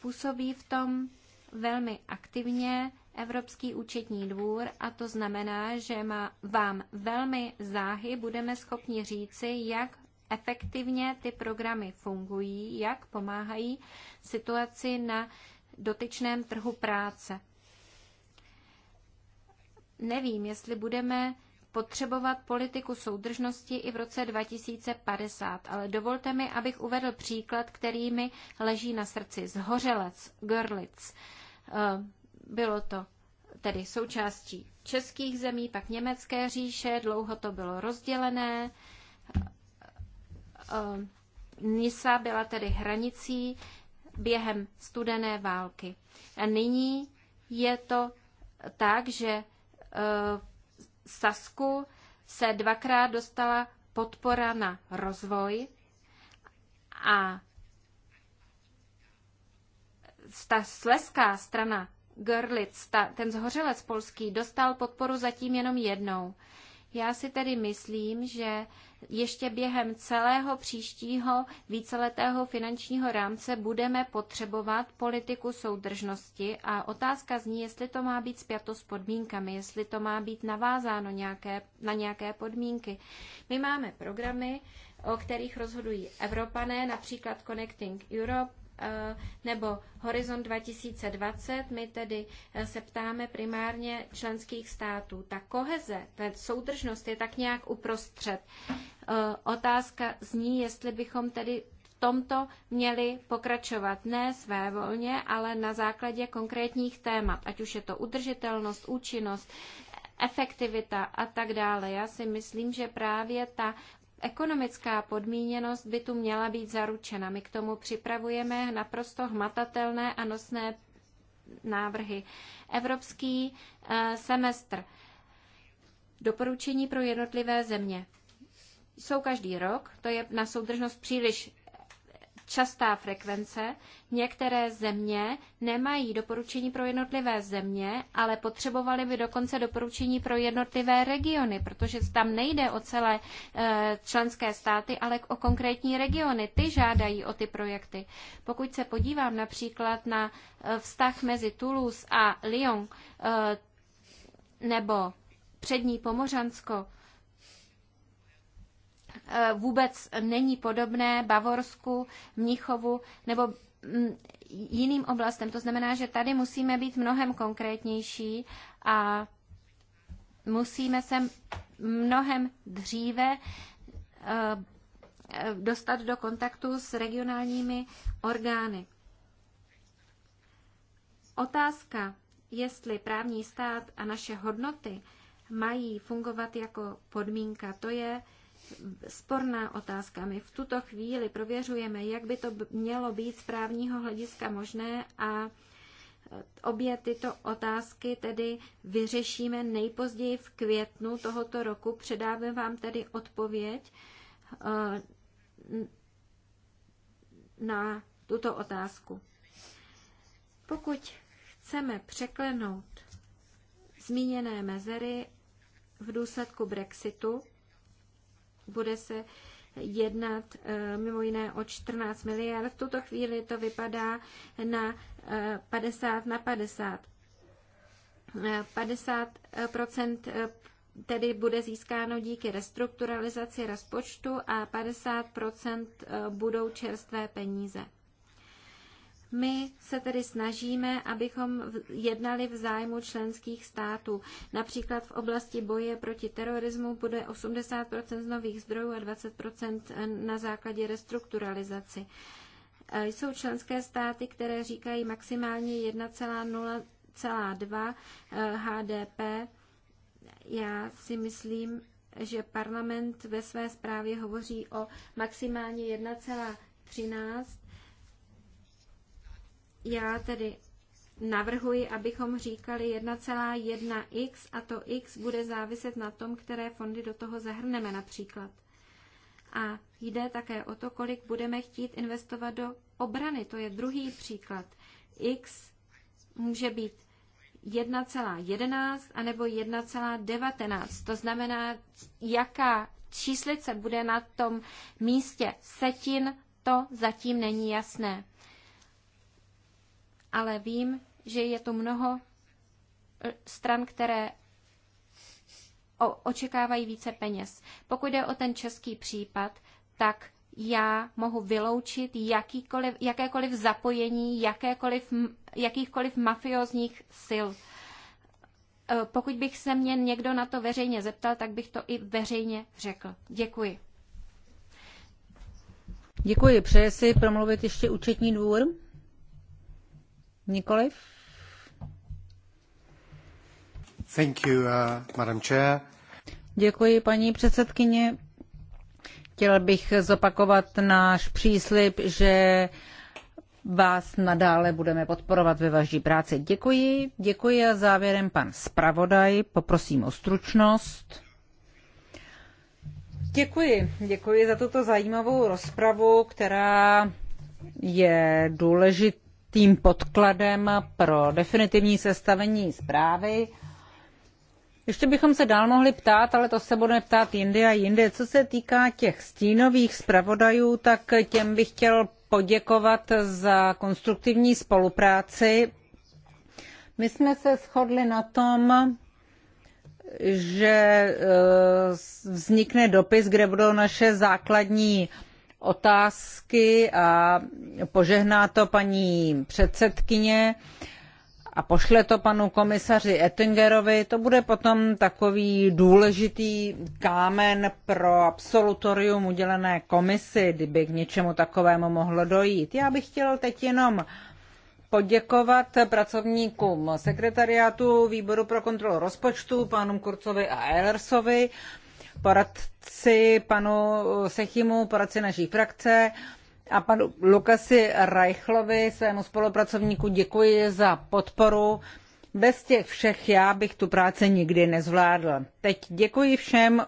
působí v tom velmi aktivně Evropský účetní dvůr a to znamená, že má, vám velmi záhy budeme schopni říci, jak efektivně ty programy fungují, jak pomáhají situaci na dotyčném trhu práce. Nevím, jestli budeme potřebovat politiku soudržnosti i v roce 2050, ale dovolte mi, abych uvedl příklad, který mi leží na srdci. Zhořelec, Görlitz. Eh, bylo to tedy součástí českých zemí, pak německé říše, dlouho to bylo rozdělené. Ehm, Nisa byla tedy hranicí během studené války. A nyní je to tak, že ehm, Sasku se dvakrát dostala podpora na rozvoj a ta sleská strana Görlitz, ta, ten zhořelec polský, dostal podporu zatím jenom jednou. Já si tedy myslím, že ještě během celého příštího víceletého finančního rámce budeme potřebovat politiku soudržnosti a otázka zní, jestli to má být spjato s podmínkami, jestli to má být navázáno nějaké, na nějaké podmínky. My máme programy, o kterých rozhodují Evropané, například Connecting Europe, Eh, nebo Horizont 2020, my tedy eh, se ptáme primárně členských států. Ta koheze, ta soudržnost je tak nějak uprostřed. Eh, otázka zní, jestli bychom tedy v tomto měli pokračovat ne své volně, ale na základě konkrétních témat, ať už je to udržitelnost, účinnost, efektivita a tak dále. Já si myslím, že právě ta Ekonomická podmíněnost by tu měla být zaručena. My k tomu připravujeme naprosto hmatatelné a nosné návrhy. Evropský eh, semestr. Doporučení pro jednotlivé země jsou každý rok, to je na soudržnost příliš častá frekvence. Některé země nemají doporučení pro jednotlivé země, ale potřebovali by dokonce doporučení pro jednotlivé regiony, protože tam nejde o celé eh, členské státy, ale o konkrétní regiony. Ty žádají o ty projekty. Pokud se podívám například na eh, vztah mezi Toulouse a Lyon eh, nebo přední Pomořansko, Eh, vůbec není podobné Bavorsku, Mnichovu nebo mm, jiným oblastem. To znamená, že tady musíme být mnohem konkrétnější a musíme se mnohem dříve eh, dostat do kontaktu s regionálními orgány. Otázka, jestli právní stát a naše hodnoty mají fungovat jako podmínka, to je sporná otázka. My v tuto chvíli prověřujeme, jak by to mělo být z právního hlediska možné a e, Obě tyto otázky tedy vyřešíme nejpozději v květnu tohoto roku. Předávám vám tedy odpověď e, na tuto otázku. Pokud chceme překlenout zmíněné mezery v důsledku Brexitu, bude se jednat eh, mimo jiné o 14 miliard. V tuto chvíli to vypadá na 50 eh, na 50. 50 eh, tedy bude získáno díky restrukturalizaci rozpočtu a 50 budou čerstvé peníze. My se tedy snažíme, abychom jednali v zájmu členských států. Například v oblasti boje proti terorismu bude 80 z nových zdrojů a 20 na základě restrukturalizaci. E, jsou členské státy, které říkají maximálně 1,02 e, HDP. Já si myslím, že parlament ve své zprávě hovoří o maximálně 1,13 já tedy navrhuji, abychom říkali 1,1x a to x bude záviset na tom, které fondy do toho zahrneme například. A jde také o to, kolik budeme chtít investovat do obrany. To je druhý příklad. X může být 1,11 anebo 1,19. To znamená, jaká číslice bude na tom místě setin, to zatím není jasné ale vím, že je to mnoho eh, stran, které očekávají více peněz. Pokud jde o ten český případ, tak já mohu vyloučit jakýkoliv, jakékoliv zapojení jakékoliv, jakýchkoliv mafiozních sil. Eh, pokud bych se mě někdo na to veřejně zeptal, tak bych to i veřejně řekl. Děkuji. Děkuji. Přeje si promluvit ještě účetní dvůr? Nikoliv? Thank you, uh, Madam Chair. Děkuji, paní předsedkyně. Chtěl bych zopakovat náš příslib, že vás nadále budeme podporovat ve vaší práci. Děkuji. Děkuji a závěrem pan zpravodaj. Poprosím o stručnost. Děkuji. Děkuji za tuto zajímavou rozpravu, která je důležitá tím podkladem pro definitivní sestavení zprávy. Ještě bychom se dál mohli ptát, ale to se budeme ptát jindy a jindy. Co se týká těch stínových zpravodajů, tak těm bych chtěl poděkovat za konstruktivní spolupráci. My jsme se shodli na tom, že eh, vznikne dopis, kde budou naše základní otázky a požehná to paní předsedkyně a pošle to panu komisaři Ettingerovi. To bude potom takový důležitý kámen pro absolutorium udělené komisi, kdyby k něčemu takovému mohlo dojít. Já bych chtěl teď jenom poděkovat pracovníkům sekretariátu výboru pro kontrolu rozpočtu, pánům Kurcovi a Ellersovi, poradci panu Sechimu, poradci naší frakce a panu Lukasi Reichlovi, svému spolupracovníku, děkuji za podporu. Bez těch všech já bych tu práci nikdy nezvládl. Teď děkuji všem.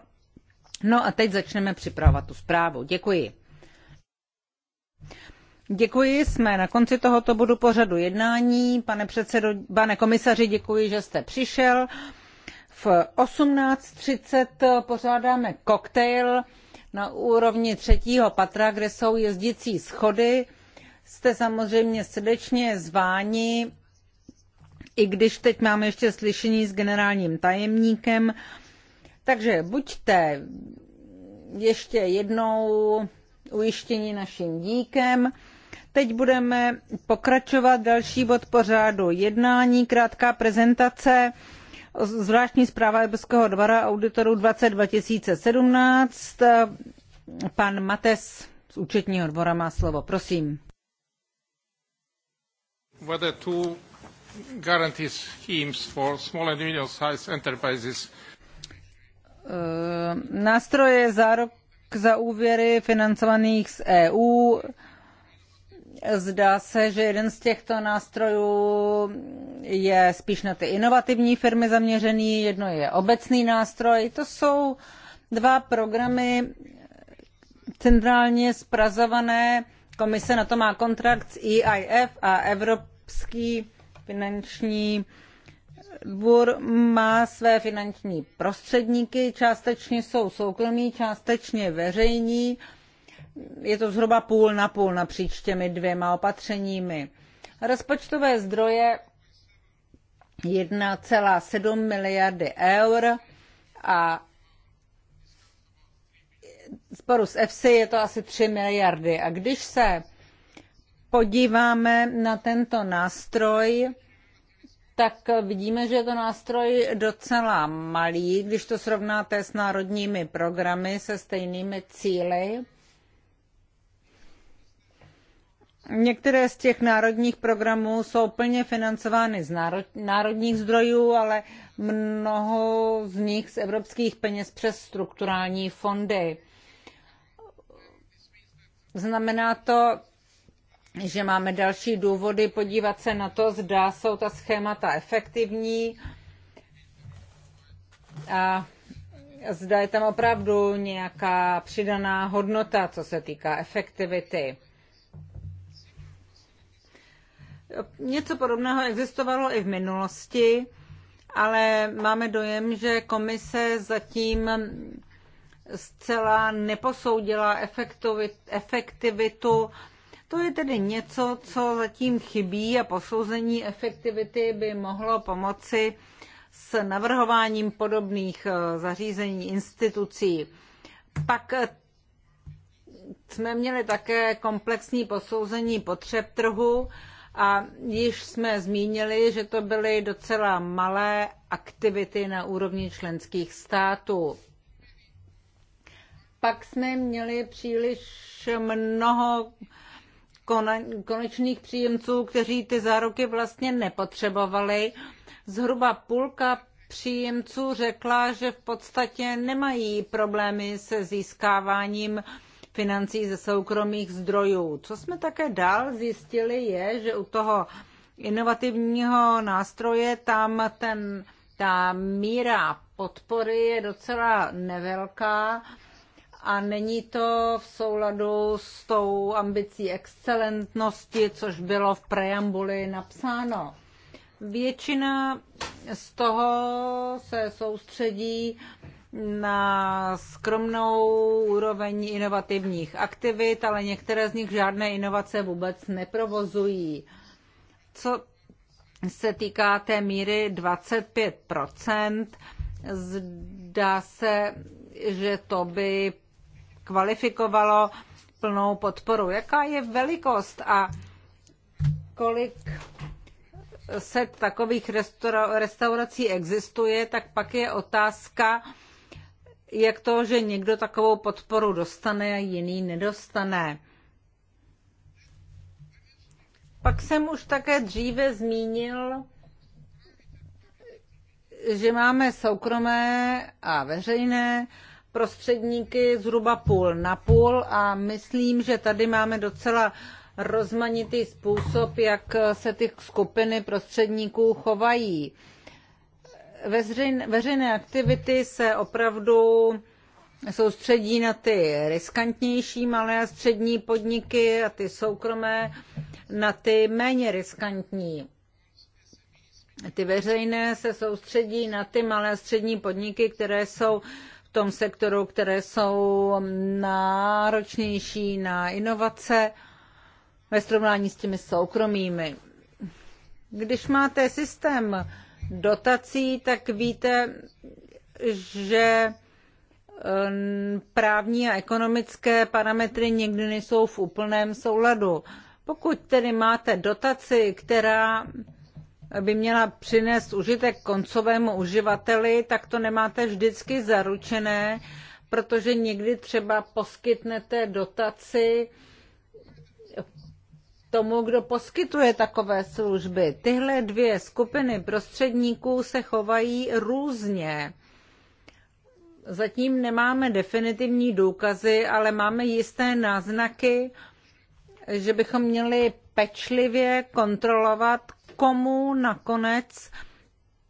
No a teď začneme připravovat tu zprávu. Děkuji. Děkuji, jsme na konci tohoto bodu pořadu jednání. Pane, předsedo, pane komisaři, děkuji, že jste přišel v 18.30 pořádáme koktejl na úrovni třetího patra, kde jsou jezdicí schody. Jste samozřejmě srdečně zváni, i když teď máme ještě slyšení s generálním tajemníkem. Takže buďte ještě jednou ujištění naším díkem. Teď budeme pokračovat další bod pořádu jednání, krátká prezentace zvláštní zpráva Evropského dvora auditorů 20 2017. Pan Mates z účetního dvora má slovo. Prosím. Whether two guarantee schemes for small and medium-sized enterprises nástroje zárok za úvěry financovaných z EU Zdá se, že jeden z těchto nástrojů je spíš na ty inovativní firmy zaměřený, jedno je obecný nástroj. To jsou dva programy centrálně sprazované. Komise na to má kontrakt s EIF a Evropský finanční dvůr má své finanční prostředníky, částečně jsou soukromí, částečně veřejní je to zhruba půl na půl napříč těmi dvěma opatřeními. Rozpočtové zdroje 1,7 miliardy eur a sporu s FC je to asi 3 miliardy. A když se podíváme na tento nástroj, tak vidíme, že je to nástroj docela malý, když to srovnáte s národními programy se stejnými cíly Některé z těch národních programů jsou plně financovány z národních zdrojů, ale mnoho z nich z evropských peněz přes strukturální fondy. Znamená to, že máme další důvody podívat se na to, zda jsou ta schémata efektivní a zda je tam opravdu nějaká přidaná hodnota, co se týká efektivity. Něco podobného existovalo i v minulosti, ale máme dojem, že komise zatím zcela neposoudila efektivitu. To je tedy něco, co zatím chybí a posouzení efektivity by mohlo pomoci s navrhováním podobných eh, zařízení institucí. Pak eh, jsme měli také komplexní posouzení potřeb trhu a již jsme zmínili, že to byly docela malé aktivity na úrovni členských států. Pak jsme měli příliš mnoho konečných příjemců, kteří ty záruky vlastně nepotřebovali. Zhruba půlka příjemců řekla, že v podstatě nemají problémy se získáváním financí ze soukromých zdrojů. Co jsme také dál zjistili je, že u toho inovativního nástroje tam ten, ta míra podpory je docela nevelká a není to v souladu s tou ambicí excelentnosti, což bylo v preambuli napsáno. Většina z toho se soustředí na skromnou úroveň inovativních aktivit, ale některé z nich žádné inovace vůbec neprovozují. Co se týká té míry 25 zdá se, že to by kvalifikovalo plnou podporu. Jaká je velikost a kolik set takových restaurací existuje, tak pak je otázka, jak to, že někdo takovou podporu dostane a jiný nedostane. Pak jsem už také dříve zmínil, že máme soukromé a veřejné prostředníky zhruba půl na půl a myslím, že tady máme docela rozmanitý způsob, jak se ty skupiny prostředníků chovají veřejné aktivity se opravdu soustředí na ty riskantnější malé a střední podniky a ty soukromé na ty méně riskantní. Ty veřejné se soustředí na ty malé a střední podniky, které jsou v tom sektoru, které jsou náročnější na inovace ve srovnání s těmi soukromými. Když máte systém, dotací, tak víte, že eh, právní a ekonomické parametry někdy nejsou v úplném souladu. Pokud tedy máte dotaci, která by měla přinést užitek koncovému uživateli, tak to nemáte vždycky zaručené, protože někdy třeba poskytnete dotaci tomu, kdo poskytuje takové služby. Tyhle dvě skupiny prostředníků se chovají různě. Zatím nemáme definitivní důkazy, ale máme jisté náznaky, že bychom měli pečlivě kontrolovat, komu nakonec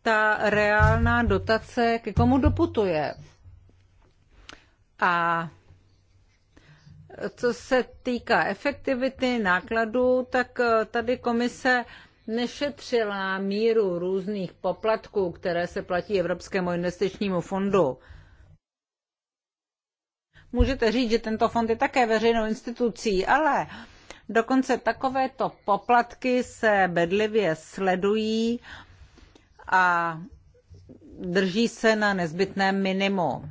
ta reálná dotace ke komu doputuje. A co se týká efektivity nákladů, tak eh, tady komise nešetřila míru různých poplatků, které se platí Evropskému investičnímu fondu. Můžete říct, že tento fond je také veřejnou institucí, ale dokonce takovéto poplatky se bedlivě sledují a drží se na nezbytném minimu.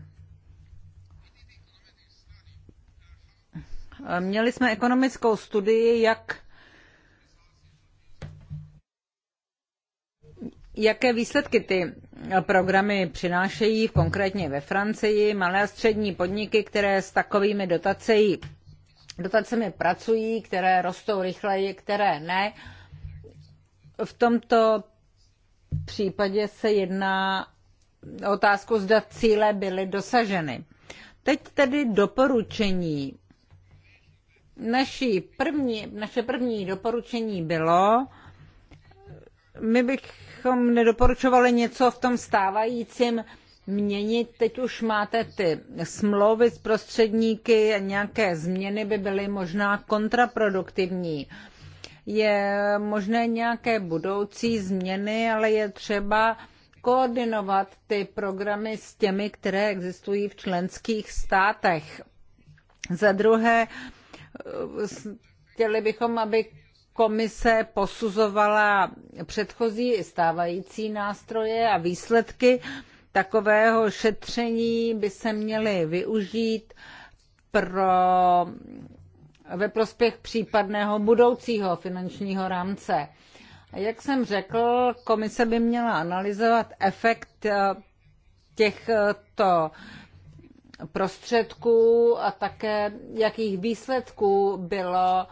Měli jsme ekonomickou studii, jak Jaké výsledky ty programy přinášejí, konkrétně ve Francii, malé a střední podniky, které s takovými dotacemi pracují, které rostou rychleji, které ne. V tomto případě se jedná o otázku, zda cíle byly dosaženy. Teď tedy doporučení naší první, naše první doporučení bylo, my bychom nedoporučovali něco v tom stávajícím měnit. Teď už máte ty smlouvy s prostředníky a nějaké změny by byly možná kontraproduktivní. Je možné nějaké budoucí změny, ale je třeba koordinovat ty programy s těmi, které existují v členských státech. Za druhé, Chtěli bychom, aby komise posuzovala předchozí i stávající nástroje a výsledky takového šetření by se měly využít pro, ve prospěch případného budoucího finančního rámce. Jak jsem řekl, komise by měla analyzovat efekt eh, těchto prostředků a také jakých výsledků bylo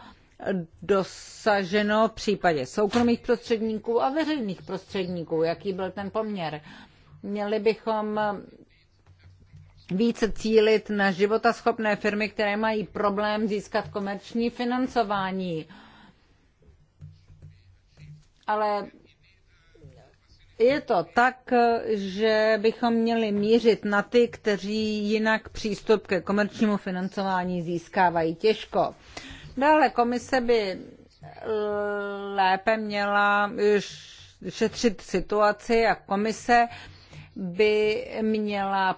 dosaženo v případě soukromých prostředníků a veřejných prostředníků, jaký byl ten poměr. Měli bychom více cílit na životaschopné firmy, které mají problém získat komerční financování. Ale je to tak, že bychom měli mířit na ty, kteří jinak přístup ke komerčnímu financování získávají těžko. Dále komise by eh, lépe měla šetřit situaci a komise by měla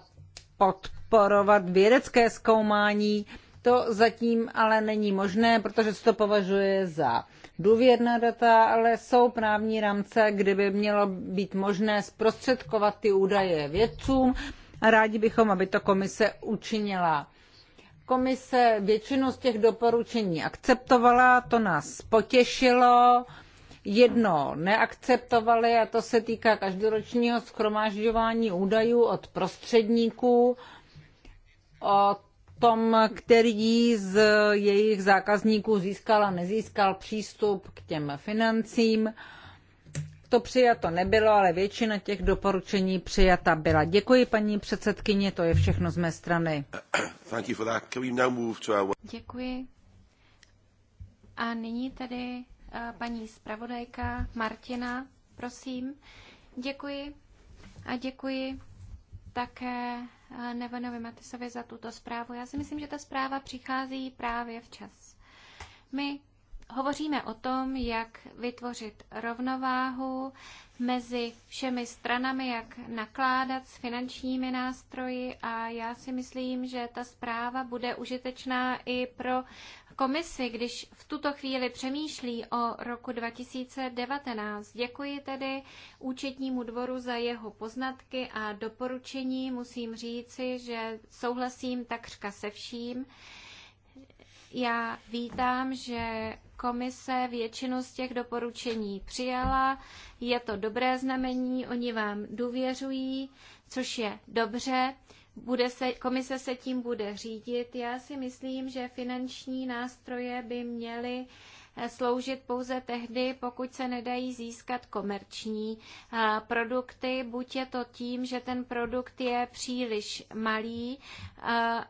podporovat vědecké zkoumání. To zatím ale není možné, protože se to považuje za důvěrná data, ale jsou právní rámce, kde by mělo být možné zprostředkovat ty údaje vědcům a rádi bychom, aby to komise učinila. Komise většinu z těch doporučení akceptovala, to nás potěšilo jedno neakceptovali a to se týká každoročního schromážďování údajů od prostředníků, od tom, který z jejich zákazníků získal a nezískal přístup k těm financím. To přijato nebylo, ale většina těch doporučení přijata byla. Děkuji, paní předsedkyně, to je všechno z mé strany. Děkuji. A nyní tedy eh, paní zpravodajka Martina, prosím. Děkuji a děkuji také eh, Nevenovi Matisovi za tuto zprávu. Já si myslím, že ta zpráva přichází právě včas. My hovoříme o tom, jak vytvořit rovnováhu mezi všemi stranami, jak nakládat s finančními nástroji a já si myslím, že ta zpráva bude užitečná i pro komisi, když v tuto chvíli přemýšlí o roku 2019. Děkuji tedy účetnímu dvoru za jeho poznatky a doporučení. Musím říci, že souhlasím takřka se vším. Já vítám, že komise většinu z těch doporučení přijala. Je to dobré znamení, oni vám důvěřují, což je dobře bude se, komise se tím bude řídit. Já si myslím, že finanční nástroje by měly uh, sloužit pouze tehdy, pokud se nedají získat komerční eh, produkty, buď je to tím, že ten produkt je příliš malý, eh,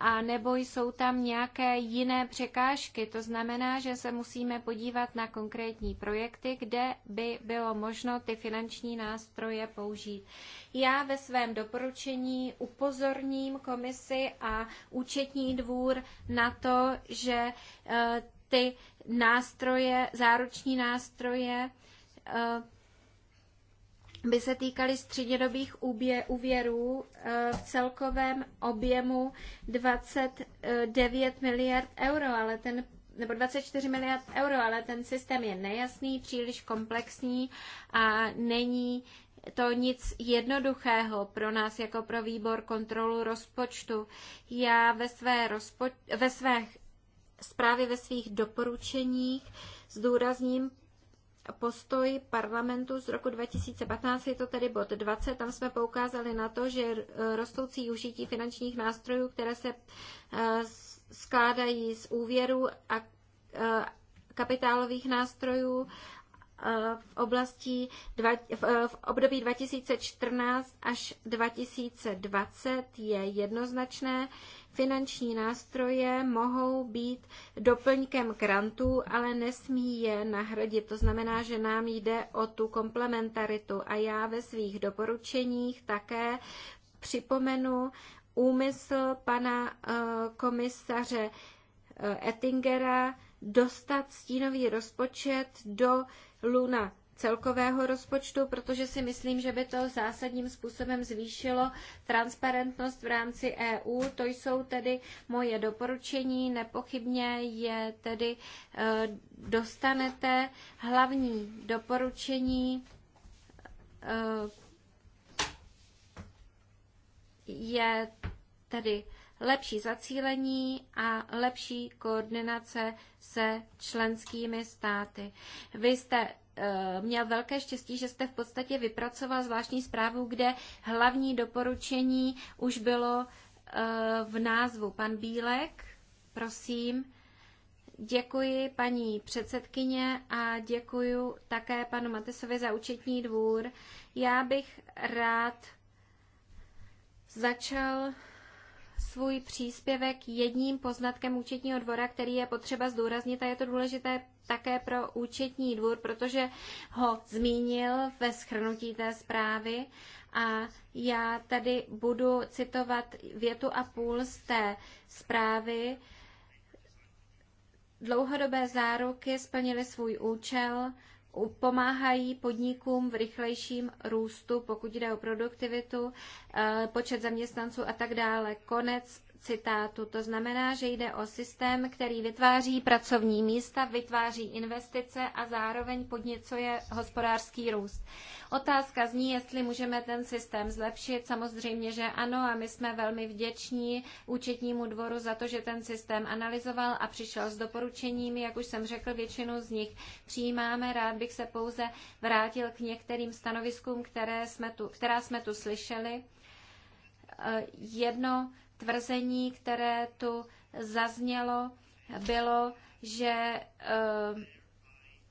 a nebo jsou tam nějaké jiné překážky. To znamená, že se musíme podívat na konkrétní projekty, kde by bylo možno ty finanční nástroje použít. Já ve svém doporučení upozorním komisi a účetní dvůr na to, že eh, ty nástroje, záruční nástroje eh, by se týkaly střednědobých úvěrů eh, v celkovém objemu 29 miliard euro, ale ten nebo 24 miliard euro, ale ten systém je nejasný, příliš komplexní a není to nic jednoduchého pro nás jako pro výbor kontrolu rozpočtu. Já ve, své rozpo, ve, svých, zprávě ve svých doporučeních zdůrazním postoj parlamentu z roku 2015, je to tedy bod 20, tam jsme poukázali na to, že rostoucí užití finančních nástrojů, které se eh, skládají z úvěru a eh, kapitálových nástrojů eh, v oblasti v období 2014 až 2020 je jednoznačné, Finanční nástroje mohou být doplňkem grantů, ale nesmí je nahradit. To znamená, že nám jde o tu komplementaritu a já ve svých doporučeních také připomenu úmysl pana eh, komisaře eh, Ettingera dostat stínový rozpočet do Luna celkového rozpočtu, protože si myslím, že by to zásadním způsobem zvýšilo transparentnost v rámci EU. To jsou tedy moje doporučení. Nepochybně je tedy e, dostanete hlavní doporučení e, je tedy lepší zacílení a lepší koordinace se členskými státy. Vy jste Eh, měl velké štěstí, že jste v podstatě vypracoval zvláštní zprávu, kde hlavní doporučení už bylo eh, v názvu. Pan Bílek, prosím. Děkuji paní předsedkyně a děkuji také panu Matesovi za účetní dvůr. Já bych rád začal svůj příspěvek jedním poznatkem účetního dvora, který je potřeba zdůraznit a je to důležité také pro účetní dvůr, protože ho zmínil ve schrnutí té zprávy. A já tady budu citovat větu a půl z té zprávy. Dlouhodobé záruky splnily svůj účel pomáhají podnikům v rychlejším růstu, pokud jde o produktivitu, eh, počet zaměstnanců a tak dále. Konec citátu. To znamená, že jde o systém, který vytváří pracovní místa, vytváří investice a zároveň podněcuje hospodářský růst. Otázka zní, jestli můžeme ten systém zlepšit. Samozřejmě, že ano a my jsme velmi vděční účetnímu dvoru za to, že ten systém analyzoval a přišel s doporučeními. Jak už jsem řekl, většinu z nich přijímáme. Rád bych se pouze vrátil k některým stanoviskům, které jsme tu, která jsme tu slyšeli. Eh, jedno tvrzení, které tu zaznělo, bylo, že eh,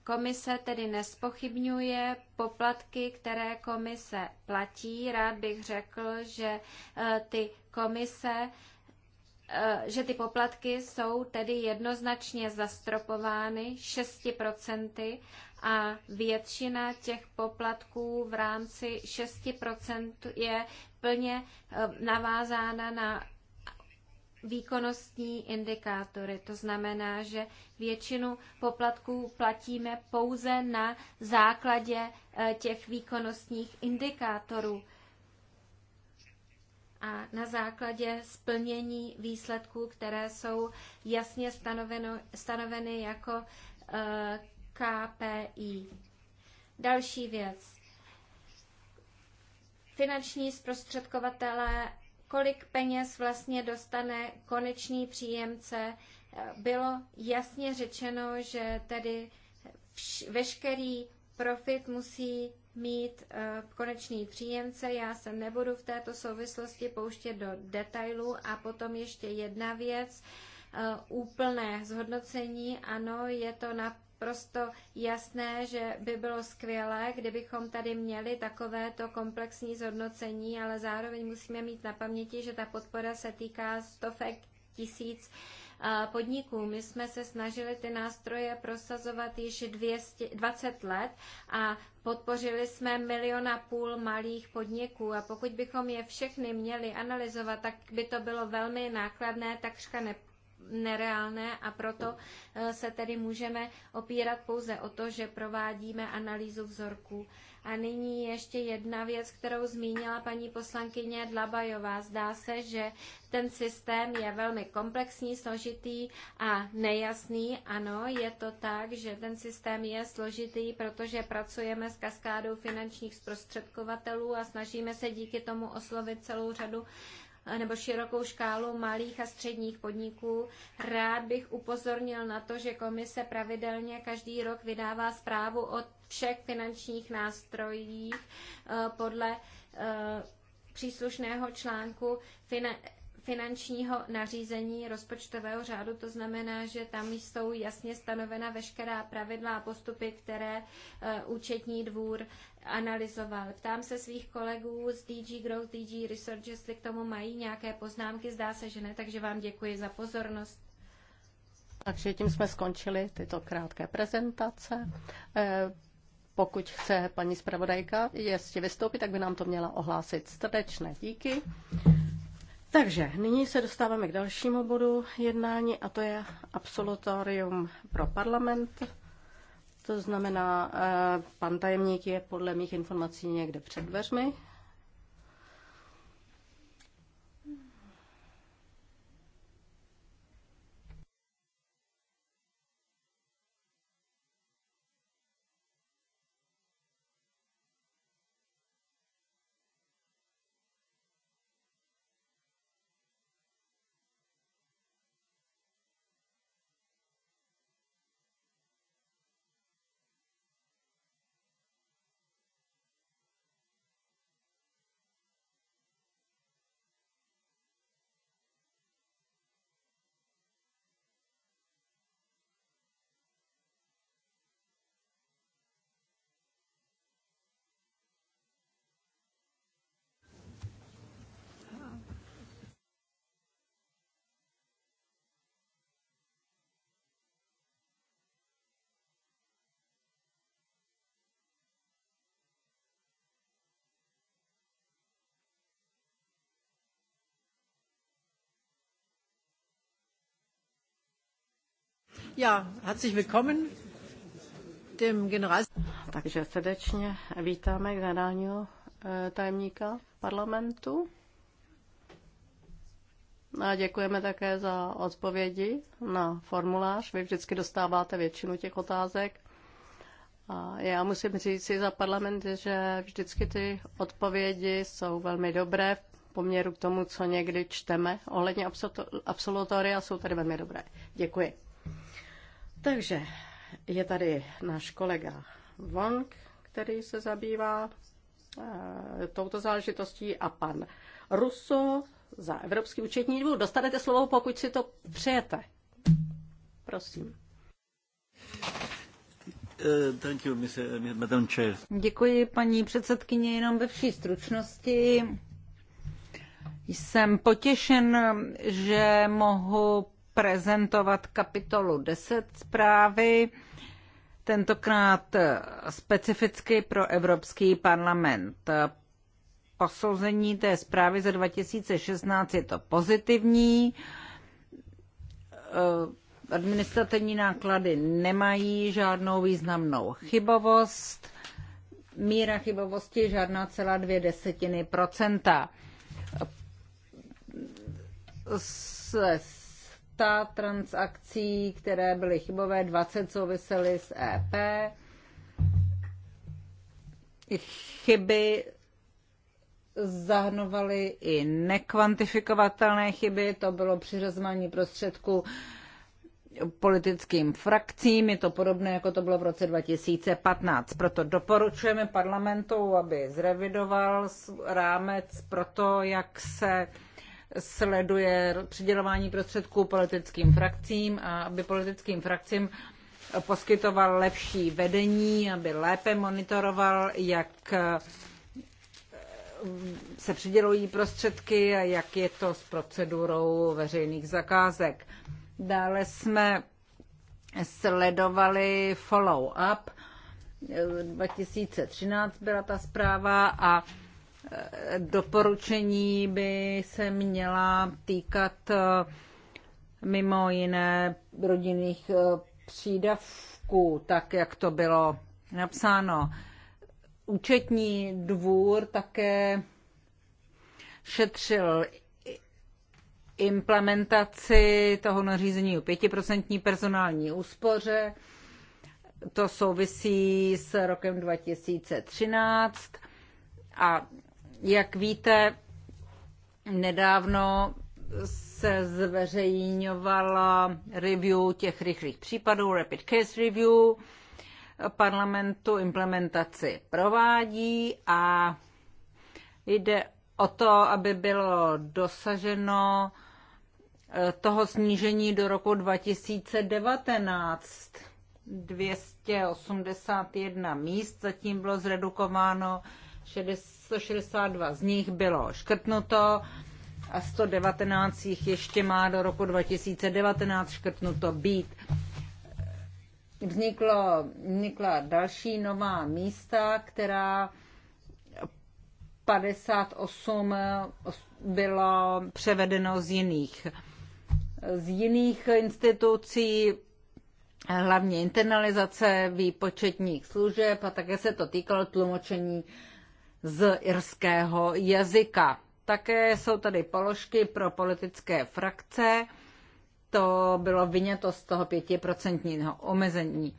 komise tedy nespochybňuje poplatky, které komise platí. Rád bych řekl, že eh, ty komise eh, že ty poplatky jsou tedy jednoznačně zastropovány 6% a většina těch poplatků v rámci 6% je plně navázána na výkonnostní indikátory. To znamená, že většinu poplatků platíme pouze na základě e, těch výkonnostních indikátorů a na základě splnění výsledků, které jsou jasně stanoveno, stanoveny jako e, KPI. Další věc. Finanční zprostředkovatelé kolik peněz vlastně dostane konečný příjemce. Bylo jasně řečeno, že tedy veškerý profit musí mít e, konečný příjemce. Já se nebudu v této souvislosti pouštět do detailů. A potom ještě jedna věc, e, úplné zhodnocení. Ano, je to na naprosto jasné, že by bylo skvělé, kdybychom tady měli takovéto komplexní zhodnocení, ale zároveň musíme mít na paměti, že ta podpora se týká stovek tisíc eh, podniků. My jsme se snažili ty nástroje prosazovat již 200, 20 let a podpořili jsme miliona půl malých podniků a pokud bychom je všechny měli analyzovat, tak by to bylo velmi nákladné, takřka ne, nereálné a proto eh, se tedy můžeme opírat pouze o to, že provádíme analýzu vzorků. A nyní ještě jedna věc, kterou zmínila paní poslankyně Dlabajová. Zdá se, že ten systém je velmi komplexní, složitý a nejasný. Ano, je to tak, že ten systém je složitý, protože pracujeme s kaskádou finančních zprostředkovatelů a snažíme se díky tomu oslovit celou řadu nebo širokou škálu malých a středních podniků. Rád bych upozornil na to, že komise pravidelně každý rok vydává zprávu o všech finančních nástrojích eh, podle eh, příslušného článku finančního nařízení rozpočtového řádu. To znamená, že tam jsou jasně stanovena veškerá pravidla a postupy, které eh, účetní dvůr analyzoval. Ptám se svých kolegů z DG Growth, DG Research, jestli k tomu mají nějaké poznámky. Zdá se, že ne, takže vám děkuji za pozornost. Takže tím jsme skončili tyto krátké prezentace. Eh, pokud chce paní zpravodajka ještě vystoupit, tak by nám to měla ohlásit. Srdečné díky. Takže nyní se dostáváme k dalšímu bodu jednání a to je absolutorium pro parlament. To znamená, eh, pan tajemník je podle mých informací někde před dveřmi, Ja, herzlich willkommen dem General... Takže srdečně vítáme generálního eh, tajemníka parlamentu. A děkujeme také za odpovědi na formulář. Vy vždycky dostáváte většinu těch otázek. A já musím říct si za parlament, že vždycky ty odpovědi jsou velmi dobré v poměru k tomu, co někdy čteme. Ohledně absolutoria jsou tady velmi dobré. Děkuji. Takže je tady náš kolega Wong, který se zabývá eh, touto záležitostí a pan Russo za Evropský účetní dvůr. Dostanete slovo, pokud si to přejete. Prosím. Eh, thank you, eh, Madam Chair. Děkuji, paní předsedkyně, jenom ve vší stručnosti. Jsem potěšen, že mohu prezentovat kapitolu 10 zprávy, tentokrát specificky pro Evropský parlament. Posouzení té zprávy za 2016 je to pozitivní. Administrativní náklady nemají žádnou významnou chybovost. Míra chybovosti je žádná celá dvě desetiny procenta se 100 transakcí, které byly chybové, 20 souvisely s EP. Chyby zahrnovaly i nekvantifikovatelné chyby, to bylo přiřazování prostředků politickým frakcím, je to podobné, jako to bylo v roce 2015. Proto doporučujeme parlamentu, aby zrevidoval rámec pro to, jak se sleduje přidělování prostředků politickým frakcím a aby politickým frakcím poskytoval lepší vedení, aby lépe monitoroval, jak eh, se přidělují prostředky a jak je to s procedurou veřejných zakázek. Dále jsme sledovali follow-up. Eh, 2013 byla ta zpráva a doporučení by se měla týkat eh, mimo jiné rodinných eh, přídavků, tak jak to bylo napsáno. Účetní dvůr také šetřil implementaci toho nařízení o 5% personální úspoře. To souvisí s rokem 2013 a jak víte, nedávno se zveřejňovala review těch rychlých případů, Rapid Case Review, parlamentu implementaci provádí a jde o to, aby bylo dosaženo eh, toho snížení do roku 2019. 281 míst zatím bylo zredukováno 60 162 z nich bylo škrtnuto a 119 jich ještě má do roku 2019 škrtnuto být. Vzniklo, vznikla další nová místa, která 58 bylo převedeno z jiných z jiných institucí, hlavně internalizace výpočetních služeb a také se to týkalo tlumočení z irského jazyka. Také jsou tady položky pro politické frakce. To bylo vyněto z toho pětiprocentního omezení.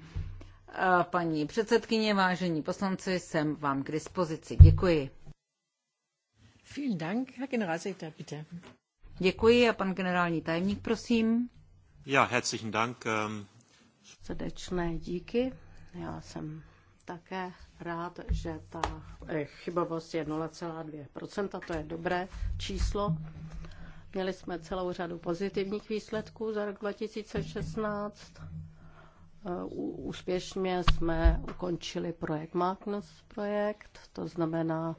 Paní předsedkyně, vážení poslanci, jsem vám k dispozici. Děkuji. Vielen Dank, Herr Děkuji a pan generální tajemník, prosím. Ja, herzlichen Dank. Ähm, Srdečné díky. Já jsem také rád, že ta eh, chybovost je 0,2%, to je dobré číslo. Měli jsme celou řadu pozitivních výsledků za rok 2016. Eh, úspěšně jsme ukončili projekt Magnus projekt, to znamená,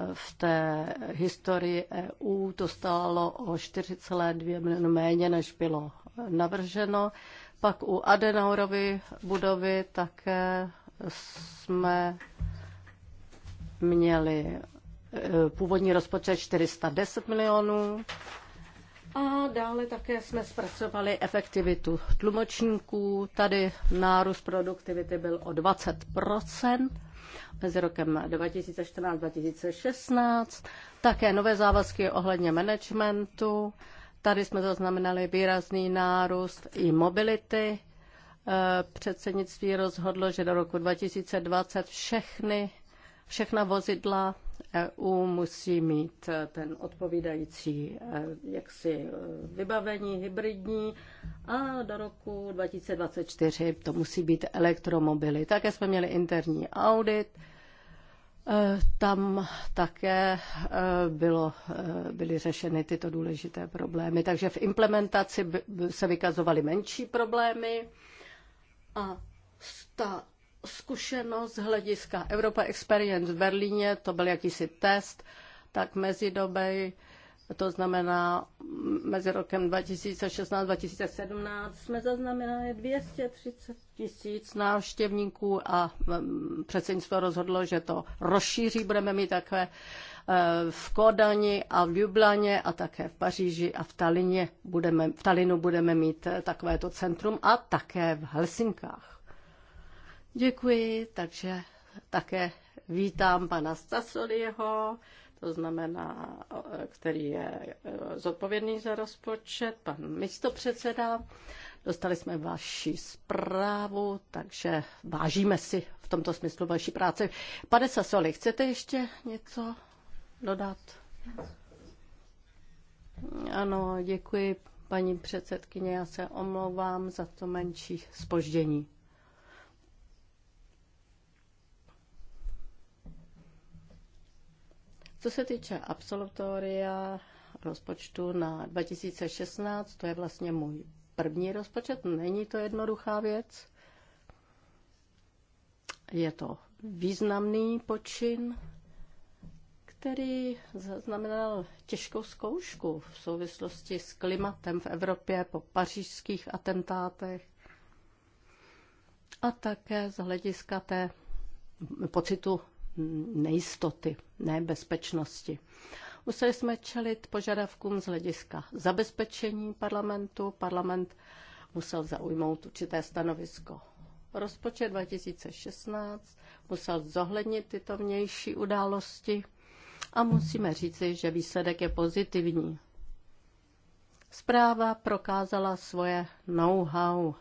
eh, v té historii EU to stálo o 4,2 milionu méně, než bylo navrženo. Pak u Adenaurovy budovy také jsme měli eh, původní rozpočet 410 milionů a dále také jsme zpracovali efektivitu tlumočníků. Tady nárůst produktivity byl o 20 mezi rokem 2014-2016. Také nové závazky ohledně managementu. Tady jsme zaznamenali výrazný nárůst i mobility Eh, předsednictví rozhodlo, že do roku 2020 všechny, všechna vozidla EU musí mít eh, ten odpovídající eh, jaksi vybavení hybridní a do roku 2024 to musí být elektromobily. Také jsme měli interní audit, tam také bylo, byly řešeny tyto důležité problémy, takže v implementaci se vykazovaly menší problémy. A ta zkušenost z hlediska Europa Experience v Berlíně, to byl jakýsi test, tak mezi doby, to znamená mezi rokem 2016-2017, jsme zaznamenali 230 tisíc návštěvníků a mm, předsednictvo rozhodlo, že to rozšíří, budeme mít takové Eh, v Kodani a v Ljubljaně a také v Paříži a v, Talině budeme, v Talinu budeme mít eh, takovéto centrum a také v Helsinkách. Děkuji, takže také vítám pana Stasoliho, to znamená, eh, který je zodpovědný za rozpočet, pan místopředseda. Dostali jsme vaši zprávu, takže vážíme si v tomto smyslu vaší práce. Pane Sasoli, chcete ještě něco dodat? Ano, děkuji, paní předsedkyně. Já se omlouvám za to menší spoždění. Co se týče absolutoria rozpočtu na 2016, to je vlastně můj první rozpočet, není to jednoduchá věc. Je to významný počin, který zaznamenal těžkou zkoušku v souvislosti s klimatem v Evropě po pařížských atentátech a také z hlediska té pocitu nejistoty, nebezpečnosti. Museli jsme čelit požadavkům z hlediska zabezpečení parlamentu. Parlament musel zaujmout určité stanovisko. Rozpočet 2016 musel zohlednit tyto vnější události a musíme říci, že výsledek je pozitivní. Zpráva prokázala svoje know-how.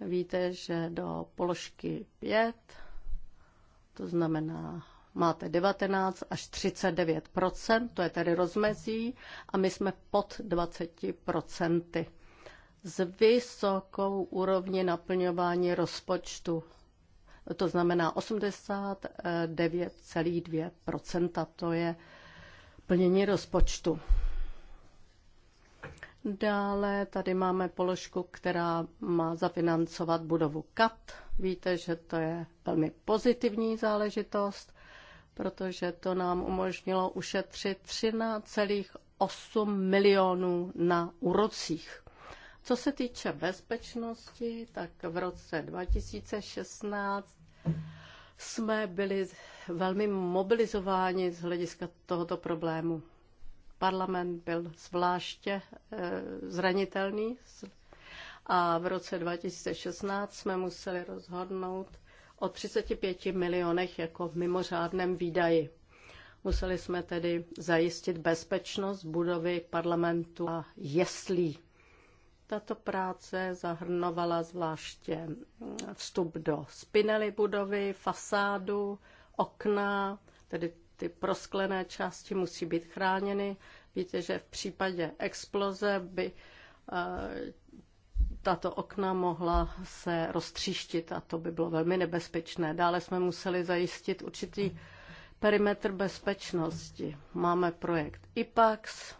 Víte, že do položky 5, to znamená máte 19 až 39 to je tedy rozmezí, a my jsme pod 20 s vysokou úrovní naplňování rozpočtu to znamená 89,2 to je plnění rozpočtu. Dále tady máme položku, která má zafinancovat budovu KAT. Víte, že to je velmi pozitivní záležitost, protože to nám umožnilo ušetřit 13,8 milionů na úrocích. Co se týče bezpečnosti, tak v roce 2016 jsme byli velmi mobilizováni z hlediska tohoto problému. Parlament byl zvláště eh, zranitelný a v roce 2016 jsme museli rozhodnout o 35 milionech jako mimořádném výdaji. Museli jsme tedy zajistit bezpečnost budovy parlamentu a jeslí. Tato práce zahrnovala zvláště vstup do spinely budovy, fasádu, okna, tedy ty prosklené části musí být chráněny. Víte, že v případě exploze by eh, tato okna mohla se roztříštit a to by bylo velmi nebezpečné. Dále jsme museli zajistit určitý perimetr bezpečnosti. Máme projekt IPAX,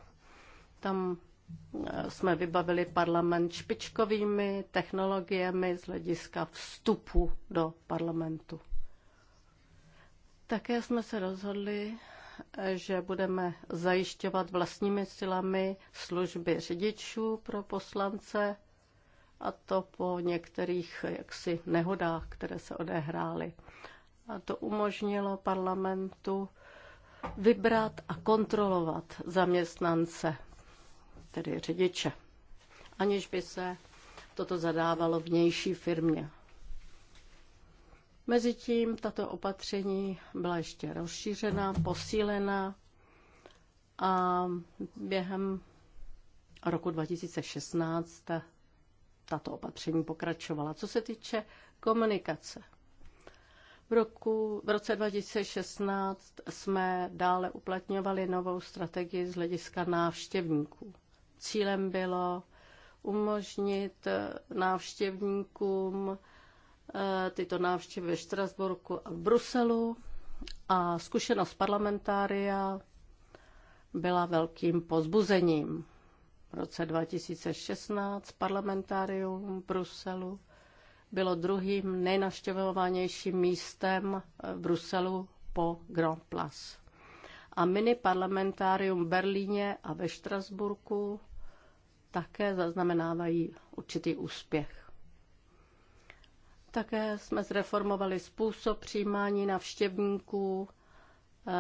tam jsme vybavili parlament špičkovými technologiemi z hlediska vstupu do parlamentu. Také jsme se rozhodli, že budeme zajišťovat vlastními silami služby řidičů pro poslance, a to po některých jaksi nehodách, které se odehrály. A to umožnilo parlamentu vybrat a kontrolovat zaměstnance tedy řidiče, aniž by se toto zadávalo vnější firmě. Mezitím tato opatření byla ještě rozšířena, posílena a během roku 2016 tato opatření pokračovala. Co se týče komunikace, v, roku, v roce 2016 jsme dále uplatňovali novou strategii z hlediska návštěvníků. Cílem bylo umožnit návštěvníkům eh, tyto návštěvy ve Štrasburku a v Bruselu a zkušenost parlamentária byla velkým pozbuzením. V roce 2016 parlamentárium v Bruselu bylo druhým nejnaštěvovanějším místem eh, v Bruselu po Grand Place. A mini parlamentárium v Berlíně a ve Štrasburku také zaznamenávají určitý úspěch. Také jsme zreformovali způsob přijímání navštěvníků eh,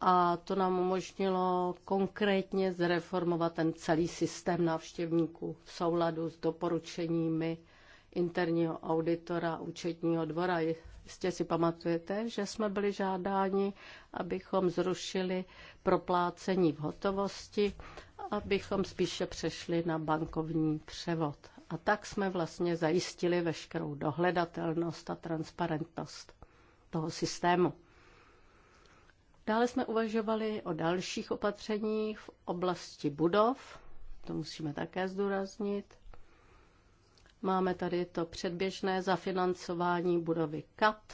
a to nám umožnilo konkrétně zreformovat ten celý systém návštěvníků v souladu s doporučeními interního auditora účetního dvora. Jistě si pamatujete, že jsme byli žádáni, abychom zrušili proplácení v hotovosti abychom spíše přešli na bankovní převod. A tak jsme vlastně zajistili veškerou dohledatelnost a transparentnost toho systému. Dále jsme uvažovali o dalších opatřeních v oblasti budov, to musíme také zdůraznit. Máme tady to předběžné zafinancování budovy KAT.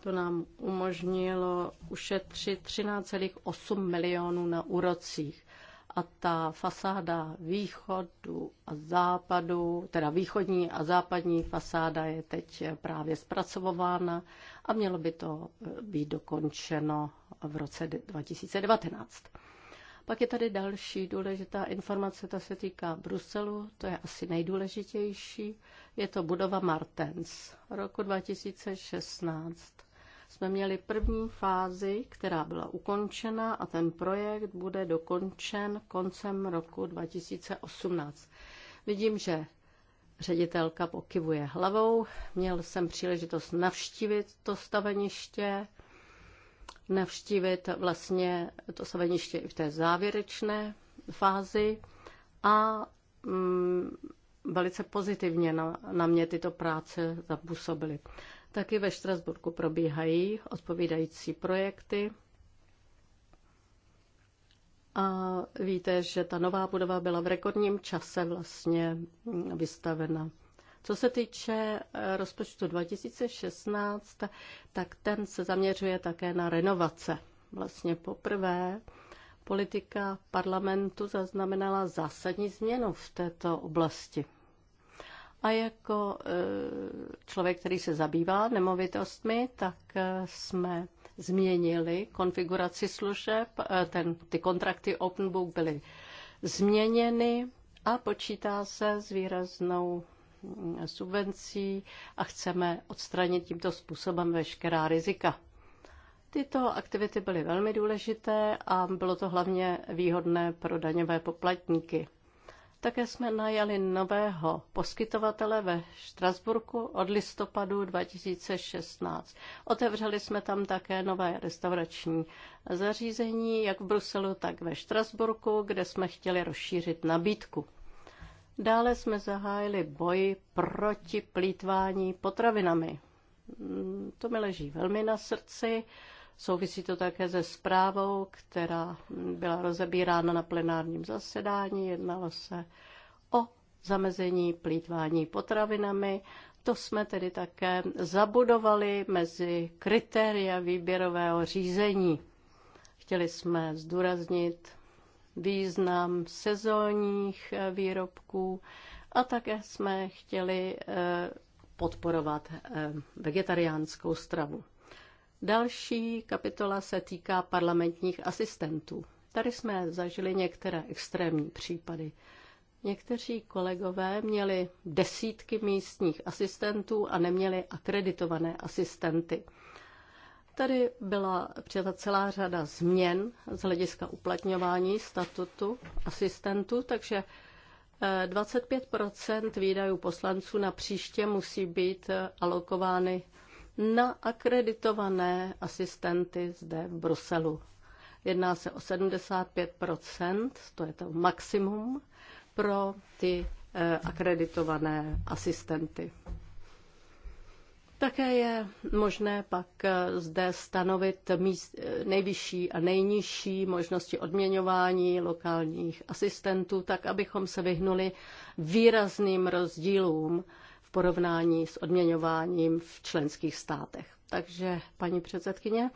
To nám umožnilo ušetřit 13,8 milionů na úrocích a ta fasáda východu a západu, teda východní a západní fasáda je teď právě zpracovována a mělo by to být dokončeno v roce 2019. Pak je tady další důležitá informace, ta se týká Bruselu, to je asi nejdůležitější. Je to budova Martens roku 2016 jsme měli první fázi, která byla ukončena a ten projekt bude dokončen koncem roku 2018. Vidím, že ředitelka pokivuje hlavou. Měl jsem příležitost navštívit to staveniště, navštívit vlastně to staveniště i v té závěrečné fázi a mm, velice pozitivně na, na mě tyto práce zapůsobily. Taky ve Štrasburku probíhají odpovídající projekty. A víte, že ta nová budova byla v rekordním čase vlastně vystavena. Co se týče eh, rozpočtu 2016, tak ten se zaměřuje také na renovace. Vlastně poprvé politika parlamentu zaznamenala zásadní změnu v této oblasti. A jako e, člověk, který se zabývá nemovitostmi, tak e, jsme změnili konfiguraci služeb, e, ten, ty kontrakty Open Book byly změněny a počítá se s výraznou mm, subvencí a chceme odstranit tímto způsobem veškerá rizika. Tyto aktivity byly velmi důležité a bylo to hlavně výhodné pro daňové poplatníky. Také jsme najali nového poskytovatele ve Štrasburku od listopadu 2016. Otevřeli jsme tam také nové restaurační zařízení, jak v Bruselu, tak ve Štrasburku, kde jsme chtěli rozšířit nabídku. Dále jsme zahájili boj proti plítvání potravinami. Mm, to mi leží velmi na srdci. Souvisí to také se zprávou, která byla rozebírána na plenárním zasedání. Jednalo se o zamezení plítvání potravinami. To jsme tedy také zabudovali mezi kritéria výběrového řízení. Chtěli jsme zdůraznit význam sezónních eh, výrobků a také jsme chtěli eh, podporovat eh, vegetariánskou stravu. Další kapitola se týká parlamentních asistentů. Tady jsme zažili některé extrémní případy. Někteří kolegové měli desítky místních asistentů a neměli akreditované asistenty. Tady byla přijata celá řada změn z hlediska uplatňování statutu asistentů, takže 25 eh, výdajů poslanců na příště musí být eh, alokovány na akreditované asistenty zde v Bruselu. Jedná se o 75 to je to maximum pro ty eh, akreditované asistenty. Také je možné pak eh, zde stanovit míst, eh, nejvyšší a nejnižší možnosti odměňování lokálních asistentů, tak abychom se vyhnuli výrazným rozdílům porovnání s odměňováním v členských státech. Takže, paní předsedkyně,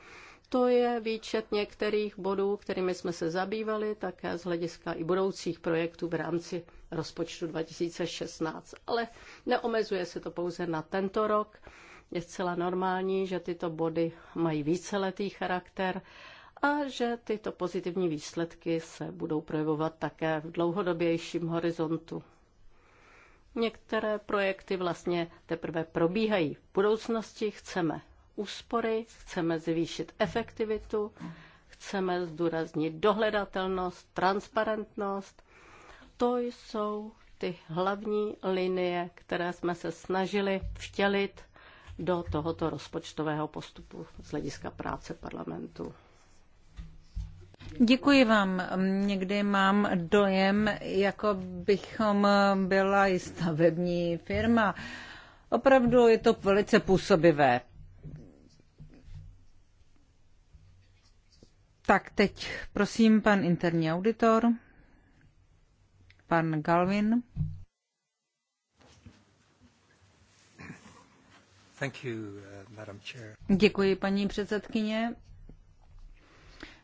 to je výčet některých bodů, kterými jsme se zabývali, také z hlediska i budoucích projektů v rámci rozpočtu 2016. Ale neomezuje se to pouze na tento rok. Je zcela normální, že tyto body mají víceletý charakter a že tyto pozitivní výsledky se budou projevovat také v dlouhodobějším horizontu. Některé projekty vlastně teprve probíhají. V budoucnosti chceme úspory, chceme zvýšit efektivitu, chceme zdůraznit dohledatelnost, transparentnost. To jsou ty hlavní linie, které jsme se snažili vtělit do tohoto rozpočtového postupu z hlediska práce parlamentu. Děkuji vám. Někdy mám dojem, jako bychom byla i stavební firma. Opravdu je to velice působivé. Tak teď prosím pan interní auditor, pan Galvin. Uh, Děkuji, paní předsedkyně.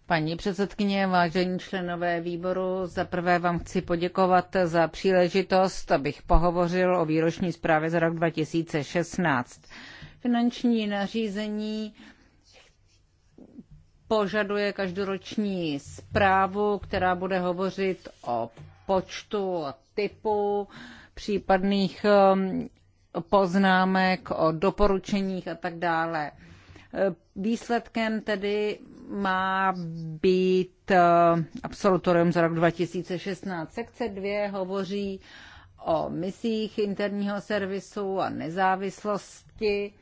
Paní předsedkyně, vážení členové výboru, za prvé vám chci poděkovat za příležitost, abych pohovořil o výroční zprávě za rok 2016. Finanční nařízení požaduje každoroční zprávu, která bude hovořit o počtu, a typu případných um, poznámek, o doporučeních a tak dále. Eh, výsledkem tedy má být eh, absolutorium za rok 2016. Sekce 2 hovoří o misích interního servisu a nezávislosti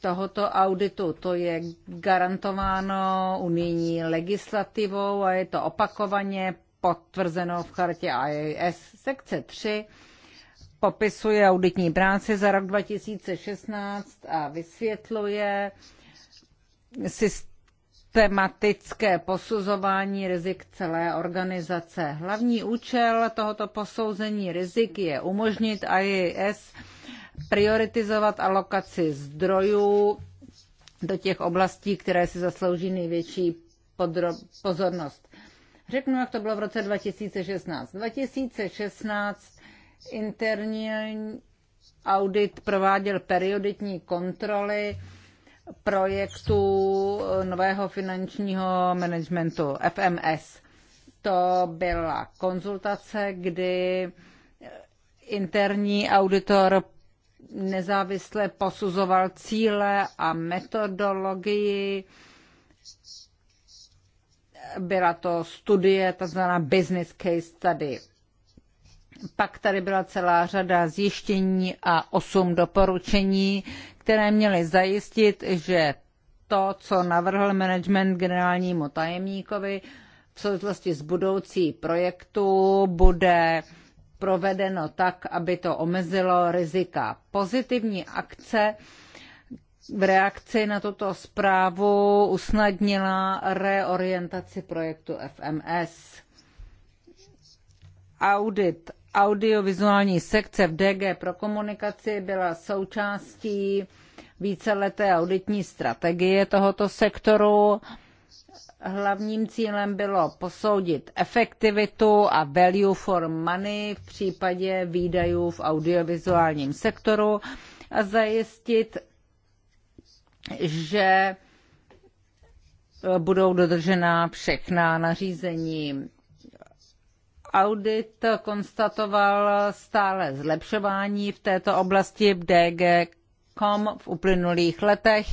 tohoto auditu. To je garantováno unijní legislativou a je to opakovaně potvrzeno v chartě IAS. Sekce 3 popisuje auditní práci za rok 2016 a vysvětluje systematické posuzování rizik celé organizace. Hlavní účel tohoto posouzení rizik je umožnit IAS prioritizovat alokaci zdrojů do těch oblastí, které si zaslouží největší pozornost. Řeknu, jak to bylo v roce 2016. 2016 Interní audit prováděl periodní kontroly projektu nového finančního managementu FMS. To byla konzultace, kdy interní auditor nezávisle posuzoval cíle a metodologii. Byla to studie, tzv. business case study. Pak tady byla celá řada zjištění a osm doporučení, které měly zajistit, že to, co navrhl management generálnímu tajemníkovi v souvislosti s budoucí projektu, bude provedeno tak, aby to omezilo rizika. Pozitivní akce v reakci na tuto zprávu usnadnila reorientaci projektu FMS. Audit audiovizuální sekce v DG pro komunikaci byla součástí víceleté auditní strategie tohoto sektoru. Hlavním cílem bylo posoudit efektivitu a value for money v případě výdajů v audiovizuálním sektoru a zajistit, že budou dodržena všechna nařízení. Audit konstatoval stále zlepšování v této oblasti v DG.com v uplynulých letech.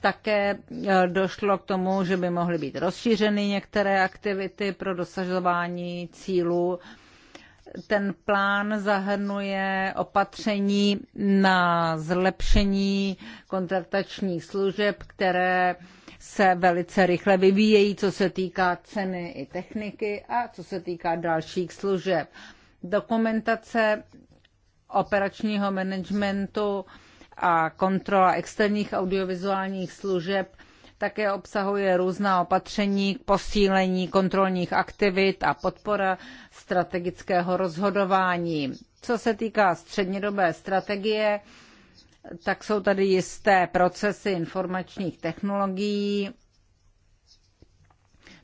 Také eh, došlo k tomu, že by mohly být rozšířeny některé aktivity pro dosažování cílů ten plán zahrnuje opatření na zlepšení kontraktačních služeb, které se velice rychle vyvíjejí, co se týká ceny i techniky a co se týká dalších služeb. Dokumentace operačního managementu a kontrola externích audiovizuálních služeb také obsahuje různá opatření k posílení kontrolních aktivit a podpora strategického rozhodování. Co se týká střednědobé strategie, tak jsou tady jisté procesy informačních technologií.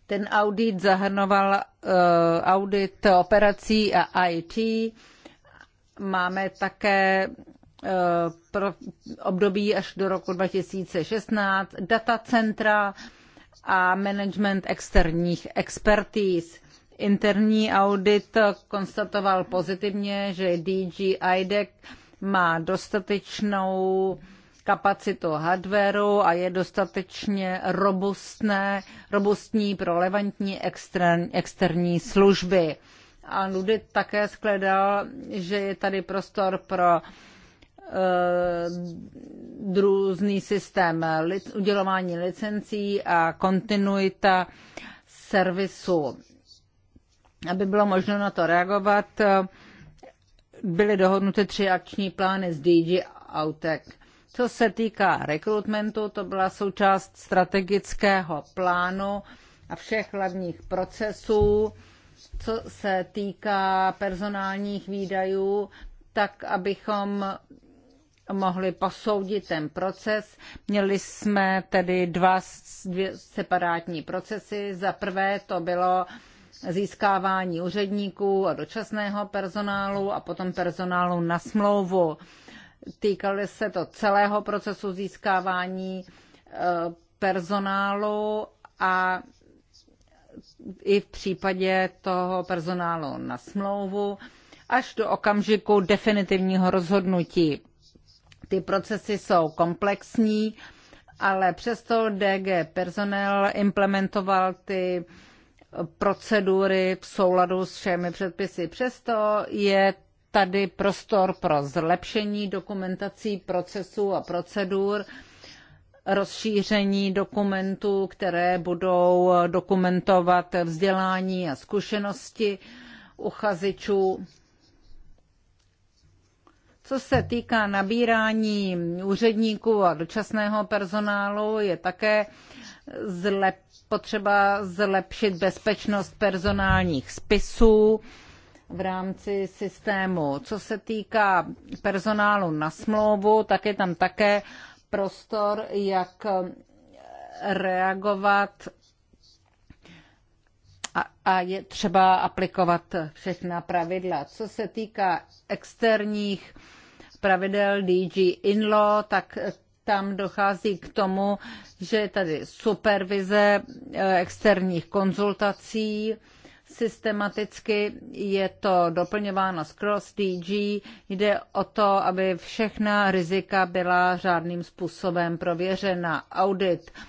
Ten audit zahrnoval uh, audit operací a IT. Máme také uh, pro období až do roku 2016 datacentra a management externích expertíz. Interní audit konstatoval pozitivně, že DG IDEC uh, má dostatečnou kapacitu hardwareu a je dostatečně robustné, robustní pro relevantní extern, externí služby. A Nudy také skledal, že je tady prostor pro uh, různý systém lic, udělování licencí a kontinuita servisu. Aby bylo možno na to reagovat, uh, byly dohodnuty tři akční plány z DG Autek. Co se týká rekrutmentu, to byla součást strategického plánu a všech hlavních procesů. Co se týká personálních výdajů, tak abychom mohli posoudit ten proces. Měli jsme tedy dva dvě separátní procesy. Za prvé to bylo získávání úředníků a dočasného personálu a potom personálu na smlouvu. Týkaly se to celého procesu získávání e, personálu a i v případě toho personálu na smlouvu až do okamžiku definitivního rozhodnutí. Ty procesy jsou komplexní, ale přesto DG personel implementoval ty uh, procedury v souladu s všemi předpisy. Přesto je tady prostor pro zlepšení dokumentací procesů a procedur, rozšíření dokumentů, které budou dokumentovat vzdělání a zkušenosti uchazečů. Co se týká nabírání úředníků a dočasného personálu, je také zlep potřeba zlepšit bezpečnost personálních spisů v rámci systému. Co se týká personálu na smlouvu, tak je tam také prostor, jak reagovat a, a je třeba aplikovat všechna pravidla. Co se týká externích pravidel DG Inlo, tak tam dochází k tomu, že je tady supervize eh, externích konzultací, systematicky je to doplňováno z Cross DG. Jde o to, aby všechna rizika byla řádným způsobem prověřena. Audit eh,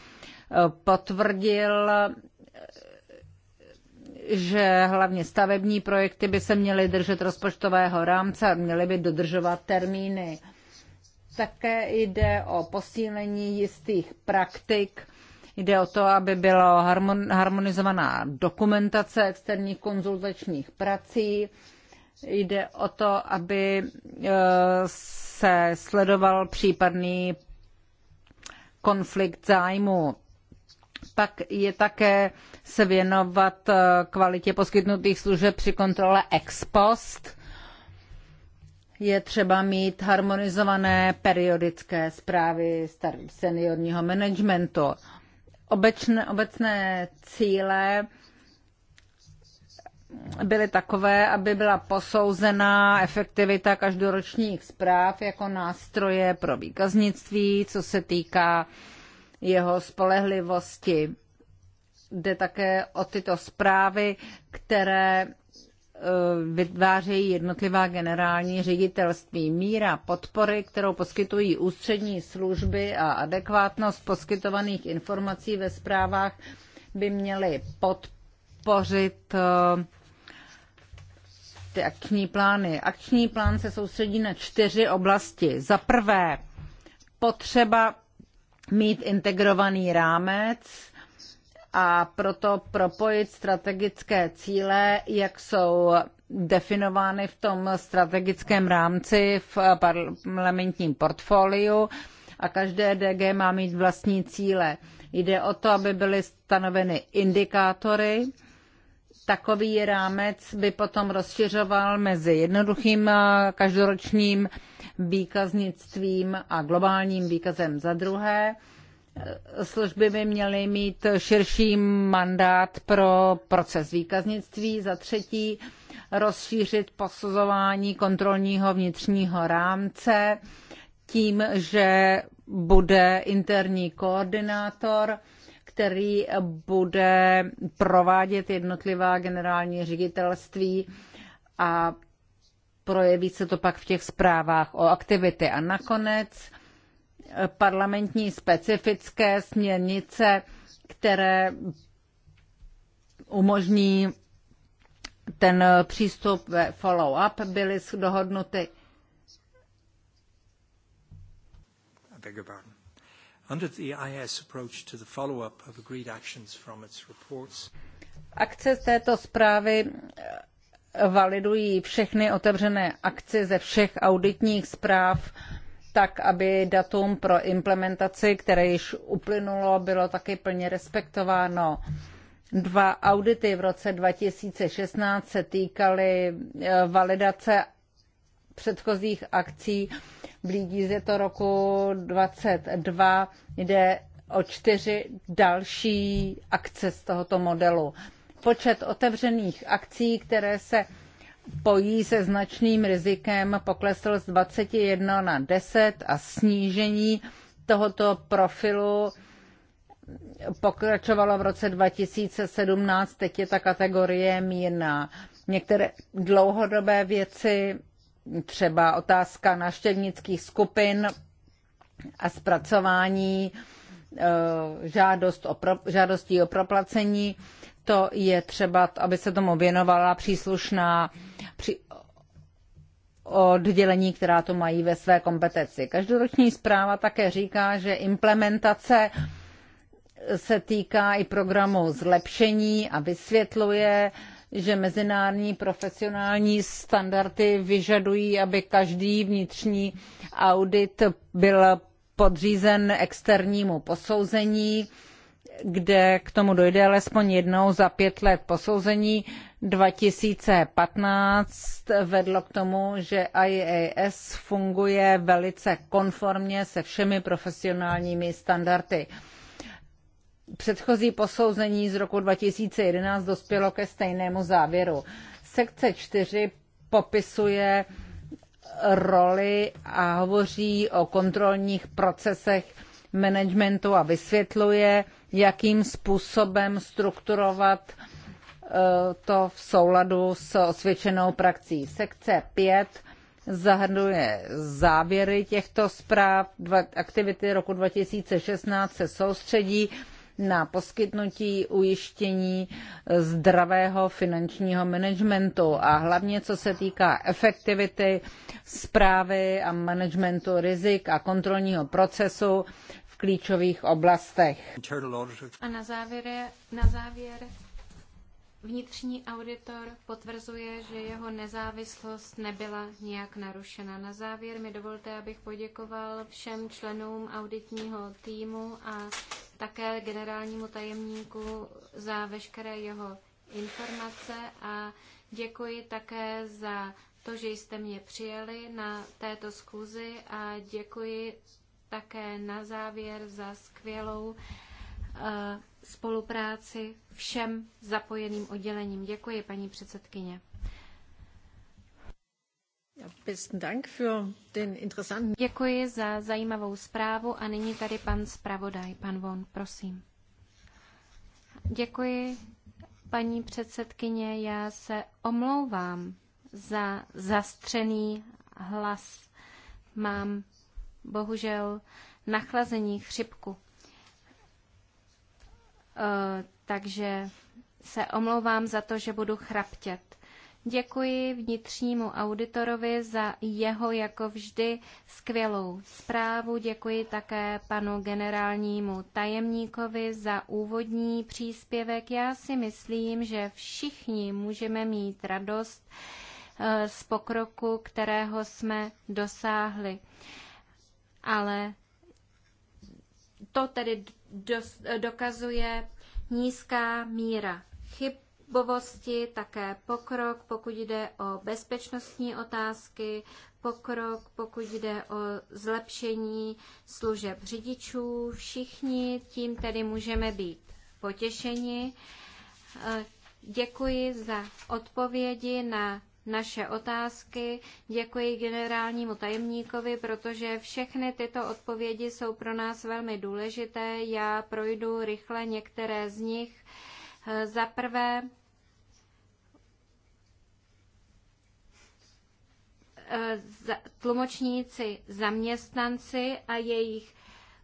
potvrdil eh, že hlavně stavební projekty by se měly držet rozpočtového rámce a měly by dodržovat termíny. Také jde o posílení jistých praktik. Jde o to, aby byla harmonizovaná dokumentace externích konzultačních prací. Jde o to, aby e, se sledoval případný konflikt zájmu. Pak je také se věnovat e, kvalitě poskytnutých služeb při kontrole ex post je třeba mít harmonizované periodické zprávy seniorního managementu. Obecné, obecné cíle byly takové, aby byla posouzená efektivita každoročních zpráv jako nástroje pro výkaznictví, co se týká jeho spolehlivosti. Jde také o tyto zprávy, které Eh, vytvářejí jednotlivá generální ředitelství. Míra podpory, kterou poskytují ústřední služby a adekvátnost poskytovaných informací ve zprávách by měly podpořit eh, ty akční plány. Akční plán se soustředí na čtyři oblasti. Za prvé, potřeba mít integrovaný rámec, a proto propojit strategické cíle, jak jsou definovány v tom strategickém rámci v parlamentním portfoliu a každé DG má mít vlastní cíle. Jde o to, aby byly stanoveny indikátory. Takový rámec by potom rozšiřoval mezi jednoduchým každoročním výkaznictvím a globálním výkazem za druhé služby by měly mít širší mandát pro proces výkaznictví, za třetí rozšířit posuzování kontrolního vnitřního rámce tím, že bude interní koordinátor, který bude provádět jednotlivá generální ředitelství a projeví se to pak v těch zprávách o aktivity. A nakonec parlamentní specifické směrnice, které umožní ten přístup ve follow-up, byly dohodnuty. E akce z této zprávy eh, validují všechny otevřené akce ze všech auditních zpráv tak aby datum pro implementaci, které již uplynulo, bylo taky plně respektováno. Dva audity v roce 2016 se týkaly e, validace předchozích akcí. Blíží se to roku 2022. jde o čtyři další akce z tohoto modelu. Počet otevřených akcí, které se pojí se značným rizikem poklesl z 21 na 10 a snížení tohoto profilu pokračovalo v roce 2017, teď je ta kategorie mírná. Některé dlouhodobé věci, třeba otázka naštěvnických skupin a zpracování eh, žádost o pro, žádostí o proplacení, to je třeba, aby se tomu věnovala příslušná při oddělení, která to mají ve své kompetenci. Každoroční zpráva také říká, že implementace se týká i programu zlepšení a vysvětluje, že mezinárodní profesionální standardy vyžadují, aby každý vnitřní audit byl podřízen externímu posouzení kde k tomu dojde alespoň jednou za pět let. Posouzení 2015 vedlo k tomu, že IAS funguje velice konformně se všemi profesionálními standardy. Předchozí posouzení z roku 2011 dospělo ke stejnému závěru. Sekce 4 popisuje roli a hovoří o kontrolních procesech managementu a vysvětluje, jakým způsobem strukturovat eh, to v souladu s osvědčenou praxí. Sekce 5 zahrnuje závěry těchto zpráv. Aktivity roku 2016 se soustředí na poskytnutí ujištění zdravého finančního managementu a hlavně co se týká efektivity zprávy a managementu rizik a kontrolního procesu, klíčových oblastech. A na závěr, na závěr vnitřní auditor potvrzuje, že jeho nezávislost nebyla nijak narušena. Na závěr mi dovolte, abych poděkoval všem členům auditního týmu a také generálnímu tajemníku za veškeré jeho informace a děkuji také za to, že jste mě přijeli na této schůzi a děkuji také na závěr za skvělou eh, spolupráci všem zapojeným oddělením. Děkuji, paní předsedkyně. Děkuji za zajímavou zprávu a nyní tady pan zpravodaj, pan Von, prosím. Děkuji, paní předsedkyně, já se omlouvám za zastřený hlas. Mám bohužel nachlazení chřipku. E, takže se omlouvám za to, že budu chraptět. Děkuji vnitřnímu auditorovi za jeho jako vždy skvělou zprávu. Děkuji také panu generálnímu tajemníkovi za úvodní příspěvek. Já si myslím, že všichni můžeme mít radost e, z pokroku, kterého jsme dosáhli ale to tedy dos, dokazuje nízká míra chybovosti, také pokrok, pokud jde o bezpečnostní otázky, pokrok, pokud jde o zlepšení služeb řidičů. Všichni tím tedy můžeme být potěšeni. Děkuji za odpovědi na naše otázky. Děkuji generálnímu tajemníkovi, protože všechny tyto odpovědi jsou pro nás velmi důležité. Já projdu rychle některé z nich. Za prvé, tlumočníci zaměstnanci a jejich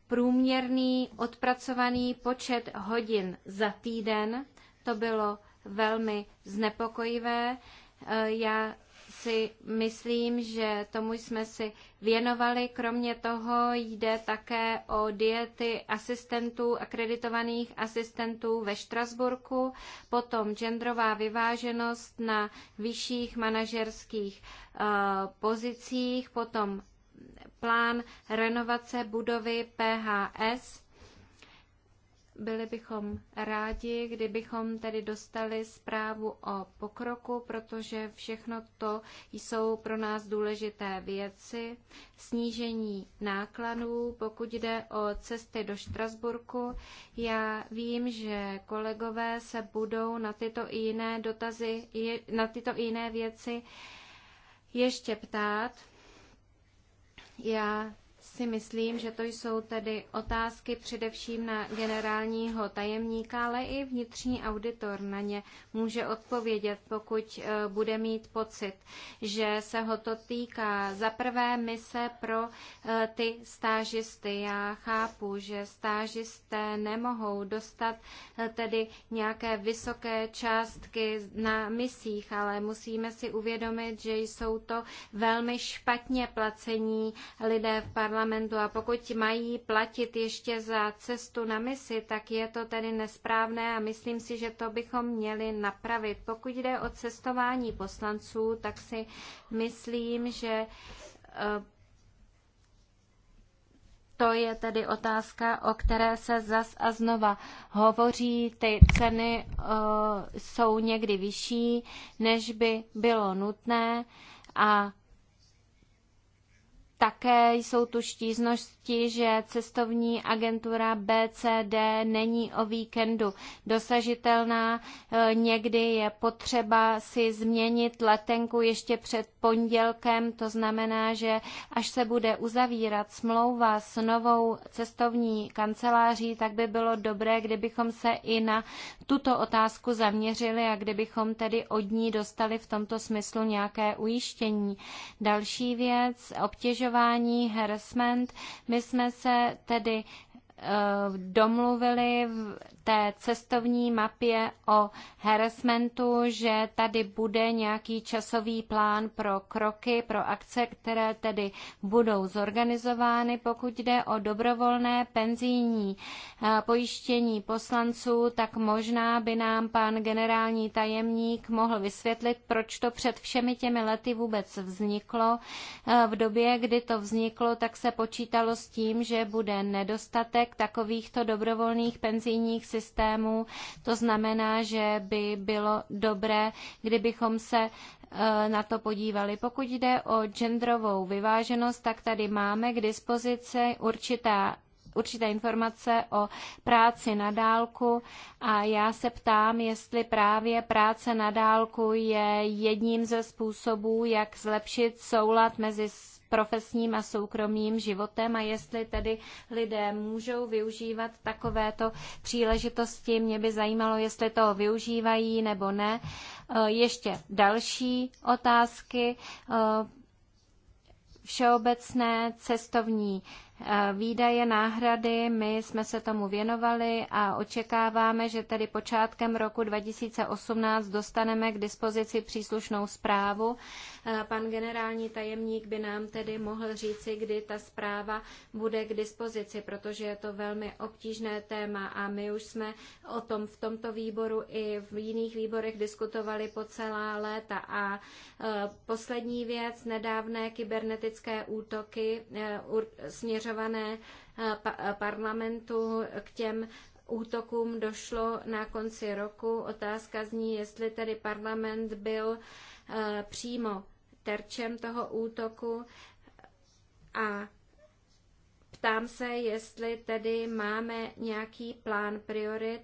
průměrný odpracovaný počet hodin za týden. To bylo velmi znepokojivé. Eh, já si myslím, že tomu jsme si věnovali. Kromě toho jde také o diety asistentů, akreditovaných asistentů ve Štrasburku, potom genderová vyváženost na vyšších manažerských eh, pozicích, potom plán renovace budovy PHS byli bychom rádi, kdybychom tedy dostali zprávu o pokroku, protože všechno to jsou pro nás důležité věci. Snížení nákladů, pokud jde o cesty do Štrasburku. Já vím, že kolegové se budou na tyto i jiné dotazy, na tyto i jiné věci ještě ptát. Já si myslím, že to jsou tedy otázky především na generálního tajemníka, ale i vnitřní auditor na ně může odpovědět, pokud eh, bude mít pocit, že se ho to týká. Za prvé mise pro eh, ty stážisty. Já chápu, že stážisté nemohou dostat eh, tedy nějaké vysoké částky na misích, ale musíme si uvědomit, že jsou to velmi špatně placení lidé v parlamentu parlamentu a pokud mají platit ještě za cestu na misi, tak je to tedy nesprávné a myslím si, že to bychom měli napravit. Pokud jde o cestování poslanců, tak si myslím, že eh, to je tedy otázka, o které se zas a znova hovoří. Ty ceny eh, jsou někdy vyšší, než by bylo nutné a také jsou tu štíznosti, že cestovní agentura BCD není o víkendu dosažitelná. E, někdy je potřeba si změnit letenku ještě před pondělkem, to znamená, že až se bude uzavírat smlouva s novou cestovní kanceláří, tak by bylo dobré, kdybychom se i na tuto otázku zaměřili a kdybychom tedy od ní dostali v tomto smyslu nějaké ujištění. Další věc, obtěžování ponižování, harassment. My jsme se tedy Eh, domluvili v té cestovní mapě o harassmentu, že tady bude nějaký časový plán pro kroky, pro akce, které tedy budou zorganizovány. Pokud jde o dobrovolné penzijní eh, pojištění poslanců, tak možná by nám pan generální tajemník mohl vysvětlit, proč to před všemi těmi lety vůbec vzniklo. Eh, v době, kdy to vzniklo, tak se počítalo s tím, že bude nedostatek dostatek takovýchto dobrovolných penzijních systémů. To znamená, že by bylo dobré, kdybychom se e, na to podívali. Pokud jde o genderovou vyváženost, tak tady máme k dispozici určitá určité informace o práci na dálku a já se ptám, jestli právě práce na dálku je jedním ze způsobů, jak zlepšit soulad mezi profesním a soukromým životem a jestli tedy lidé můžou využívat takovéto příležitosti. Mě by zajímalo, jestli to využívají nebo ne. E, ještě další otázky. E, všeobecné cestovní e, výdaje, náhrady. My jsme se tomu věnovali a očekáváme, že tedy počátkem roku 2018 dostaneme k dispozici příslušnou zprávu. Pan generální tajemník by nám tedy mohl říci, kdy ta zpráva bude k dispozici, protože je to velmi obtížné téma a my už jsme o tom v tomto výboru i v jiných výborech diskutovali po celá léta. A e, poslední věc, nedávné kybernetické útoky e, směřované e, parlamentu k těm útokům došlo na konci roku. Otázka zní, jestli tedy parlament byl přímo terčem toho útoku a ptám se, jestli tedy máme nějaký plán priorit.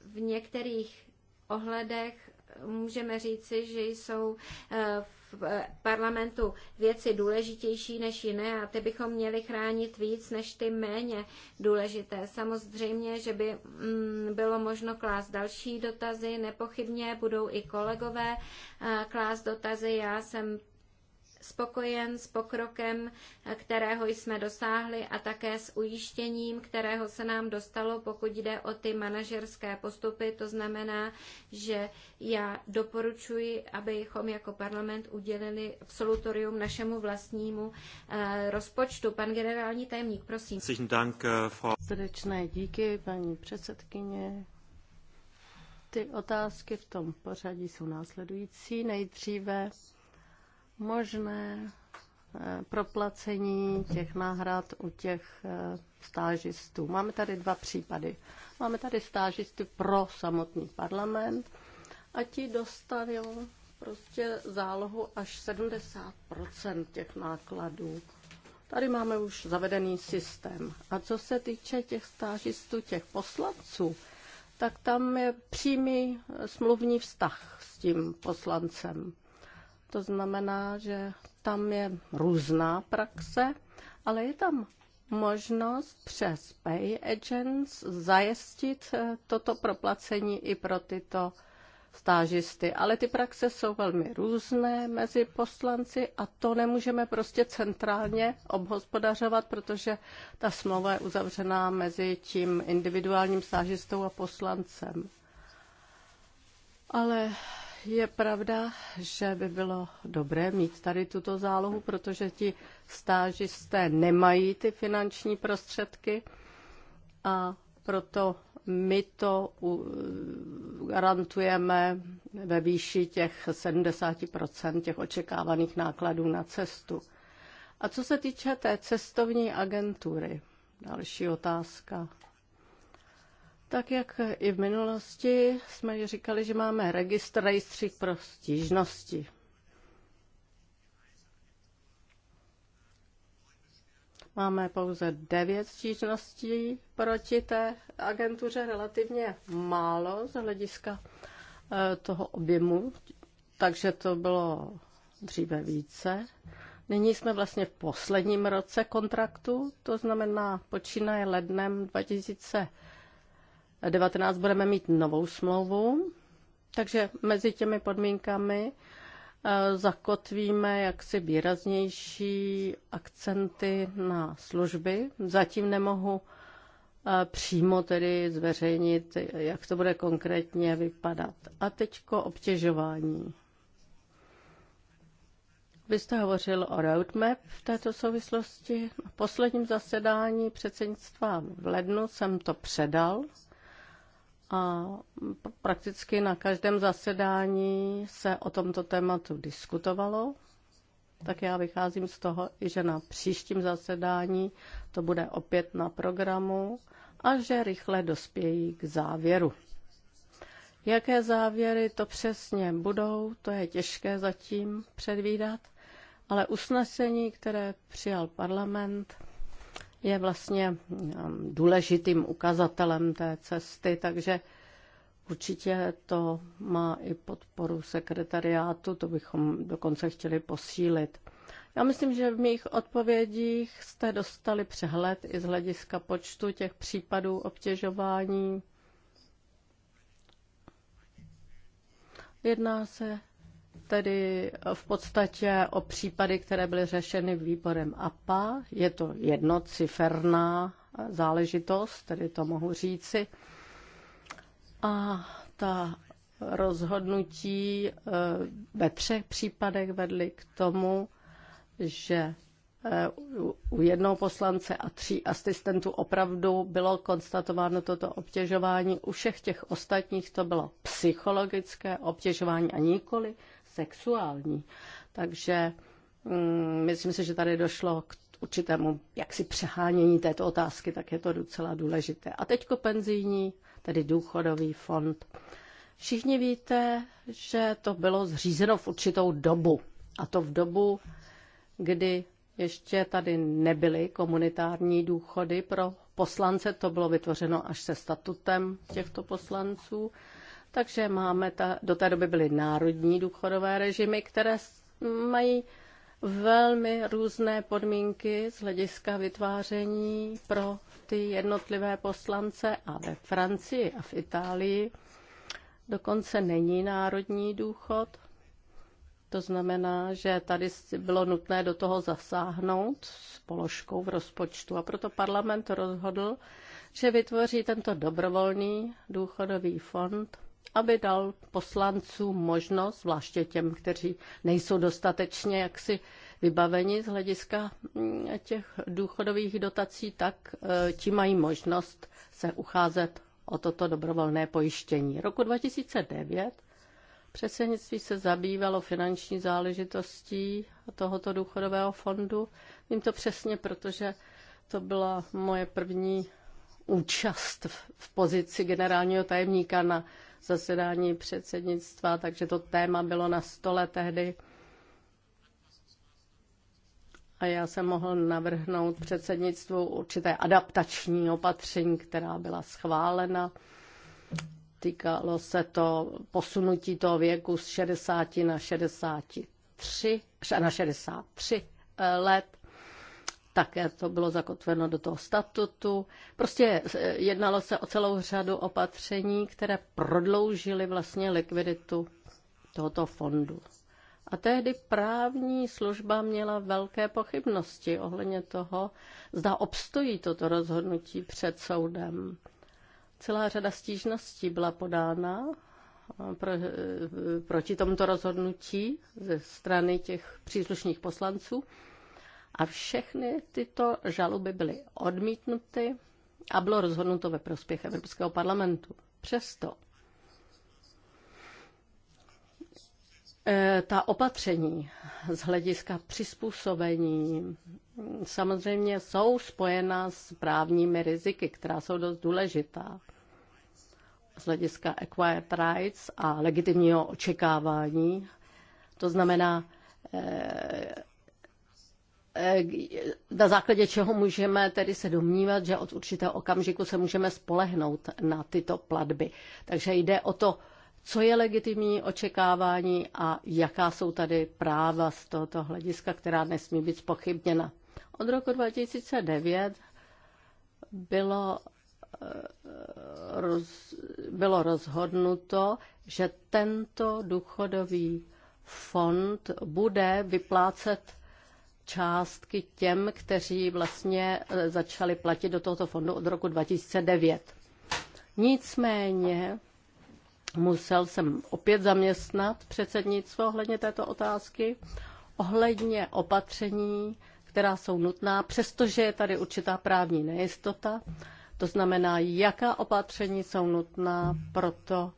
V některých ohledech můžeme říci, že jsou eh, v parlamentu věci důležitější než jiné a ty bychom měli chránit víc než ty méně důležité. Samozřejmě, že by mm, bylo možno klást další dotazy, nepochybně budou i kolegové eh, klást dotazy. Já jsem spokojen s pokrokem, kterého jsme dosáhli a také s ujištěním, kterého se nám dostalo, pokud jde o ty manažerské postupy. To znamená, že já doporučuji, abychom jako parlament udělili absolutorium našemu vlastnímu eh, rozpočtu. Pan generální tajemník, prosím. Eh, Srdečné díky, paní předsedkyně. Ty otázky v tom pořadí jsou následující. Nejdříve možné eh, proplacení těch náhrad u těch eh, stážistů. Máme tady dva případy. Máme tady stážisty pro samotný parlament a ti dostali prostě zálohu až 70 těch nákladů. Tady máme už zavedený systém. A co se týče těch stážistů, těch poslanců, tak tam je přímý eh, smluvní vztah s tím poslancem to znamená, že tam je různá praxe, ale je tam možnost přes Pay Agents zajistit eh, toto proplacení i pro tyto stážisty. Ale ty praxe jsou velmi různé mezi poslanci a to nemůžeme prostě centrálně obhospodařovat, protože ta smlouva je uzavřená mezi tím individuálním stážistou a poslancem. Ale je pravda, že by bylo dobré mít tady tuto zálohu, protože ti stážisté nemají ty finanční prostředky a proto my to garantujeme ve výši těch 70 těch očekávaných nákladů na cestu. A co se týče té cestovní agentury, další otázka. Tak jak i v minulosti jsme říkali, že máme registr rejstřík pro stížnosti. Máme pouze devět stížností proti té agentuře, relativně málo z hlediska eh, toho objemu, takže to bylo dříve více. Nyní jsme vlastně v posledním roce kontraktu, to znamená počínaje lednem 2000 19 budeme mít novou smlouvu, takže mezi těmi podmínkami eh, zakotvíme jaksi výraznější akcenty na služby. Zatím nemohu eh, přímo tedy zveřejnit, jak to bude konkrétně vypadat. A teďko obtěžování. Vy jste hovořil o roadmap v této souvislosti. Na posledním zasedání předsednictva v lednu jsem to předal a prakticky na každém zasedání se o tomto tématu diskutovalo. Tak já vycházím z toho, že na příštím zasedání to bude opět na programu a že rychle dospějí k závěru. Jaké závěry to přesně budou, to je těžké zatím předvídat, ale usnesení, které přijal parlament, je vlastně um, důležitým ukazatelem té cesty, takže určitě to má i podporu sekretariátu, to bychom dokonce chtěli posílit. Já myslím, že v mých odpovědích jste dostali přehled i z hlediska počtu těch případů obtěžování. Jedná se tedy v podstatě o případy, které byly řešeny výborem APA. Je to jednociferná záležitost, tedy to mohu říci. A ta rozhodnutí eh, ve třech případech vedly k tomu, že eh, u jednoho poslance a tří asistentů opravdu bylo konstatováno toto obtěžování. U všech těch ostatních to bylo psychologické obtěžování a nikoli sexuální. Takže mm, myslím si, že tady došlo k určitému jaksi přehánění této otázky, tak je to docela důležité. A teď penzijní, tedy důchodový fond. Všichni víte, že to bylo zřízeno v určitou dobu. A to v dobu, kdy ještě tady nebyly komunitární důchody pro poslance. To bylo vytvořeno až se statutem těchto poslanců. Takže máme ta, do té doby byly národní důchodové režimy, které mají velmi různé podmínky z hlediska vytváření pro ty jednotlivé poslance a ve Francii a v Itálii dokonce není národní důchod. To znamená, že tady bylo nutné do toho zasáhnout s položkou v rozpočtu a proto parlament rozhodl, že vytvoří tento dobrovolný důchodový fond aby dal poslancům možnost, zvláště těm, kteří nejsou dostatečně jaksi vybaveni z hlediska mm, těch důchodových dotací, tak eh, ti mají možnost se ucházet o toto dobrovolné pojištění. Roku 2009 předsednictví se zabývalo finanční záležitostí tohoto důchodového fondu. Vím to přesně, protože to byla moje první účast v pozici generálního tajemníka na zasedání předsednictva, takže to téma bylo na stole tehdy. A já jsem mohl navrhnout předsednictvu určité adaptační opatření, která byla schválena. Týkalo se to posunutí toho věku z 60 na 63, na 63 eh, let také to bylo zakotveno do toho statutu. Prostě eh, jednalo se o celou řadu opatření, které prodloužily vlastně likviditu tohoto fondu. A tehdy právní služba měla velké pochybnosti ohledně toho, zda obstojí toto rozhodnutí před soudem. Celá řada stížností byla podána eh, pro, eh, proti tomuto rozhodnutí ze strany těch příslušných poslanců. A všechny tyto žaloby byly odmítnuty a bylo rozhodnuto ve prospěch Evropského parlamentu. Přesto e, ta opatření z hlediska přizpůsobení samozřejmě jsou spojena s právními riziky, která jsou dost důležitá z hlediska acquired rights a legitimního očekávání. To znamená, e, Eh, na základě čeho můžeme tedy se domnívat, že od určitého okamžiku se můžeme spolehnout na tyto platby. Takže jde o to, co je legitimní očekávání a jaká jsou tady práva z tohoto hlediska, která nesmí být spochybněna. Od roku 2009 bylo, eh, roz, bylo rozhodnuto, že tento důchodový fond bude vyplácet částky těm, kteří vlastně e, začali platit do tohoto fondu od roku 2009. Nicméně musel jsem opět zaměstnat předsednictvo ohledně této otázky, ohledně opatření, která jsou nutná, přestože je tady určitá právní nejistota. To znamená, jaká opatření jsou nutná pro to,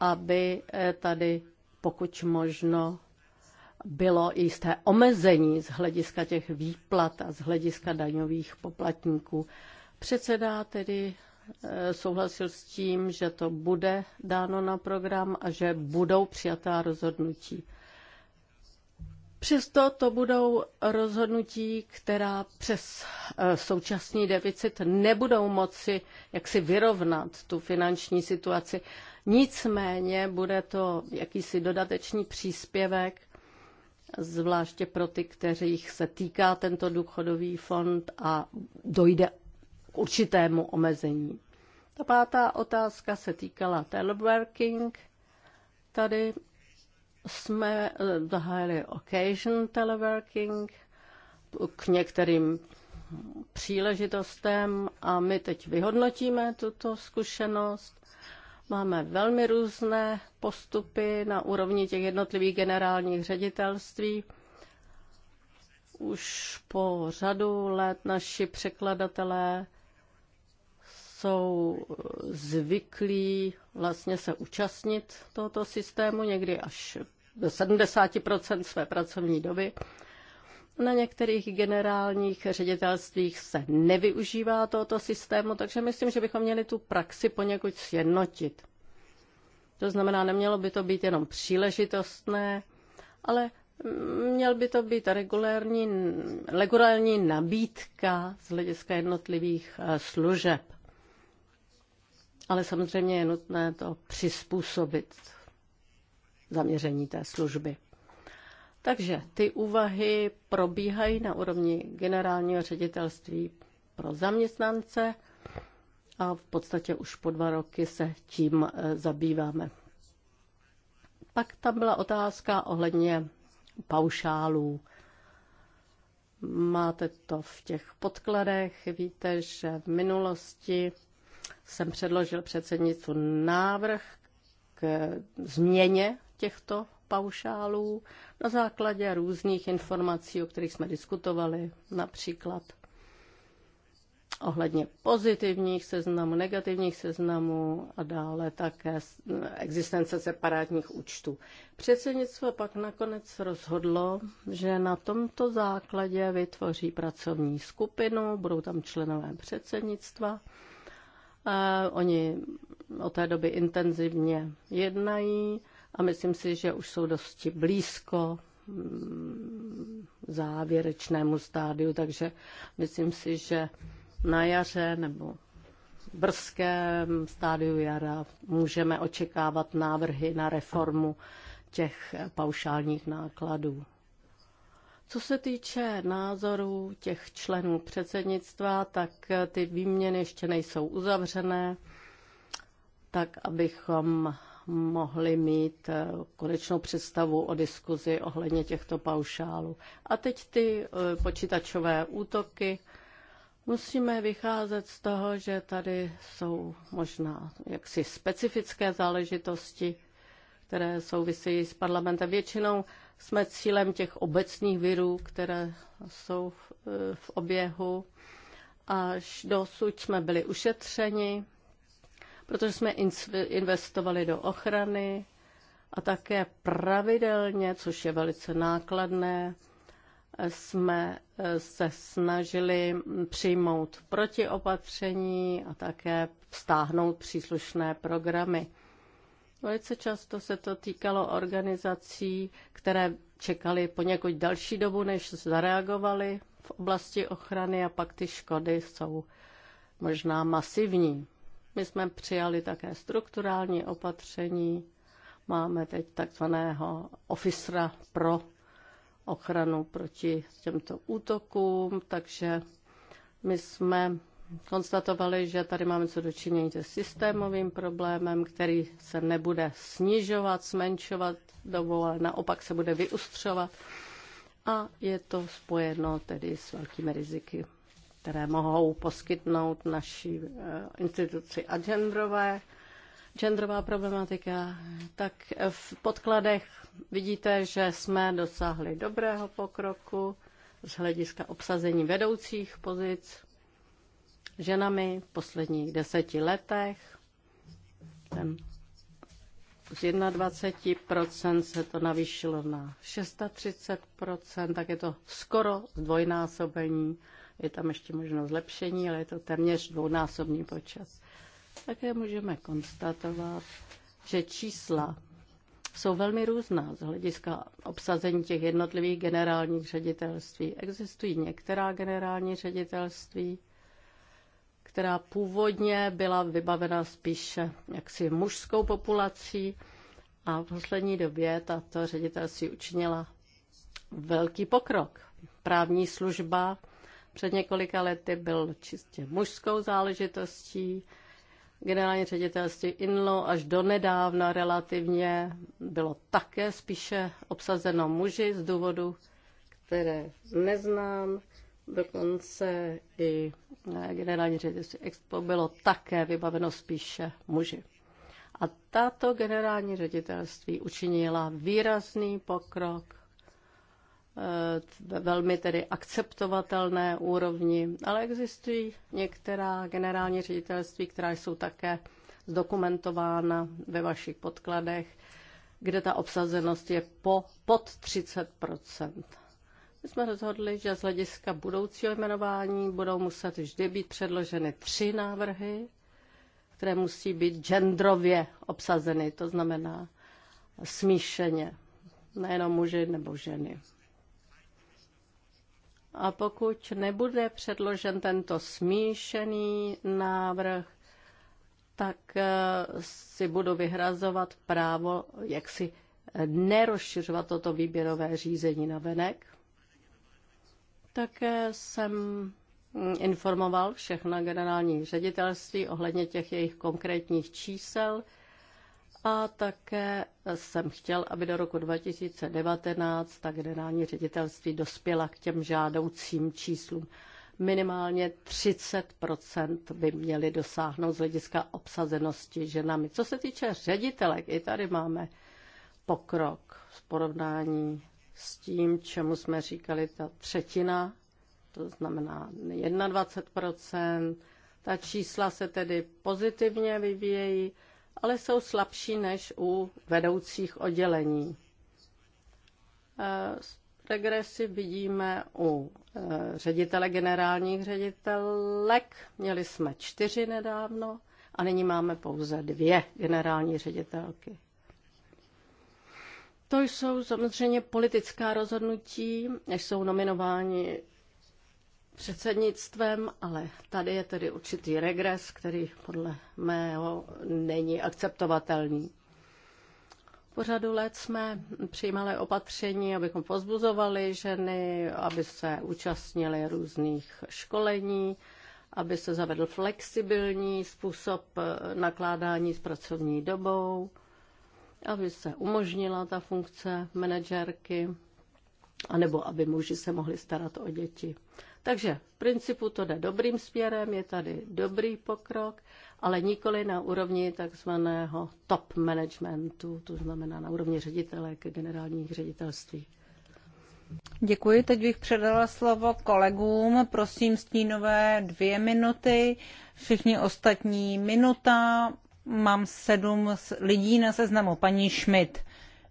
aby e, tady pokud možno bylo jisté omezení z hlediska těch výplat a z hlediska daňových poplatníků. Předseda tedy e, souhlasil s tím, že to bude dáno na program a že budou přijatá rozhodnutí. Přesto to budou rozhodnutí, která přes e, současný deficit nebudou moci jaksi vyrovnat tu finanční situaci. Nicméně bude to jakýsi dodatečný příspěvek zvláště pro ty, kteřích se týká tento důchodový fond a dojde k určitému omezení. Ta pátá otázka se týkala teleworking. Tady jsme eh, zahájili occasion teleworking k některým příležitostem a my teď vyhodnotíme tuto zkušenost Máme velmi různé postupy na úrovni těch jednotlivých generálních ředitelství. Už po řadu let naši překladatelé jsou zvyklí vlastně se účastnit tohoto systému, někdy až do 70 své pracovní doby. Na některých generálních ředitelstvích se nevyužívá tohoto systému, takže myslím, že bychom měli tu praxi poněkud sjednotit. To znamená, nemělo by to být jenom příležitostné, ale měl by to být regulární, regulární nabídka z hlediska jednotlivých eh, služeb. Ale samozřejmě je nutné to přizpůsobit zaměření té služby. Takže ty úvahy probíhají na úrovni generálního ředitelství pro zaměstnance a v podstatě už po dva roky se tím eh, zabýváme. Pak tam byla otázka ohledně paušálů. Máte to v těch podkladech. Víte, že v minulosti jsem předložil předsednicu návrh k změně těchto paušálů na základě různých informací, o kterých jsme diskutovali, například ohledně pozitivních seznamů, negativních seznamů a dále také existence separátních účtů. Předsednictvo pak nakonec rozhodlo, že na tomto základě vytvoří pracovní skupinu, budou tam členové předsednictva. Eh, oni o té doby intenzivně jednají a myslím si, že už jsou dosti blízko mm, závěrečnému stádiu, takže myslím si, že na jaře nebo v brzkém stádiu jara můžeme očekávat návrhy na reformu těch paušálních nákladů. Co se týče názorů těch členů předsednictva, tak ty výměny ještě nejsou uzavřené, tak abychom mohli mít eh, konečnou představu o diskuzi ohledně těchto paušálů. A teď ty eh, počítačové útoky. Musíme vycházet z toho, že tady jsou možná jaksi specifické záležitosti, které souvisí s parlamentem. Většinou jsme cílem těch obecných virů, které jsou v eh, oběhu. Až dosud jsme byli ušetřeni protože jsme investovali do ochrany a také pravidelně, což je velice nákladné, jsme eh, se snažili přijmout protiopatření a také stáhnout příslušné programy. Velice často se to týkalo organizací, které čekali poněkud další dobu, než zareagovali v oblasti ochrany a pak ty škody jsou možná masivní. My jsme přijali také strukturální opatření. Máme teď takzvaného ofisra pro ochranu proti těmto útokům, takže my jsme konstatovali, že tady máme co dočinění se systémovým problémem, který se nebude snižovat, zmenšovat dobu, ale naopak se bude vyustřovat. A je to spojeno tedy s velkými riziky které mohou poskytnout naší eh, instituci a genderové, genderová problematika, tak v podkladech vidíte, že jsme dosáhli dobrého pokroku z hlediska obsazení vedoucích pozic ženami v posledních deseti letech. Ten z 21% se to navýšilo na 36%, tak je to skoro zdvojnásobení. Je tam ještě možno zlepšení, ale je to téměř dvounásobný počet. Také můžeme konstatovat, že čísla jsou velmi různá z hlediska obsazení těch jednotlivých generálních ředitelství. Existují některá generální ředitelství, která původně byla vybavena spíše jaksi mužskou populací a v poslední době tato ředitelství učinila velký pokrok. Právní služba před několika lety byl čistě mužskou záležitostí. Generální ředitelství INLO až do nedávna relativně bylo také spíše obsazeno muži z důvodu, které neznám. Dokonce i eh, generální ředitelství Expo bylo také vybaveno spíše muži. A tato generální ředitelství učinila výrazný pokrok ve eh, velmi tedy akceptovatelné úrovni, ale existují některá generální ředitelství, která jsou také zdokumentována ve vašich podkladech, kde ta obsazenost je po, pod 30 My jsme rozhodli, že z hlediska budoucího jmenování budou muset vždy být předloženy tři návrhy, které musí být genderově obsazeny, to znamená smíšeně, nejenom muži nebo ženy. A pokud nebude předložen tento smíšený návrh, tak eh, si budu vyhrazovat právo, jak si eh, nerozšiřovat toto výběrové řízení na venek. Také jsem mm, informoval všechna generální ředitelství ohledně těch jejich konkrétních čísel, a také jsem chtěl, aby do roku 2019 ta generální ředitelství dospěla k těm žádoucím číslům. Minimálně 30 by měly dosáhnout z hlediska obsazenosti ženami. Co se týče ředitelek, i tady máme pokrok v porovnání s tím, čemu jsme říkali ta třetina, to znamená 21 ta čísla se tedy pozitivně vyvíjejí ale jsou slabší než u vedoucích oddělení. E, regresy vidíme u e, ředitele generálních ředitelek. Měli jsme čtyři nedávno a nyní máme pouze dvě generální ředitelky. To jsou samozřejmě politická rozhodnutí, než jsou nominováni předsednictvem, ale tady je tedy určitý regres, který podle mého není akceptovatelný. Po řadu let jsme přijímali opatření, abychom pozbuzovali ženy, aby se účastnili různých školení, aby se zavedl flexibilní způsob eh, nakládání s pracovní dobou, aby se umožnila ta funkce manažerky, anebo aby muži se mohli starat o děti. Takže v principu to jde dobrým směrem, je tady dobrý pokrok, ale nikoli na úrovni takzvaného top managementu, to znamená na úrovni ke generálních ředitelství. Děkuji, teď bych předala slovo kolegům. Prosím, stínové dvě minuty, všichni ostatní minuta. Mám sedm lidí na seznamu. Paní Schmidt.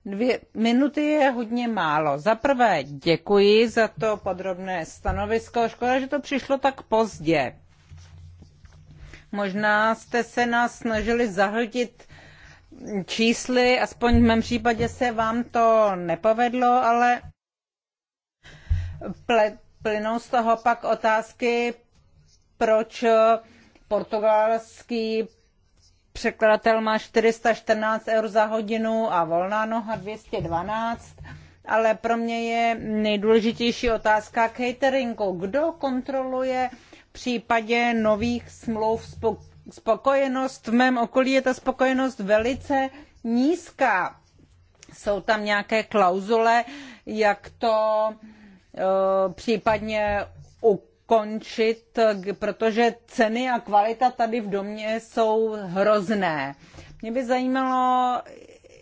Dvě minuty je hodně málo. Za prvé děkuji za to podrobné stanovisko. Škoda, že to přišlo tak pozdě. Možná jste se nás snažili zahltit čísly, aspoň v mém případě se vám to nepovedlo, ale plynou z toho pak otázky, proč portugalský překladatel má 414 eur za hodinu a volná noha 212. Ale pro mě je nejdůležitější otázka cateringu. Kdo kontroluje v případě nových smluv spokojenost? V mém okolí je ta spokojenost velice nízká. Jsou tam nějaké klauzule, jak to eh, případně končit, protože ceny a kvalita tady v domě jsou hrozné. Mě by zajímalo,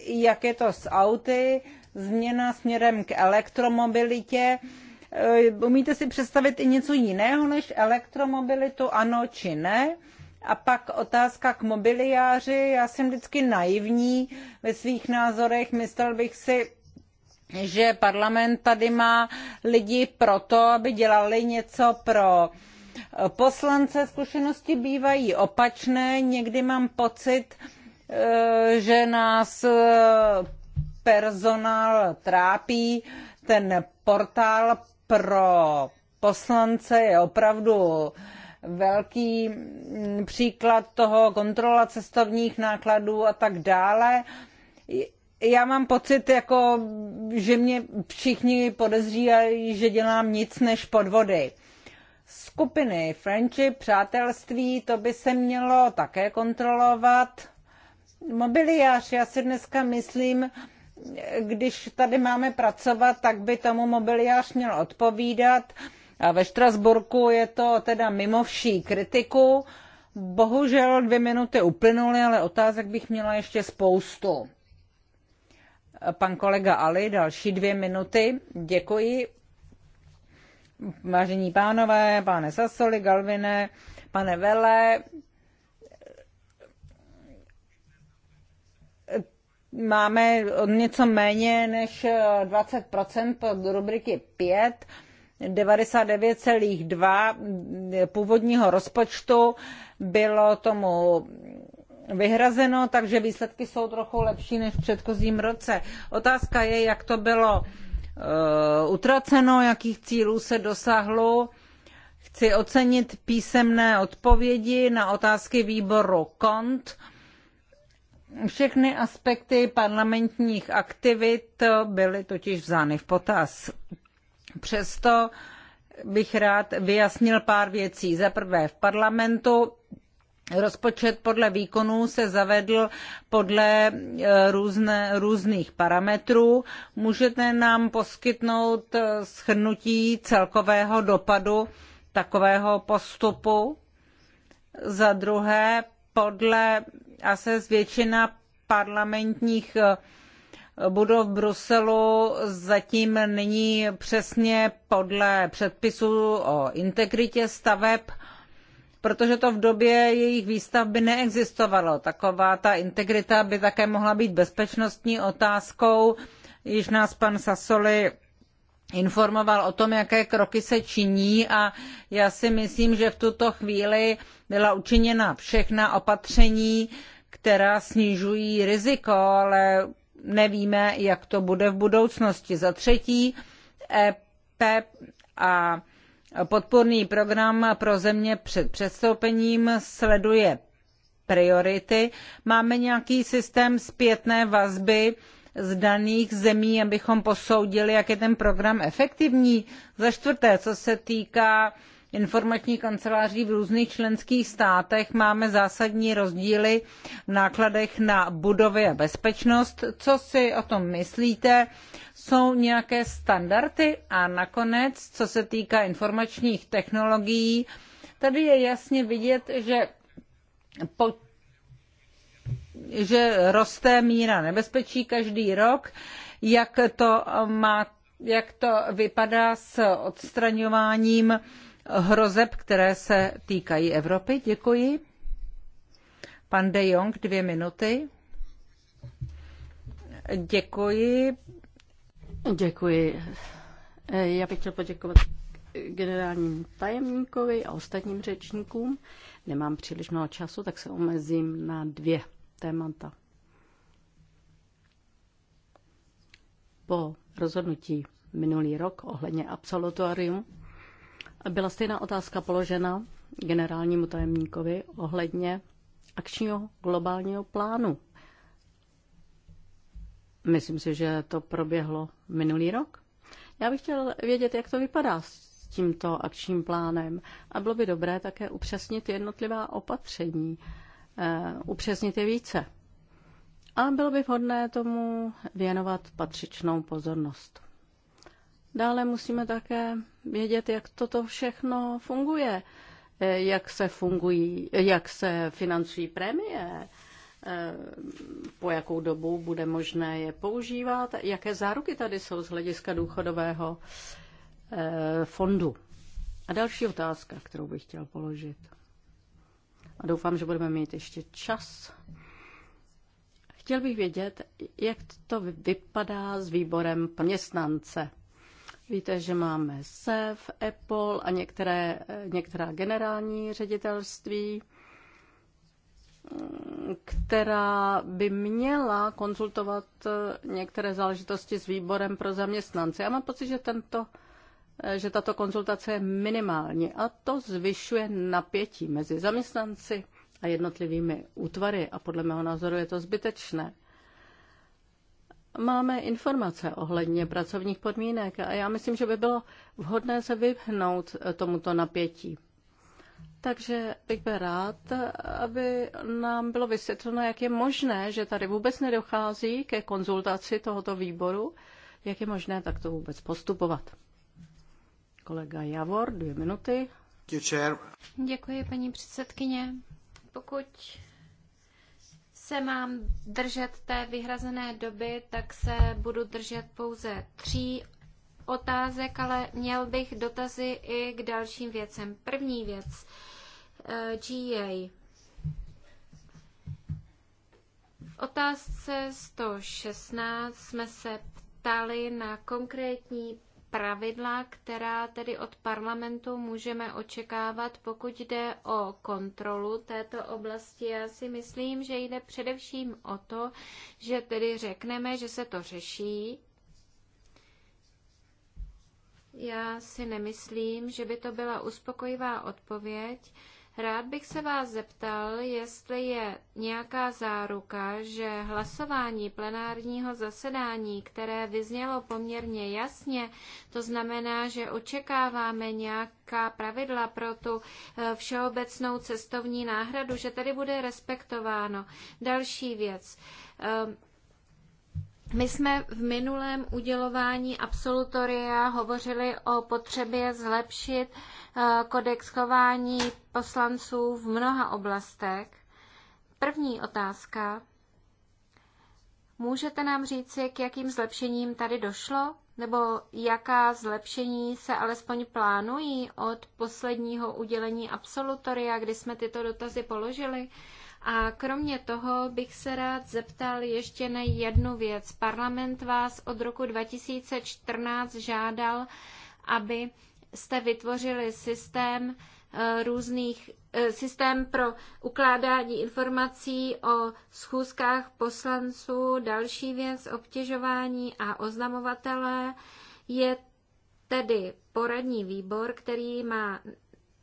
jak je to s auty, změna směrem k elektromobilitě. E, umíte si představit i něco jiného než elektromobilitu, ano či ne? A pak otázka k mobiliáři. Já jsem vždycky naivní ve svých názorech. Myslel bych si, že parlament tady má lidi proto, aby dělali něco pro poslance. Zkušenosti bývají opačné. Někdy mám pocit, eh, že nás eh, personál trápí. Ten portál pro poslance je opravdu velký mm, příklad toho kontrola cestovních nákladů a tak dále já mám pocit, jako, že mě všichni podezřívají, že dělám nic než podvody. Skupiny, friendship, přátelství, to by se mělo také kontrolovat. Mobiliář, já si dneska myslím, když tady máme pracovat, tak by tomu mobiliář měl odpovídat. A ve Štrasburku je to teda mimo vší kritiku. Bohužel dvě minuty uplynuly, ale otázek bych měla ještě spoustu. Pan kolega Ali, další dvě minuty. Děkuji. Vážení pánové, pane Sasoli, Galvine, pane Vele, máme o něco méně než 20% pod rubriky 5, 99,2 původního rozpočtu bylo tomu vyhrazeno, takže výsledky jsou trochu lepší než v předchozím roce. Otázka je, jak to bylo eh, utraceno, jakých cílů se dosáhlo. Chci ocenit písemné odpovědi na otázky výboru KONT. Všechny aspekty parlamentních aktivit byly totiž vzány v potaz. Přesto bych rád vyjasnil pár věcí. Za prvé v parlamentu Rozpočet podle výkonů se zavedl podle e, různé, různých parametrů. Můžete nám poskytnout e, shrnutí celkového dopadu takového postupu? Za druhé, podle asi většina parlamentních e, budov Bruselu zatím není přesně podle předpisů o integritě staveb protože to v době jejich výstavby neexistovalo. Taková ta integrita by také mohla být bezpečnostní otázkou. Již nás pan Sasoli informoval o tom, jaké kroky se činí a já si myslím, že v tuto chvíli byla učiněna všechna opatření, která snižují riziko, ale nevíme, jak to bude v budoucnosti. Za třetí, EP a Podporný program pro země před přestoupením sleduje priority. Máme nějaký systém zpětné vazby z daných zemí, abychom posoudili, jak je ten program efektivní. Za čtvrté, co se týká uh, informační kanceláří v různých členských státech máme zásadní rozdíly v nákladech na budovy a bezpečnost. Co si o tom myslíte? Jsou nějaké standardy? A nakonec, co se týká informačních technologií, tady je jasně vidět, že po že roste míra nebezpečí každý rok. Jak to, má, jak to vypadá s odstraňováním hrozeb, které se týkají Evropy. Děkuji. Pan De Jong, dvě minuty. Děkuji. Děkuji. Já bych chtěl poděkovat generálnímu tajemníkovi a ostatním řečníkům. Nemám příliš mnoho času, tak se omezím na dvě témata. Po rozhodnutí minulý rok ohledně absolutorium byla stejná otázka položena generálnímu tajemníkovi ohledně akčního globálního plánu. Myslím si, že to proběhlo minulý rok. Já bych chtěl vědět, jak to vypadá s tímto akčním plánem. A bylo by dobré také upřesnit jednotlivá opatření, eh, upřesnit je více. A bylo by vhodné tomu věnovat patřičnou pozornost. Dále musíme také vědět, jak toto všechno funguje, eh, jak se, fungují, jak se financují prémie, eh, po jakou dobu bude možné je používat, jaké záruky tady jsou z hlediska důchodového eh, fondu. A další otázka, kterou bych chtěl položit. A doufám, že budeme mít ještě čas. Chtěl bych vědět, jak to vypadá s výborem zaměstnance. Víte, že máme SEF, Apple a některé, některá generální ředitelství, která by měla konzultovat některé záležitosti s výborem pro zaměstnance. Já mám pocit, že, tento, že tato konzultace je minimální a to zvyšuje napětí mezi zaměstnanci a jednotlivými útvary a podle mého názoru je to zbytečné máme informace ohledně pracovních podmínek a já myslím, že by bylo vhodné se vyhnout tomuto napětí. Takže bych byl rád, aby nám bylo vysvětleno, jak je možné, že tady vůbec nedochází ke konzultaci tohoto výboru, jak je možné takto vůbec postupovat. Kolega Javor, dvě minuty. Děkuji, paní předsedkyně. Pokud se mám držet té vyhrazené doby, tak se budu držet pouze tří otázek, ale měl bych dotazy i k dalším věcem. První věc, eh, GA. V otázce 116 jsme se ptali na konkrétní pravidla, která tedy od parlamentu můžeme očekávat, pokud jde o kontrolu této oblasti. Já si myslím, že jde především o to, že tedy řekneme, že se to řeší. Já si nemyslím, že by to byla uspokojivá odpověď Rád bych se vás zeptal, jestli je nějaká záruka, že hlasování plenárního zasedání, které vyznělo poměrně jasně, to znamená, že očekáváme nějaká pravidla pro tu eh, všeobecnou cestovní náhradu, že tady bude respektováno. Další věc ehm, my jsme v minulém udělování absolutoria hovořili o potřebě zlepšit eh, kodex chování poslanců v mnoha oblastech. První otázka. Můžete nám říci, k jakým zlepšením tady došlo? Nebo jaká zlepšení se alespoň plánují od posledního udělení absolutoria, kdy jsme tyto dotazy položili? Uh, a kromě toho bych se rád zeptal ještě na jednu věc. Parlament vás od roku 2014 žádal, aby jste vytvořili systém eh, různých eh, systém pro ukládání informací o schůzkách poslanců, další věc obtěžování a oznamovatele je tedy poradní výbor, který má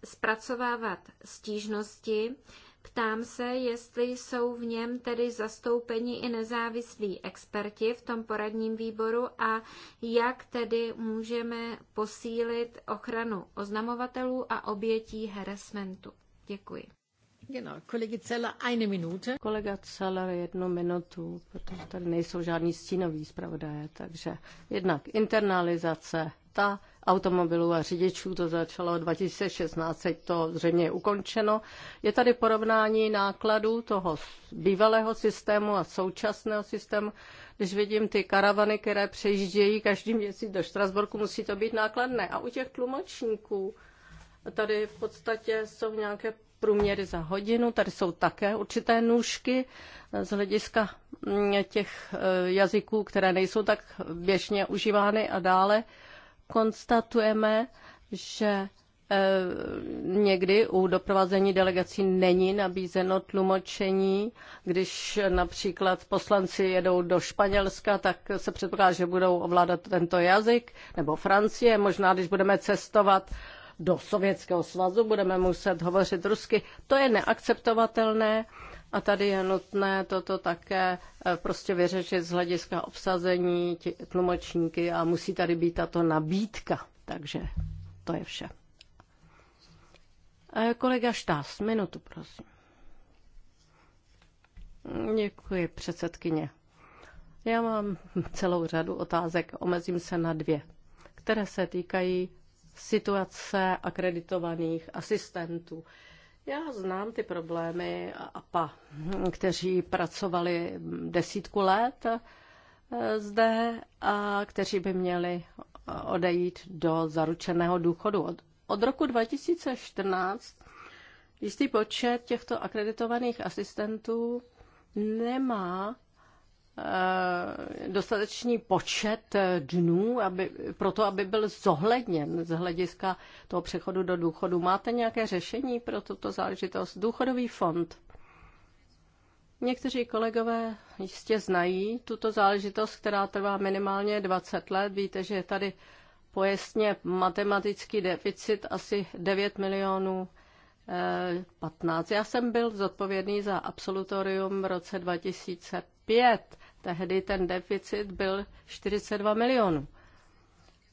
zpracovávat stížnosti. Ptám se, jestli jsou v něm tedy zastoupeni i nezávislí experti v tom poradním výboru a jak tedy můžeme posílit ochranu oznamovatelů a obětí harassmentu. Děkuji. Genau, Kolega Celler, jednu minutu, protože tady nejsou žádní stínoví zpravodaje, takže jednak internalizace, ta automobilů a řidičů, to začalo 2016, to zřejmě je ukončeno. Je tady porovnání nákladů toho bývalého systému a současného systému. Když vidím ty karavany, které přejíždějí každý měsíc do Štrasburku, musí to být nákladné. A u těch tlumočníků tady v podstatě jsou nějaké průměry za hodinu. Tady jsou také určité nůžky z hlediska mm, těch e, jazyků, které nejsou tak běžně užívány a dále konstatujeme, že eh, někdy u doprovázení delegací není nabízeno tlumočení. Když například poslanci jedou do Španělska, tak se předpokládá, že budou ovládat tento jazyk, nebo Francie. Možná, když budeme cestovat do Sovětského svazu, budeme muset hovořit rusky. To je neakceptovatelné a tady je nutné toto také eh, prostě vyřešit z hlediska obsazení tlumočníky a musí tady být tato nabídka. Takže to je vše. Eh, kolega Štás, minutu, prosím. Děkuji, předsedkyně. Já mám celou řadu otázek, omezím se na dvě, které se týkají situace akreditovaných asistentů. Já znám ty problémy APA, kteří pracovali desítku let eh, zde a kteří by měli eh, odejít do zaručeného důchodu. Od, od roku 2014 jistý počet těchto akreditovaných asistentů nemá Eh, dostatečný počet eh, dnů aby, pro to, aby byl zohledněn z hlediska toho přechodu do důchodu. Máte nějaké řešení pro tuto záležitost? Důchodový fond. Někteří kolegové jistě znají tuto záležitost, která trvá minimálně 20 let. Víte, že je tady pojistně matematický deficit asi 9 milionů 15. Eh, Já jsem byl zodpovědný za absolutorium v roce 2005 2005. Tehdy ten deficit byl 42 milionů.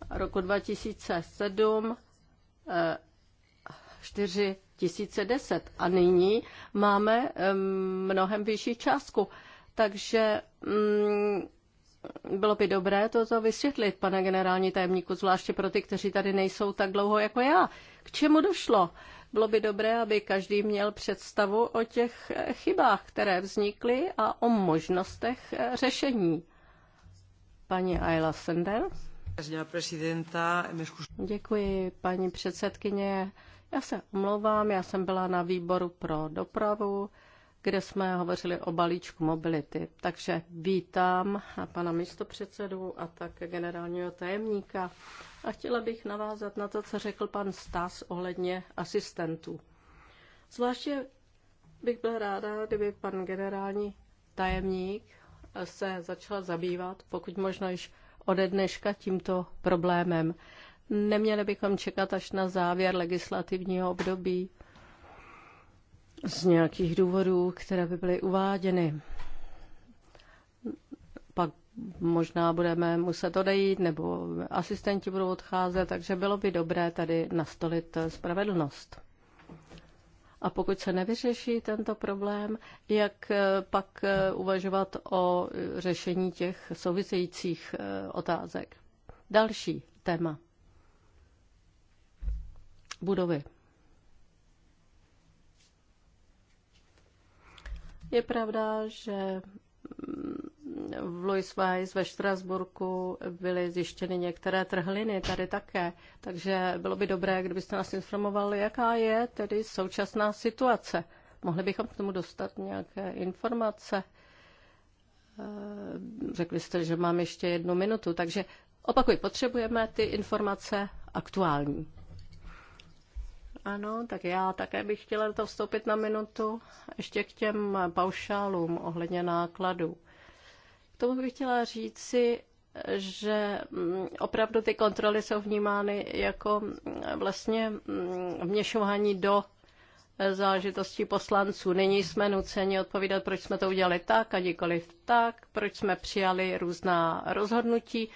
Roku 2007 4 2010 a nyní máme mnohem vyšší částku. Takže mm, bylo by dobré toto vysvětlit, pane generální tajemníku, zvláště pro ty, kteří tady nejsou tak dlouho jako já. K čemu došlo? Bylo by dobré, aby každý měl představu o těch chybách, které vznikly a o možnostech řešení. Paní Ayla Sender. Děkuji, paní předsedkyně. Já se omlouvám, já jsem byla na výboru pro dopravu kde jsme hovořili o balíčku mobility. Takže vítám pana místopředsedu a také generálního tajemníka. A chtěla bych navázat na to, co řekl pan Stas ohledně asistentů. Zvláště bych byla ráda, kdyby pan generální tajemník se začal zabývat, pokud možno již ode dneška, tímto problémem. Neměli bychom čekat až na závěr legislativního období, z nějakých důvodů, které by byly uváděny. Pak možná budeme muset odejít, nebo asistenti budou odcházet, takže bylo by dobré tady nastolit spravedlnost. A pokud se nevyřeší tento problém, jak pak uvažovat o řešení těch souvisejících eh, otázek? Další téma. Budovy. Je pravda, že mm, v Louis Weiss ve Štrasburku byly zjištěny některé trhliny tady také, takže bylo by dobré, kdybyste nás informovali, jaká je tedy současná situace. Mohli bychom k tomu dostat nějaké informace? Eh, řekli jste, že mám ještě jednu minutu, takže opakuj, potřebujeme ty informace aktuální. Ano, tak já také bych chtěla to vstoupit na minutu. Ještě k těm paušálům ohledně nákladů. K tomu bych chtěla říci, že mm, opravdu ty kontroly jsou vnímány jako mm, vlastně mm, vměšování do e, záležitostí poslanců. Nyní jsme nuceni odpovídat, proč jsme to udělali tak a nikoliv tak, proč jsme přijali různá rozhodnutí.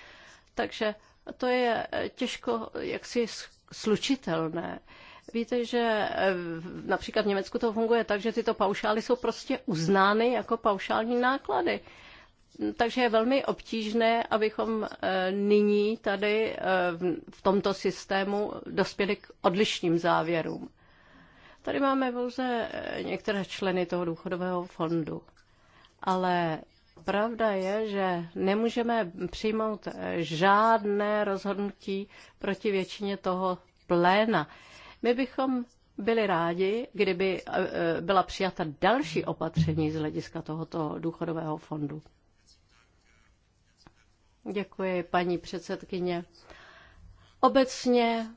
Takže to je e, těžko jaksi slučitelné. Víte, že eh, například v Německu to funguje tak, že tyto paušály jsou prostě uznány jako paušální náklady. Takže je velmi obtížné, abychom eh, nyní tady eh, v tomto systému dospěli k odlišným závěrům. Tady máme pouze některé členy toho důchodového fondu. Ale pravda je, že nemůžeme přijmout žádné rozhodnutí proti většině toho pléna. My bychom byli rádi, kdyby e, e, byla přijata další opatření z hlediska tohoto důchodového fondu. Děkuji, paní předsedkyně. Obecně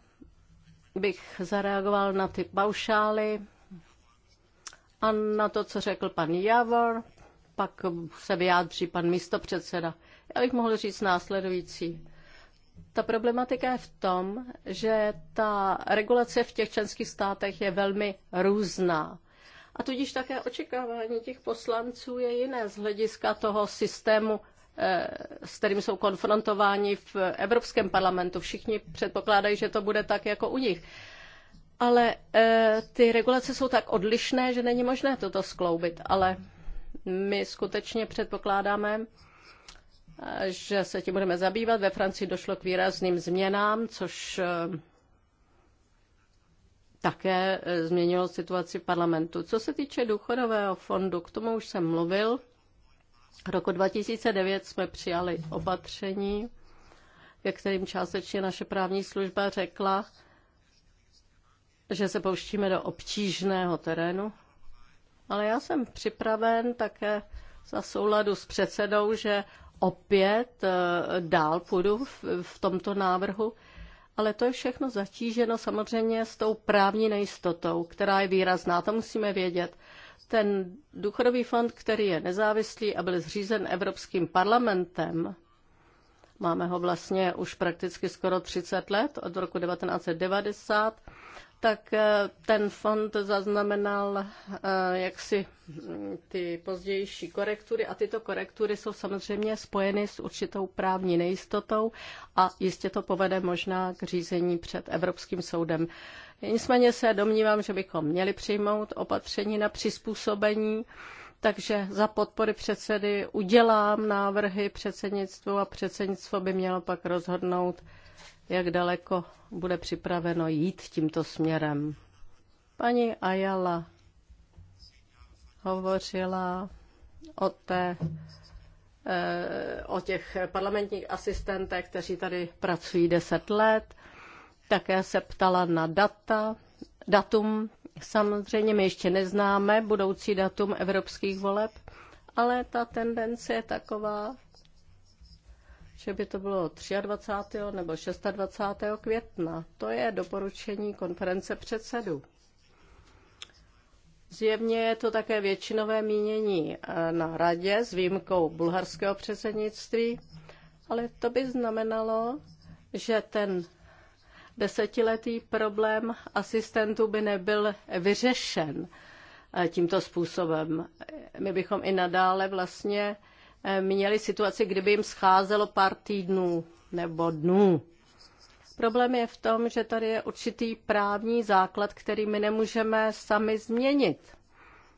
bych zareagoval na ty paušály a na to, co řekl pan Javor, pak se vyjádří pan místopředseda. Já bych mohl říct následující. Ta problematika je v tom, že ta regulace v těch členských státech je velmi různá. A tudíž také očekávání těch poslanců je jiné z hlediska toho systému, eh, s kterým jsou konfrontováni v Evropském parlamentu. Všichni předpokládají, že to bude tak jako u nich. Ale eh, ty regulace jsou tak odlišné, že není možné toto skloubit. Ale my skutečně předpokládáme, že se tím budeme zabývat. Ve Francii došlo k výrazným změnám, což eh, také eh, změnilo situaci parlamentu. Co se týče důchodového fondu, k tomu už jsem mluvil. Roku 2009 jsme přijali opatření, ke kterým částečně naše právní služba řekla, že se pouštíme do obtížného terénu. Ale já jsem připraven také za souladu s předsedou, že opět eh, dál půjdu v, v tomto návrhu, ale to je všechno zatíženo samozřejmě s tou právní nejistotou, která je výrazná, to musíme vědět. Ten důchodový fond, který je nezávislý a byl zřízen Evropským parlamentem, máme ho vlastně už prakticky skoro 30 let, od roku 1990, tak eh, ten fond zaznamenal eh, jaksi mm, ty pozdější korektury a tyto korektury jsou samozřejmě spojeny s určitou právní nejistotou a jistě to povede možná k řízení před Evropským soudem. Nicméně se domnívám, že bychom měli přijmout opatření na přizpůsobení, takže za podpory předsedy udělám návrhy předsednictvu a předsednictvo by mělo pak rozhodnout, jak daleko bude připraveno jít tímto směrem. Paní Ayala hovořila o, té, eh, o těch parlamentních asistentech, kteří tady pracují 10 let. Také se ptala na data, datum. Samozřejmě my ještě neznáme budoucí datum evropských voleb, ale ta tendence je taková, že by to bylo 23. nebo 26. května. To je doporučení konference předsedů. Zjevně je to také většinové mínění eh, na radě s výjimkou bulharského předsednictví, ale to by znamenalo, že ten desetiletý problém asistentů by nebyl vyřešen eh, tímto způsobem. My bychom i nadále vlastně měli situaci, kdyby jim scházelo pár týdnů nebo dnů. Problém je v tom, že tady je určitý právní základ, který my nemůžeme sami změnit.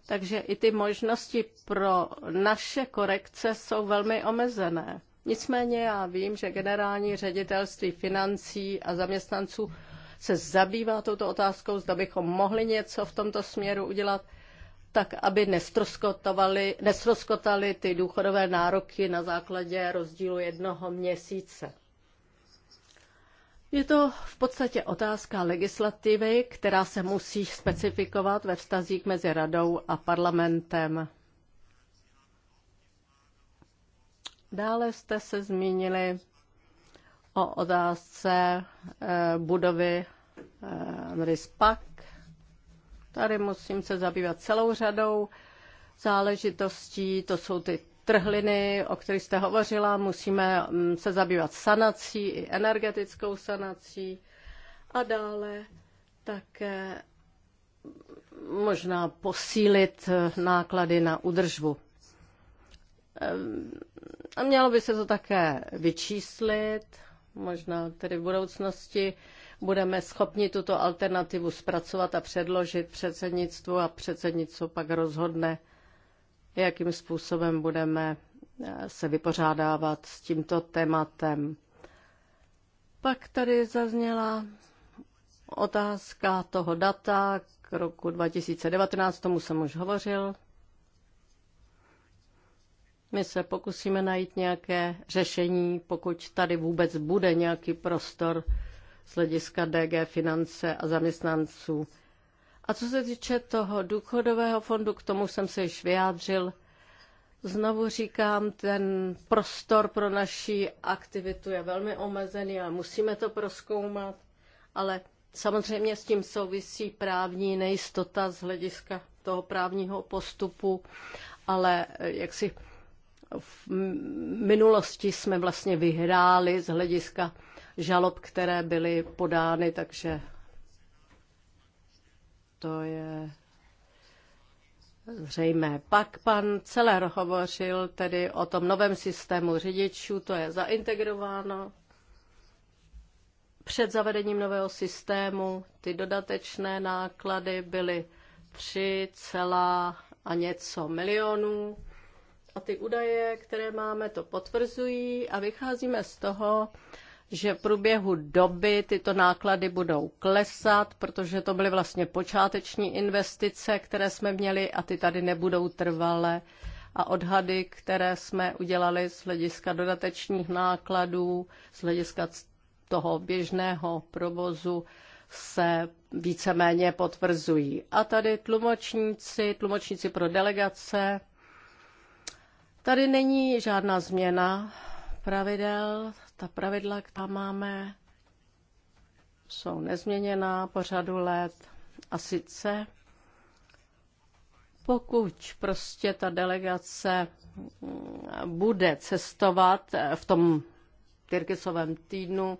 Takže i ty možnosti pro naše korekce jsou velmi omezené. Nicméně já vím, že generální ředitelství financí a zaměstnanců se zabývá touto otázkou, zda bychom mohli něco v tomto směru udělat tak aby nestroskotaly ty důchodové nároky na základě rozdílu jednoho měsíce. Je to v podstatě otázka legislativy, která se musí specifikovat ve vztazích mezi radou a parlamentem. Dále jste se zmínili o otázce eh, budovy eh, Rispak Tady musím se zabývat celou řadou záležitostí. To jsou ty trhliny, o kterých jste hovořila. Musíme mm, se zabývat sanací i energetickou sanací. A dále také možná posílit náklady na udržbu. Ehm, a mělo by se to také vyčíslit, možná tedy v budoucnosti budeme schopni tuto alternativu zpracovat a předložit předsednictvu a předsednictvo pak rozhodne, jakým způsobem budeme eh, se vypořádávat s tímto tématem. Pak tady zazněla otázka toho data k roku 2019, tomu jsem už hovořil. My se pokusíme najít nějaké řešení, pokud tady vůbec bude nějaký prostor z hlediska DG finance a zaměstnanců. A co se týče toho důchodového fondu, k tomu jsem se již vyjádřil, znovu říkám, ten prostor pro naši aktivitu je velmi omezený a musíme to proskoumat, ale samozřejmě s tím souvisí právní nejistota z hlediska toho právního postupu, ale jak si v minulosti jsme vlastně vyhráli z hlediska žalob, které byly podány, takže to je zřejmé. Pak pan Celer hovořil tedy o tom novém systému řidičů, to je zaintegrováno před zavedením nového systému ty dodatečné náklady byly 3, a něco milionů. A ty údaje, které máme, to potvrzují a vycházíme z toho, že v průběhu doby tyto náklady budou klesat, protože to byly vlastně počáteční investice, které jsme měli a ty tady nebudou trvalé. A odhady, které jsme udělali z hlediska dodatečních nákladů, z hlediska toho běžného provozu, se víceméně potvrzují. A tady tlumočníci, tlumočníci pro delegace. Tady není žádná změna pravidel, ta pravidla, která máme, jsou nezměněná po řadu let. A sice, pokud prostě ta delegace mm, bude cestovat eh, v tom Tyrkisovém týdnu,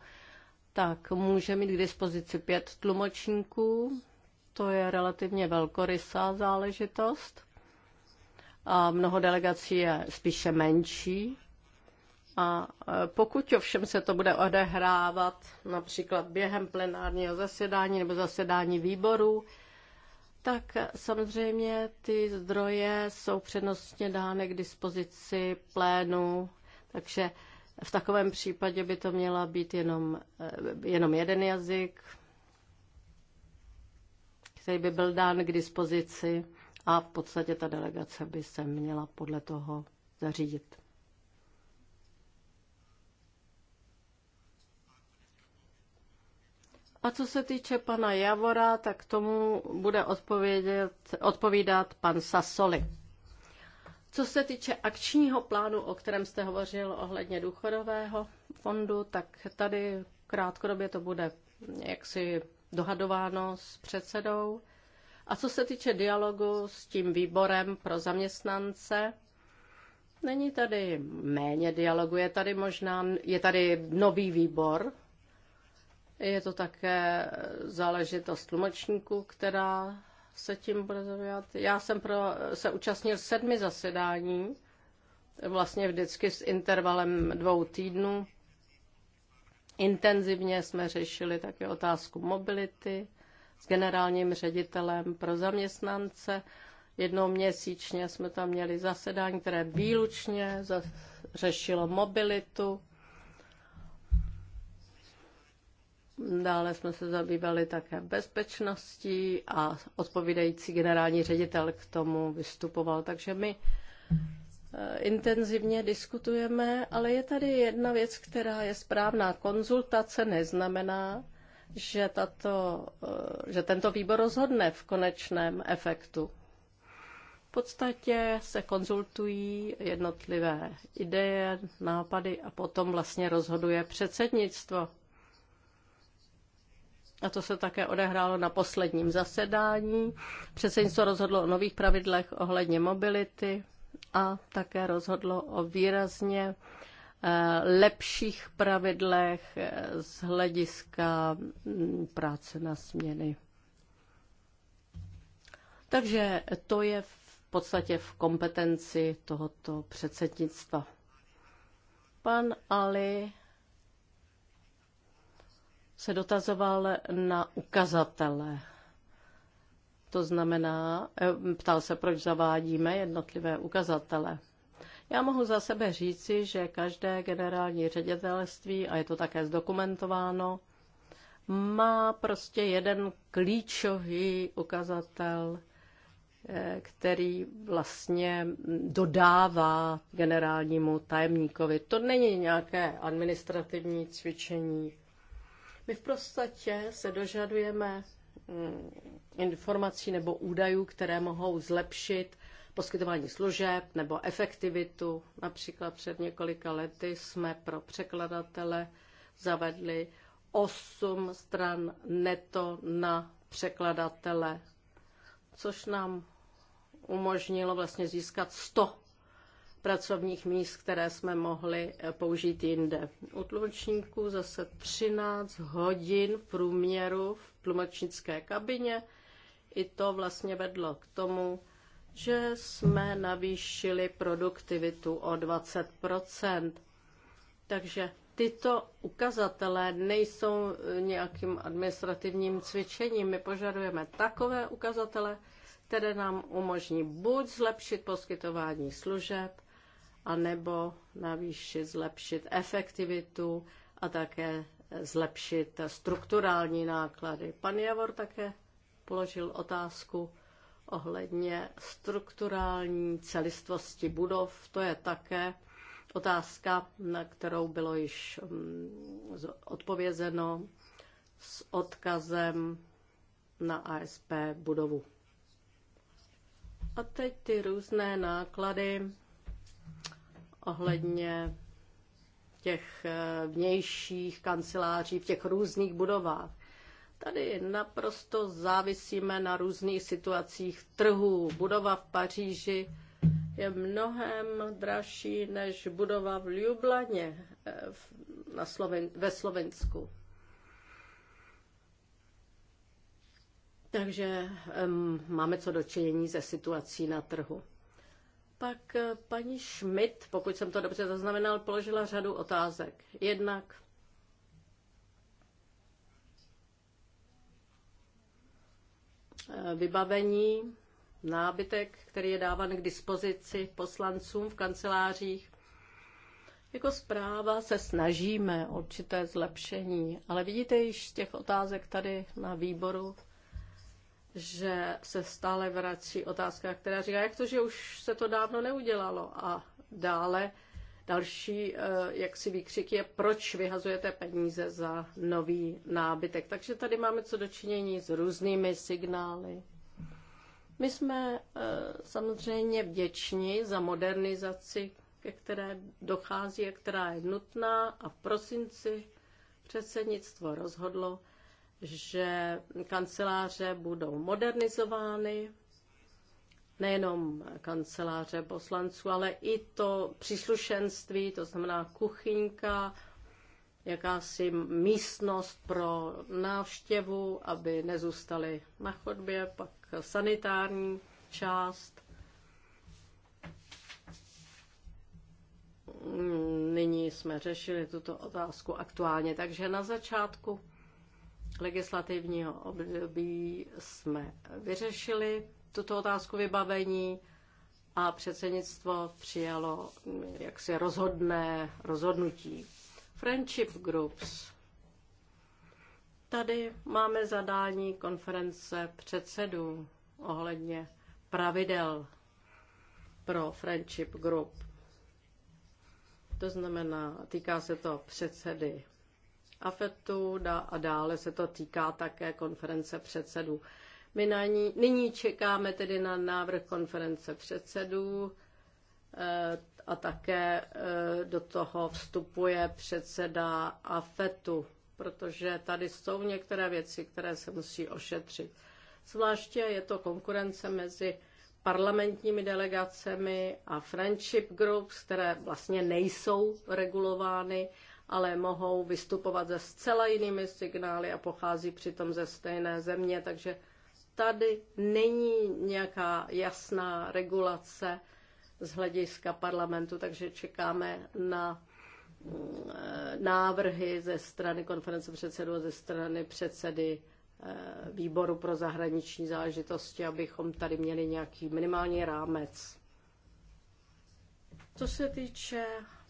tak může mít k dispozici pět tlumočníků. To je relativně velkorysá záležitost. A mnoho delegací je spíše menší. A e, pokud ovšem se to bude odehrávat například během plenárního zasedání nebo zasedání výborů, tak samozřejmě ty zdroje jsou přednostně dány k dispozici plénu, takže v takovém případě by to měla být jenom, e, jenom jeden jazyk, který by byl dán k dispozici a v podstatě ta delegace by se měla podle toho zařídit. A co se týče pana Javora, tak tomu bude odpovědět, odpovídat pan Sasoli. Co se týče akčního plánu, o kterém jste hovořil ohledně důchodového fondu, tak tady krátkodobě to bude jaksi dohadováno s předsedou. A co se týče dialogu s tím výborem pro zaměstnance, není tady méně dialogu, je tady možná, je tady nový výbor je to také záležitost tlumočníků, která se tím bude zabývat. Já jsem pro, se účastnil sedmi zasedání, vlastně vždycky s intervalem dvou týdnů. Intenzivně jsme řešili také otázku mobility s generálním ředitelem pro zaměstnance. Jednou měsíčně jsme tam měli zasedání, které výlučně řešilo mobilitu Dále jsme se zabývali také bezpečností a odpovídající generální ředitel k tomu vystupoval. Takže my eh, intenzivně diskutujeme, ale je tady jedna věc, která je správná. Konzultace neznamená, že, tato, eh, že tento výbor rozhodne v konečném efektu. V podstatě se konzultují jednotlivé ideje, nápady a potom vlastně rozhoduje předsednictvo a to se také odehrálo na posledním zasedání. Předsednictvo rozhodlo o nových pravidlech ohledně mobility a také rozhodlo o výrazně eh, lepších pravidlech eh, z hlediska mm, práce na směny. Takže to je v podstatě v kompetenci tohoto předsednictva. Pan Ali se dotazoval na ukazatele. To znamená, eh, ptal se, proč zavádíme jednotlivé ukazatele. Já mohu za sebe říci, že každé generální ředitelství, a je to také zdokumentováno, má prostě jeden klíčový ukazatel, eh, který vlastně dodává generálnímu tajemníkovi. To není nějaké administrativní cvičení. My v prostatě se dožadujeme mm, informací nebo údajů, které mohou zlepšit poskytování služeb nebo efektivitu. Například před několika lety jsme pro překladatele zavedli 8 stran neto na překladatele, což nám umožnilo vlastně získat 100 pracovních míst, které jsme mohli eh, použít jinde. U tlumočníků zase 13 hodin v průměru v tlumočnické kabině. I to vlastně vedlo k tomu, že jsme navýšili produktivitu o 20 Takže tyto ukazatele nejsou eh, nějakým administrativním cvičením. My požadujeme takové ukazatele, které nám umožní buď zlepšit poskytování služeb, anebo navýšit, zlepšit efektivitu a také zlepšit strukturální náklady. Pan Javor také položil otázku ohledně strukturální celistvosti budov. To je také otázka, na kterou bylo již mm, odpovězeno s odkazem na ASP budovu. A teď ty různé náklady ohledně těch eh, vnějších kanceláří v těch různých budovách. Tady naprosto závisíme na různých situacích trhů. Budova v Paříži je mnohem dražší než budova v Ljublaně eh, na Sloven- ve Slovensku. Takže um, máme co dočinění ze situací na trhu. Pak eh, paní Schmidt, pokud jsem to dobře zaznamenal, položila řadu otázek. Jednak eh, vybavení, nábytek, který je dávan k dispozici poslancům v kancelářích. Jako zpráva se snažíme určité zlepšení, ale vidíte již z těch otázek tady na výboru, že se stále vrací otázka, která říká, jak to, že už se to dávno neudělalo. A dále další eh, si výkřik je, proč vyhazujete peníze za nový nábytek. Takže tady máme co dočinění s různými signály. My jsme eh, samozřejmě vděční za modernizaci, ke které dochází a která je nutná a v prosinci předsednictvo rozhodlo, že kanceláře budou modernizovány, nejenom kanceláře poslanců, ale i to příslušenství, to znamená kuchyňka, jakási místnost pro návštěvu, aby nezůstali na chodbě, pak sanitární část. Nyní jsme řešili tuto otázku aktuálně, takže na začátku legislativního období jsme vyřešili tuto otázku vybavení a předsednictvo přijalo jaksi rozhodné rozhodnutí. Friendship Groups. Tady máme zadání konference předsedů ohledně pravidel pro Friendship Group. To znamená, týká se to předsedy AFETu a dále se to týká také konference předsedů. My na ní, nyní čekáme tedy na návrh konference předsedů eh, a také eh, do toho vstupuje předseda AFETu, protože tady jsou některé věci, které se musí ošetřit. Zvláště je to konkurence mezi parlamentními delegacemi a friendship groups, které vlastně nejsou regulovány ale mohou vystupovat se zcela jinými signály a pochází přitom ze stejné země, takže tady není nějaká jasná regulace z hlediska parlamentu, takže čekáme na eh, návrhy ze strany konference předsedů a ze strany předsedy eh, výboru pro zahraniční záležitosti, abychom tady měli nějaký minimální rámec. Co se týče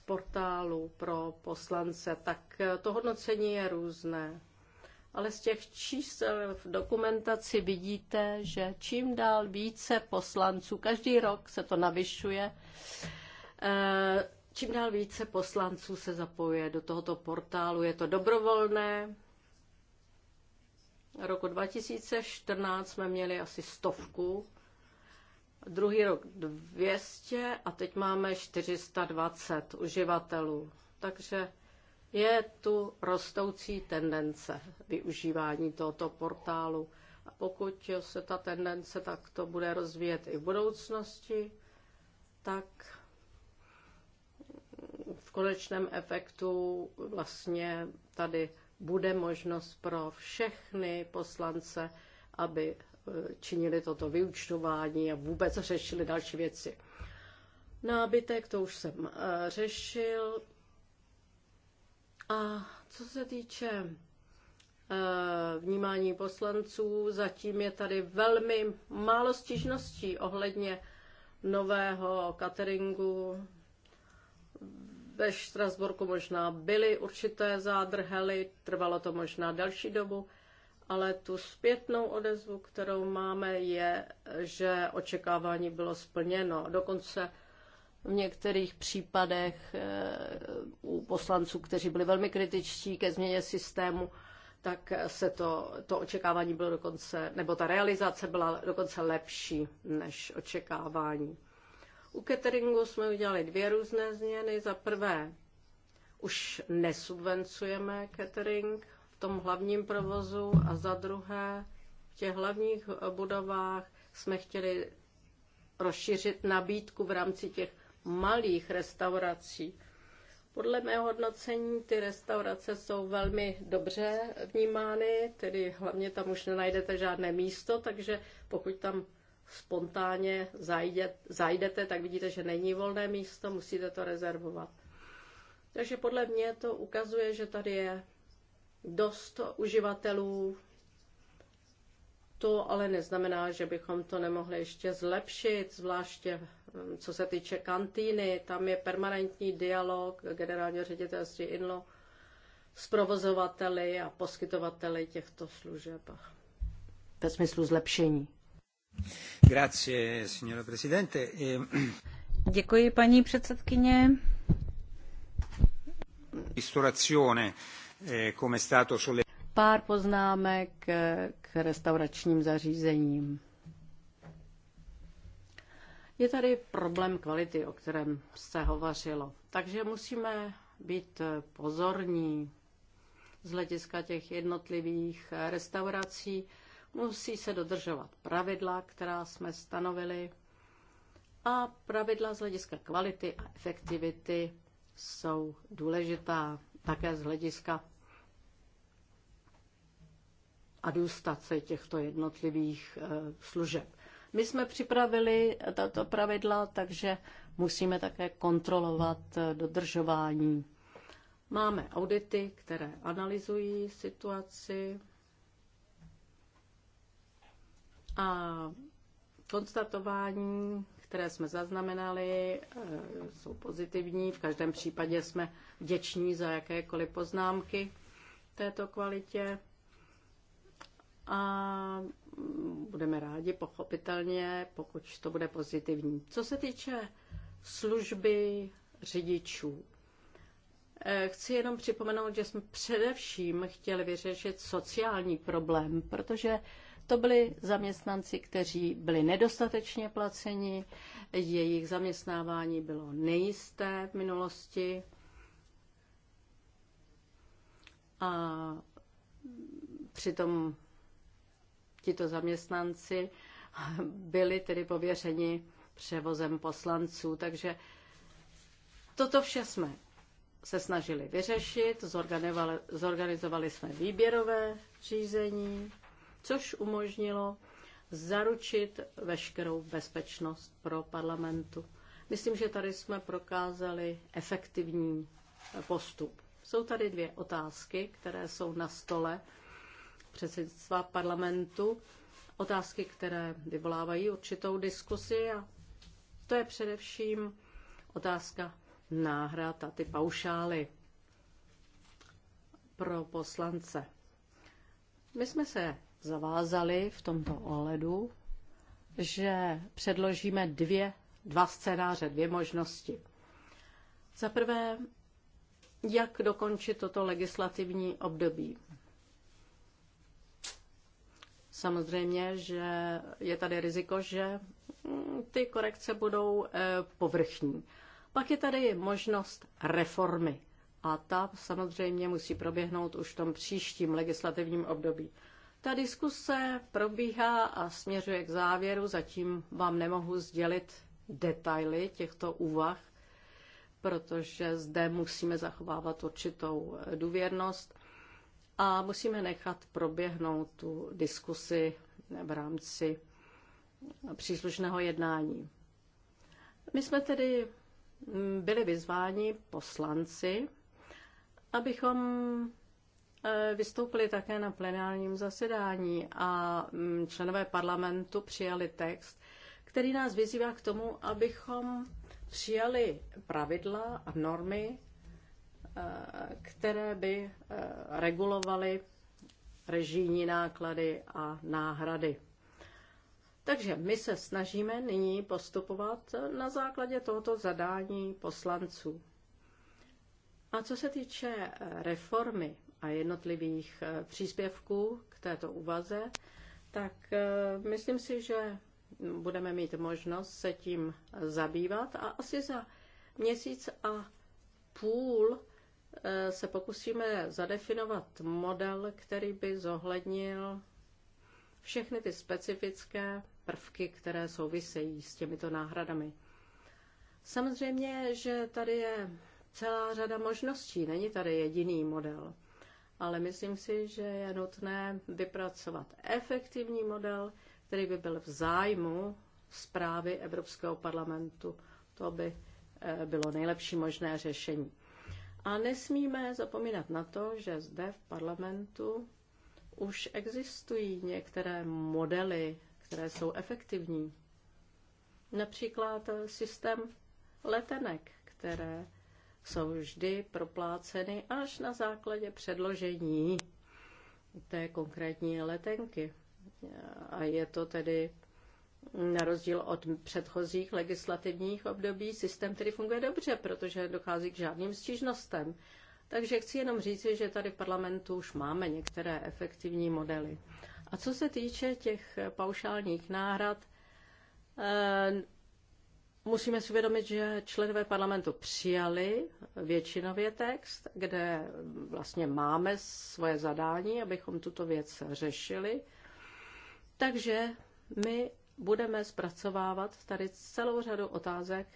portálu pro poslance, tak eh, to hodnocení je různé. Ale z těch čísel v dokumentaci vidíte, že čím dál více poslanců, každý rok se to navyšuje, eh, čím dál více poslanců se zapojuje do tohoto portálu. Je to dobrovolné. Roku 2014 jsme měli asi stovku druhý rok 200 a teď máme 420 uživatelů. Takže je tu rostoucí tendence využívání tohoto portálu. A pokud se ta tendence takto bude rozvíjet i v budoucnosti, tak v konečném efektu vlastně tady bude možnost pro všechny poslance, aby činili toto vyučtování a vůbec řešili další věci. Nábytek, to už jsem eh, řešil. A co se týče eh, vnímání poslanců, zatím je tady velmi málo stížností ohledně nového cateringu. Ve Štrasburku možná byly určité zádrhely, trvalo to možná další dobu ale tu zpětnou odezvu, kterou máme, je, že očekávání bylo splněno. Dokonce v některých případech eh, u poslanců, kteří byli velmi kritičtí ke změně systému, tak se to, to očekávání bylo dokonce, nebo ta realizace byla dokonce lepší než očekávání. U cateringu jsme udělali dvě různé změny. Za prvé, už nesubvencujeme catering, tom hlavním provozu a za druhé v těch hlavních budovách jsme chtěli rozšířit nabídku v rámci těch malých restaurací. Podle mého hodnocení ty restaurace jsou velmi dobře vnímány, tedy hlavně tam už nenajdete žádné místo, takže pokud tam spontánně zajdete, tak vidíte, že není volné místo, musíte to rezervovat. Takže podle mě to ukazuje, že tady je dost uživatelů. To ale neznamená, že bychom to nemohli ještě zlepšit, zvláště mm, co se týče kantýny. Tam je permanentní dialog generálního ředitelství INLO s provozovateli a poskytovateli těchto služeb ve smyslu zlepšení. Grazie, signora presidente. Ehm, Děkuji, paní předsedkyně. Ristorazione. Eh, Pár poznámek eh, k restauračním zařízením. Je tady problém kvality, o kterém se hovořilo. Takže musíme být pozorní z hlediska těch jednotlivých restaurací. Musí se dodržovat pravidla, která jsme stanovili. A pravidla z hlediska kvality a efektivity jsou důležitá také z hlediska adustace těchto jednotlivých eh, služeb. My jsme připravili tato pravidla, takže musíme také kontrolovat eh, dodržování. Máme audity, které analyzují situaci a konstatování které jsme zaznamenali, eh, jsou pozitivní. V každém případě jsme vděční za jakékoliv poznámky této kvalitě. A budeme rádi, pochopitelně, pokud to bude pozitivní. Co se týče služby řidičů, eh, Chci jenom připomenout, že jsme především chtěli vyřešit sociální problém, protože to byli zaměstnanci, kteří byli nedostatečně placeni, jejich zaměstnávání bylo nejisté v minulosti a přitom tito zaměstnanci byli tedy pověřeni převozem poslanců, takže toto vše jsme se snažili vyřešit, zorganizovali, jsme výběrové řízení, což umožnilo zaručit veškerou bezpečnost pro parlamentu. Myslím, že tady jsme prokázali efektivní postup. Jsou tady dvě otázky, které jsou na stole předsednictva parlamentu. Otázky, které vyvolávají určitou diskusi a to je především otázka náhrad a ty paušály pro poslance. My jsme se zavázali v tomto ohledu, že předložíme dvě, dva scénáře, dvě možnosti. Za prvé, jak dokončit toto legislativní období. Samozřejmě, že je tady riziko, že mm, ty korekce budou eh, povrchní. Pak je tady možnost reformy a ta samozřejmě musí proběhnout už v tom příštím legislativním období. Ta diskuse probíhá a směřuje k závěru, zatím vám nemohu sdělit detaily těchto úvah, protože zde musíme zachovávat určitou důvěrnost a musíme nechat proběhnout tu diskusi v rámci příslušného jednání. My jsme tedy byli vyzváni poslanci, abychom Eh, vystoupili také na plenárním zasedání a mm, členové parlamentu přijali text, který nás vyzývá k tomu, abychom přijali pravidla a normy, eh, které by eh, regulovaly režijní náklady a náhrady. Takže my se snažíme nyní postupovat na základě tohoto zadání poslanců. A co se týče reformy a jednotlivých eh, příspěvků k této úvaze, tak eh, myslím si, že budeme mít možnost se tím zabývat a asi za měsíc a půl eh, se pokusíme zadefinovat model, který by zohlednil všechny ty specifické prvky, které souvisejí s těmito náhradami. Samozřejmě, že tady je celá řada možností, není tady jediný model ale myslím si, že je nutné vypracovat efektivní model, který by byl v zájmu zprávy Evropského parlamentu. To by eh, bylo nejlepší možné řešení. A nesmíme zapomínat na to, že zde v parlamentu už existují některé modely, které jsou efektivní. Například systém letenek, které jsou vždy propláceny až na základě předložení té konkrétní letenky. A je to tedy na rozdíl od předchozích legislativních období, systém tedy funguje dobře, protože dochází k žádným stížnostem. Takže chci jenom říct, že tady v parlamentu už máme některé efektivní modely. A co se týče těch paušálních náhrad, eh, Musíme si uvědomit, že členové parlamentu přijali většinově text, kde vlastně máme svoje zadání, abychom tuto věc řešili. Takže my budeme zpracovávat tady celou řadu otázek,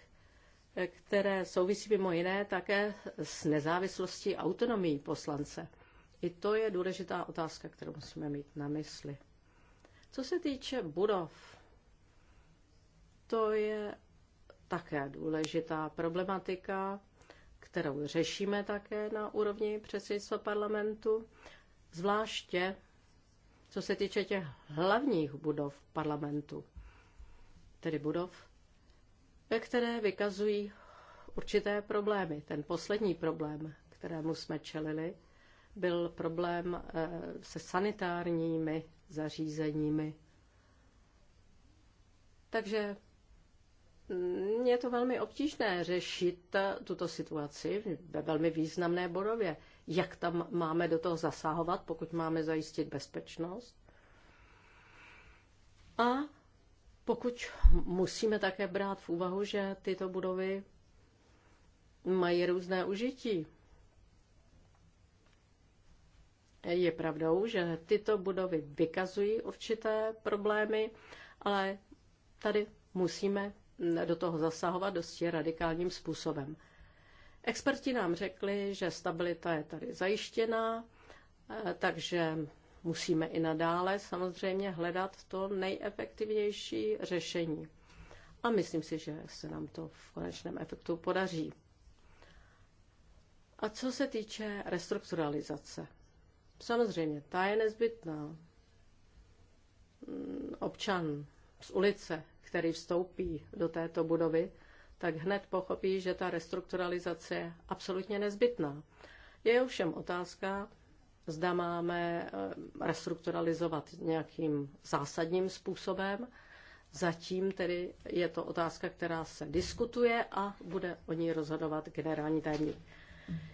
které souvisí mimo jiné také s nezávislostí autonomií poslance. I to je důležitá otázka, kterou musíme mít na mysli. Co se týče budov, to je také důležitá problematika, kterou řešíme také na úrovni předsednictva parlamentu, zvláště co se týče těch hlavních budov parlamentu, tedy budov, které vykazují určité problémy. Ten poslední problém, kterému jsme čelili, byl problém eh, se sanitárními zařízeními. Takže je to velmi obtížné řešit tuto situaci ve velmi významné bodově. Jak tam máme do toho zasahovat, pokud máme zajistit bezpečnost? A pokud musíme také brát v úvahu, že tyto budovy mají různé užití. Je pravdou, že tyto budovy vykazují určité problémy, ale tady musíme do toho zasahovat dosti radikálním způsobem. Experti nám řekli, že stabilita je tady zajištěná, eh, takže musíme i nadále samozřejmě hledat to nejefektivnější řešení. A myslím si, že se nám to v konečném efektu podaří. A co se týče restrukturalizace, samozřejmě ta je nezbytná. Mm, občan z ulice který vstoupí do této budovy, tak hned pochopí, že ta restrukturalizace je absolutně nezbytná. Je ovšem otázka, zda máme eh, restrukturalizovat nějakým zásadním způsobem. Zatím tedy je to otázka, která se diskutuje a bude o ní rozhodovat generální tajemník.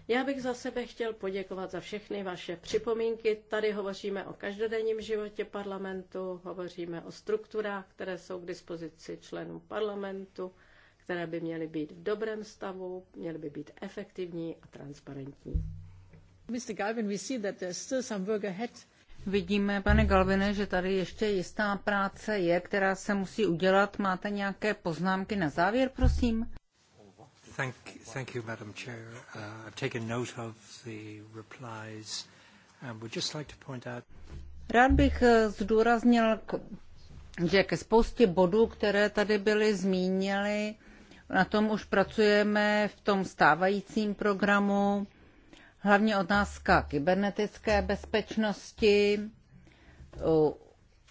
Já bych za sebe chtěl poděkovat za všechny vaše připomínky. Tady hovoříme o každodenním životě parlamentu, hovoříme o strukturách, které jsou k dispozici členů parlamentu, které by měly být v dobrém stavu, měly by být efektivní a transparentní. Mr. Galvin, we see that there's still some work ahead. Vidíme, pane Galvine, že tady ještě jistá práce je, která se musí udělat. Máte nějaké poznámky na závěr, prosím? Thank, thank you, Madam Chair. Uh, I've taken note of the replies and would just like to point out... Rád bych eh, zdůraznil, že ke spoustě bodů, které tady byly zmíněny, na tom už pracujeme v tom stávajícím programu. Hlavně otázka kybernetické bezpečnosti, eh,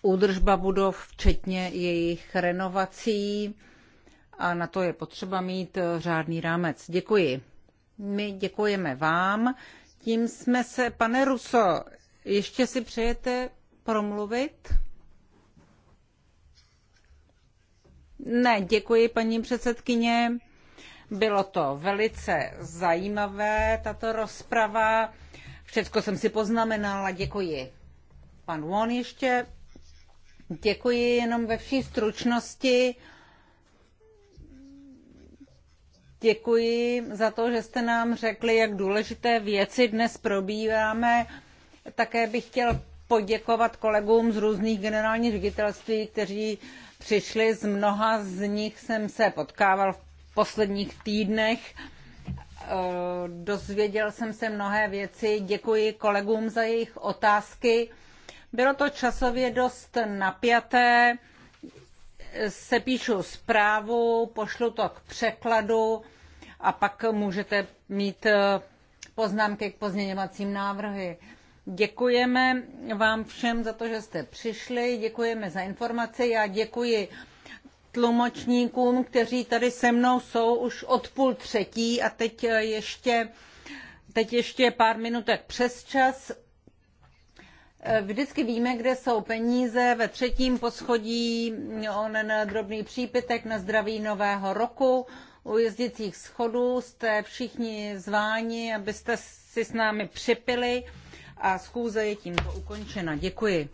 údržba budov, včetně jejich renovací a na to je potřeba mít eh, řádný rámec. Děkuji. My děkujeme vám. Tím jsme se, pane Ruso, ještě si přejete promluvit? Ne, děkuji, paní předsedkyně. Bylo to velice zajímavé, tato rozprava. Všecko jsem si poznamenala, děkuji. Pan Won ještě. Děkuji jenom ve vší stručnosti. Děkuji za to, že jste nám řekli, jak důležité věci dnes probíráme. Také bych chtěl poděkovat kolegům z různých generálních ředitelství, kteří přišli. Z mnoha z nich jsem se potkával v posledních týdnech. Eh, dozvěděl jsem se mnohé věci. Děkuji kolegům za jejich otázky. Bylo to časově dost napjaté sepíšu zprávu, pošlu to k překladu a pak můžete mít eh, poznámky k pozměňovacím návrhy. Děkujeme vám všem za to, že jste přišli, děkujeme za informace. Já děkuji tlumočníkům, kteří tady se mnou jsou už od půl třetí a teď eh, ještě, teď ještě pár minutek přes čas. Eh, vždycky víme, kde jsou peníze ve třetím poschodí, onen drobný přípitek na zdraví nového roku. U jezdicích schodů jste všichni zváni, abyste si s námi připili a schůze je tímto ukončena. Děkuji.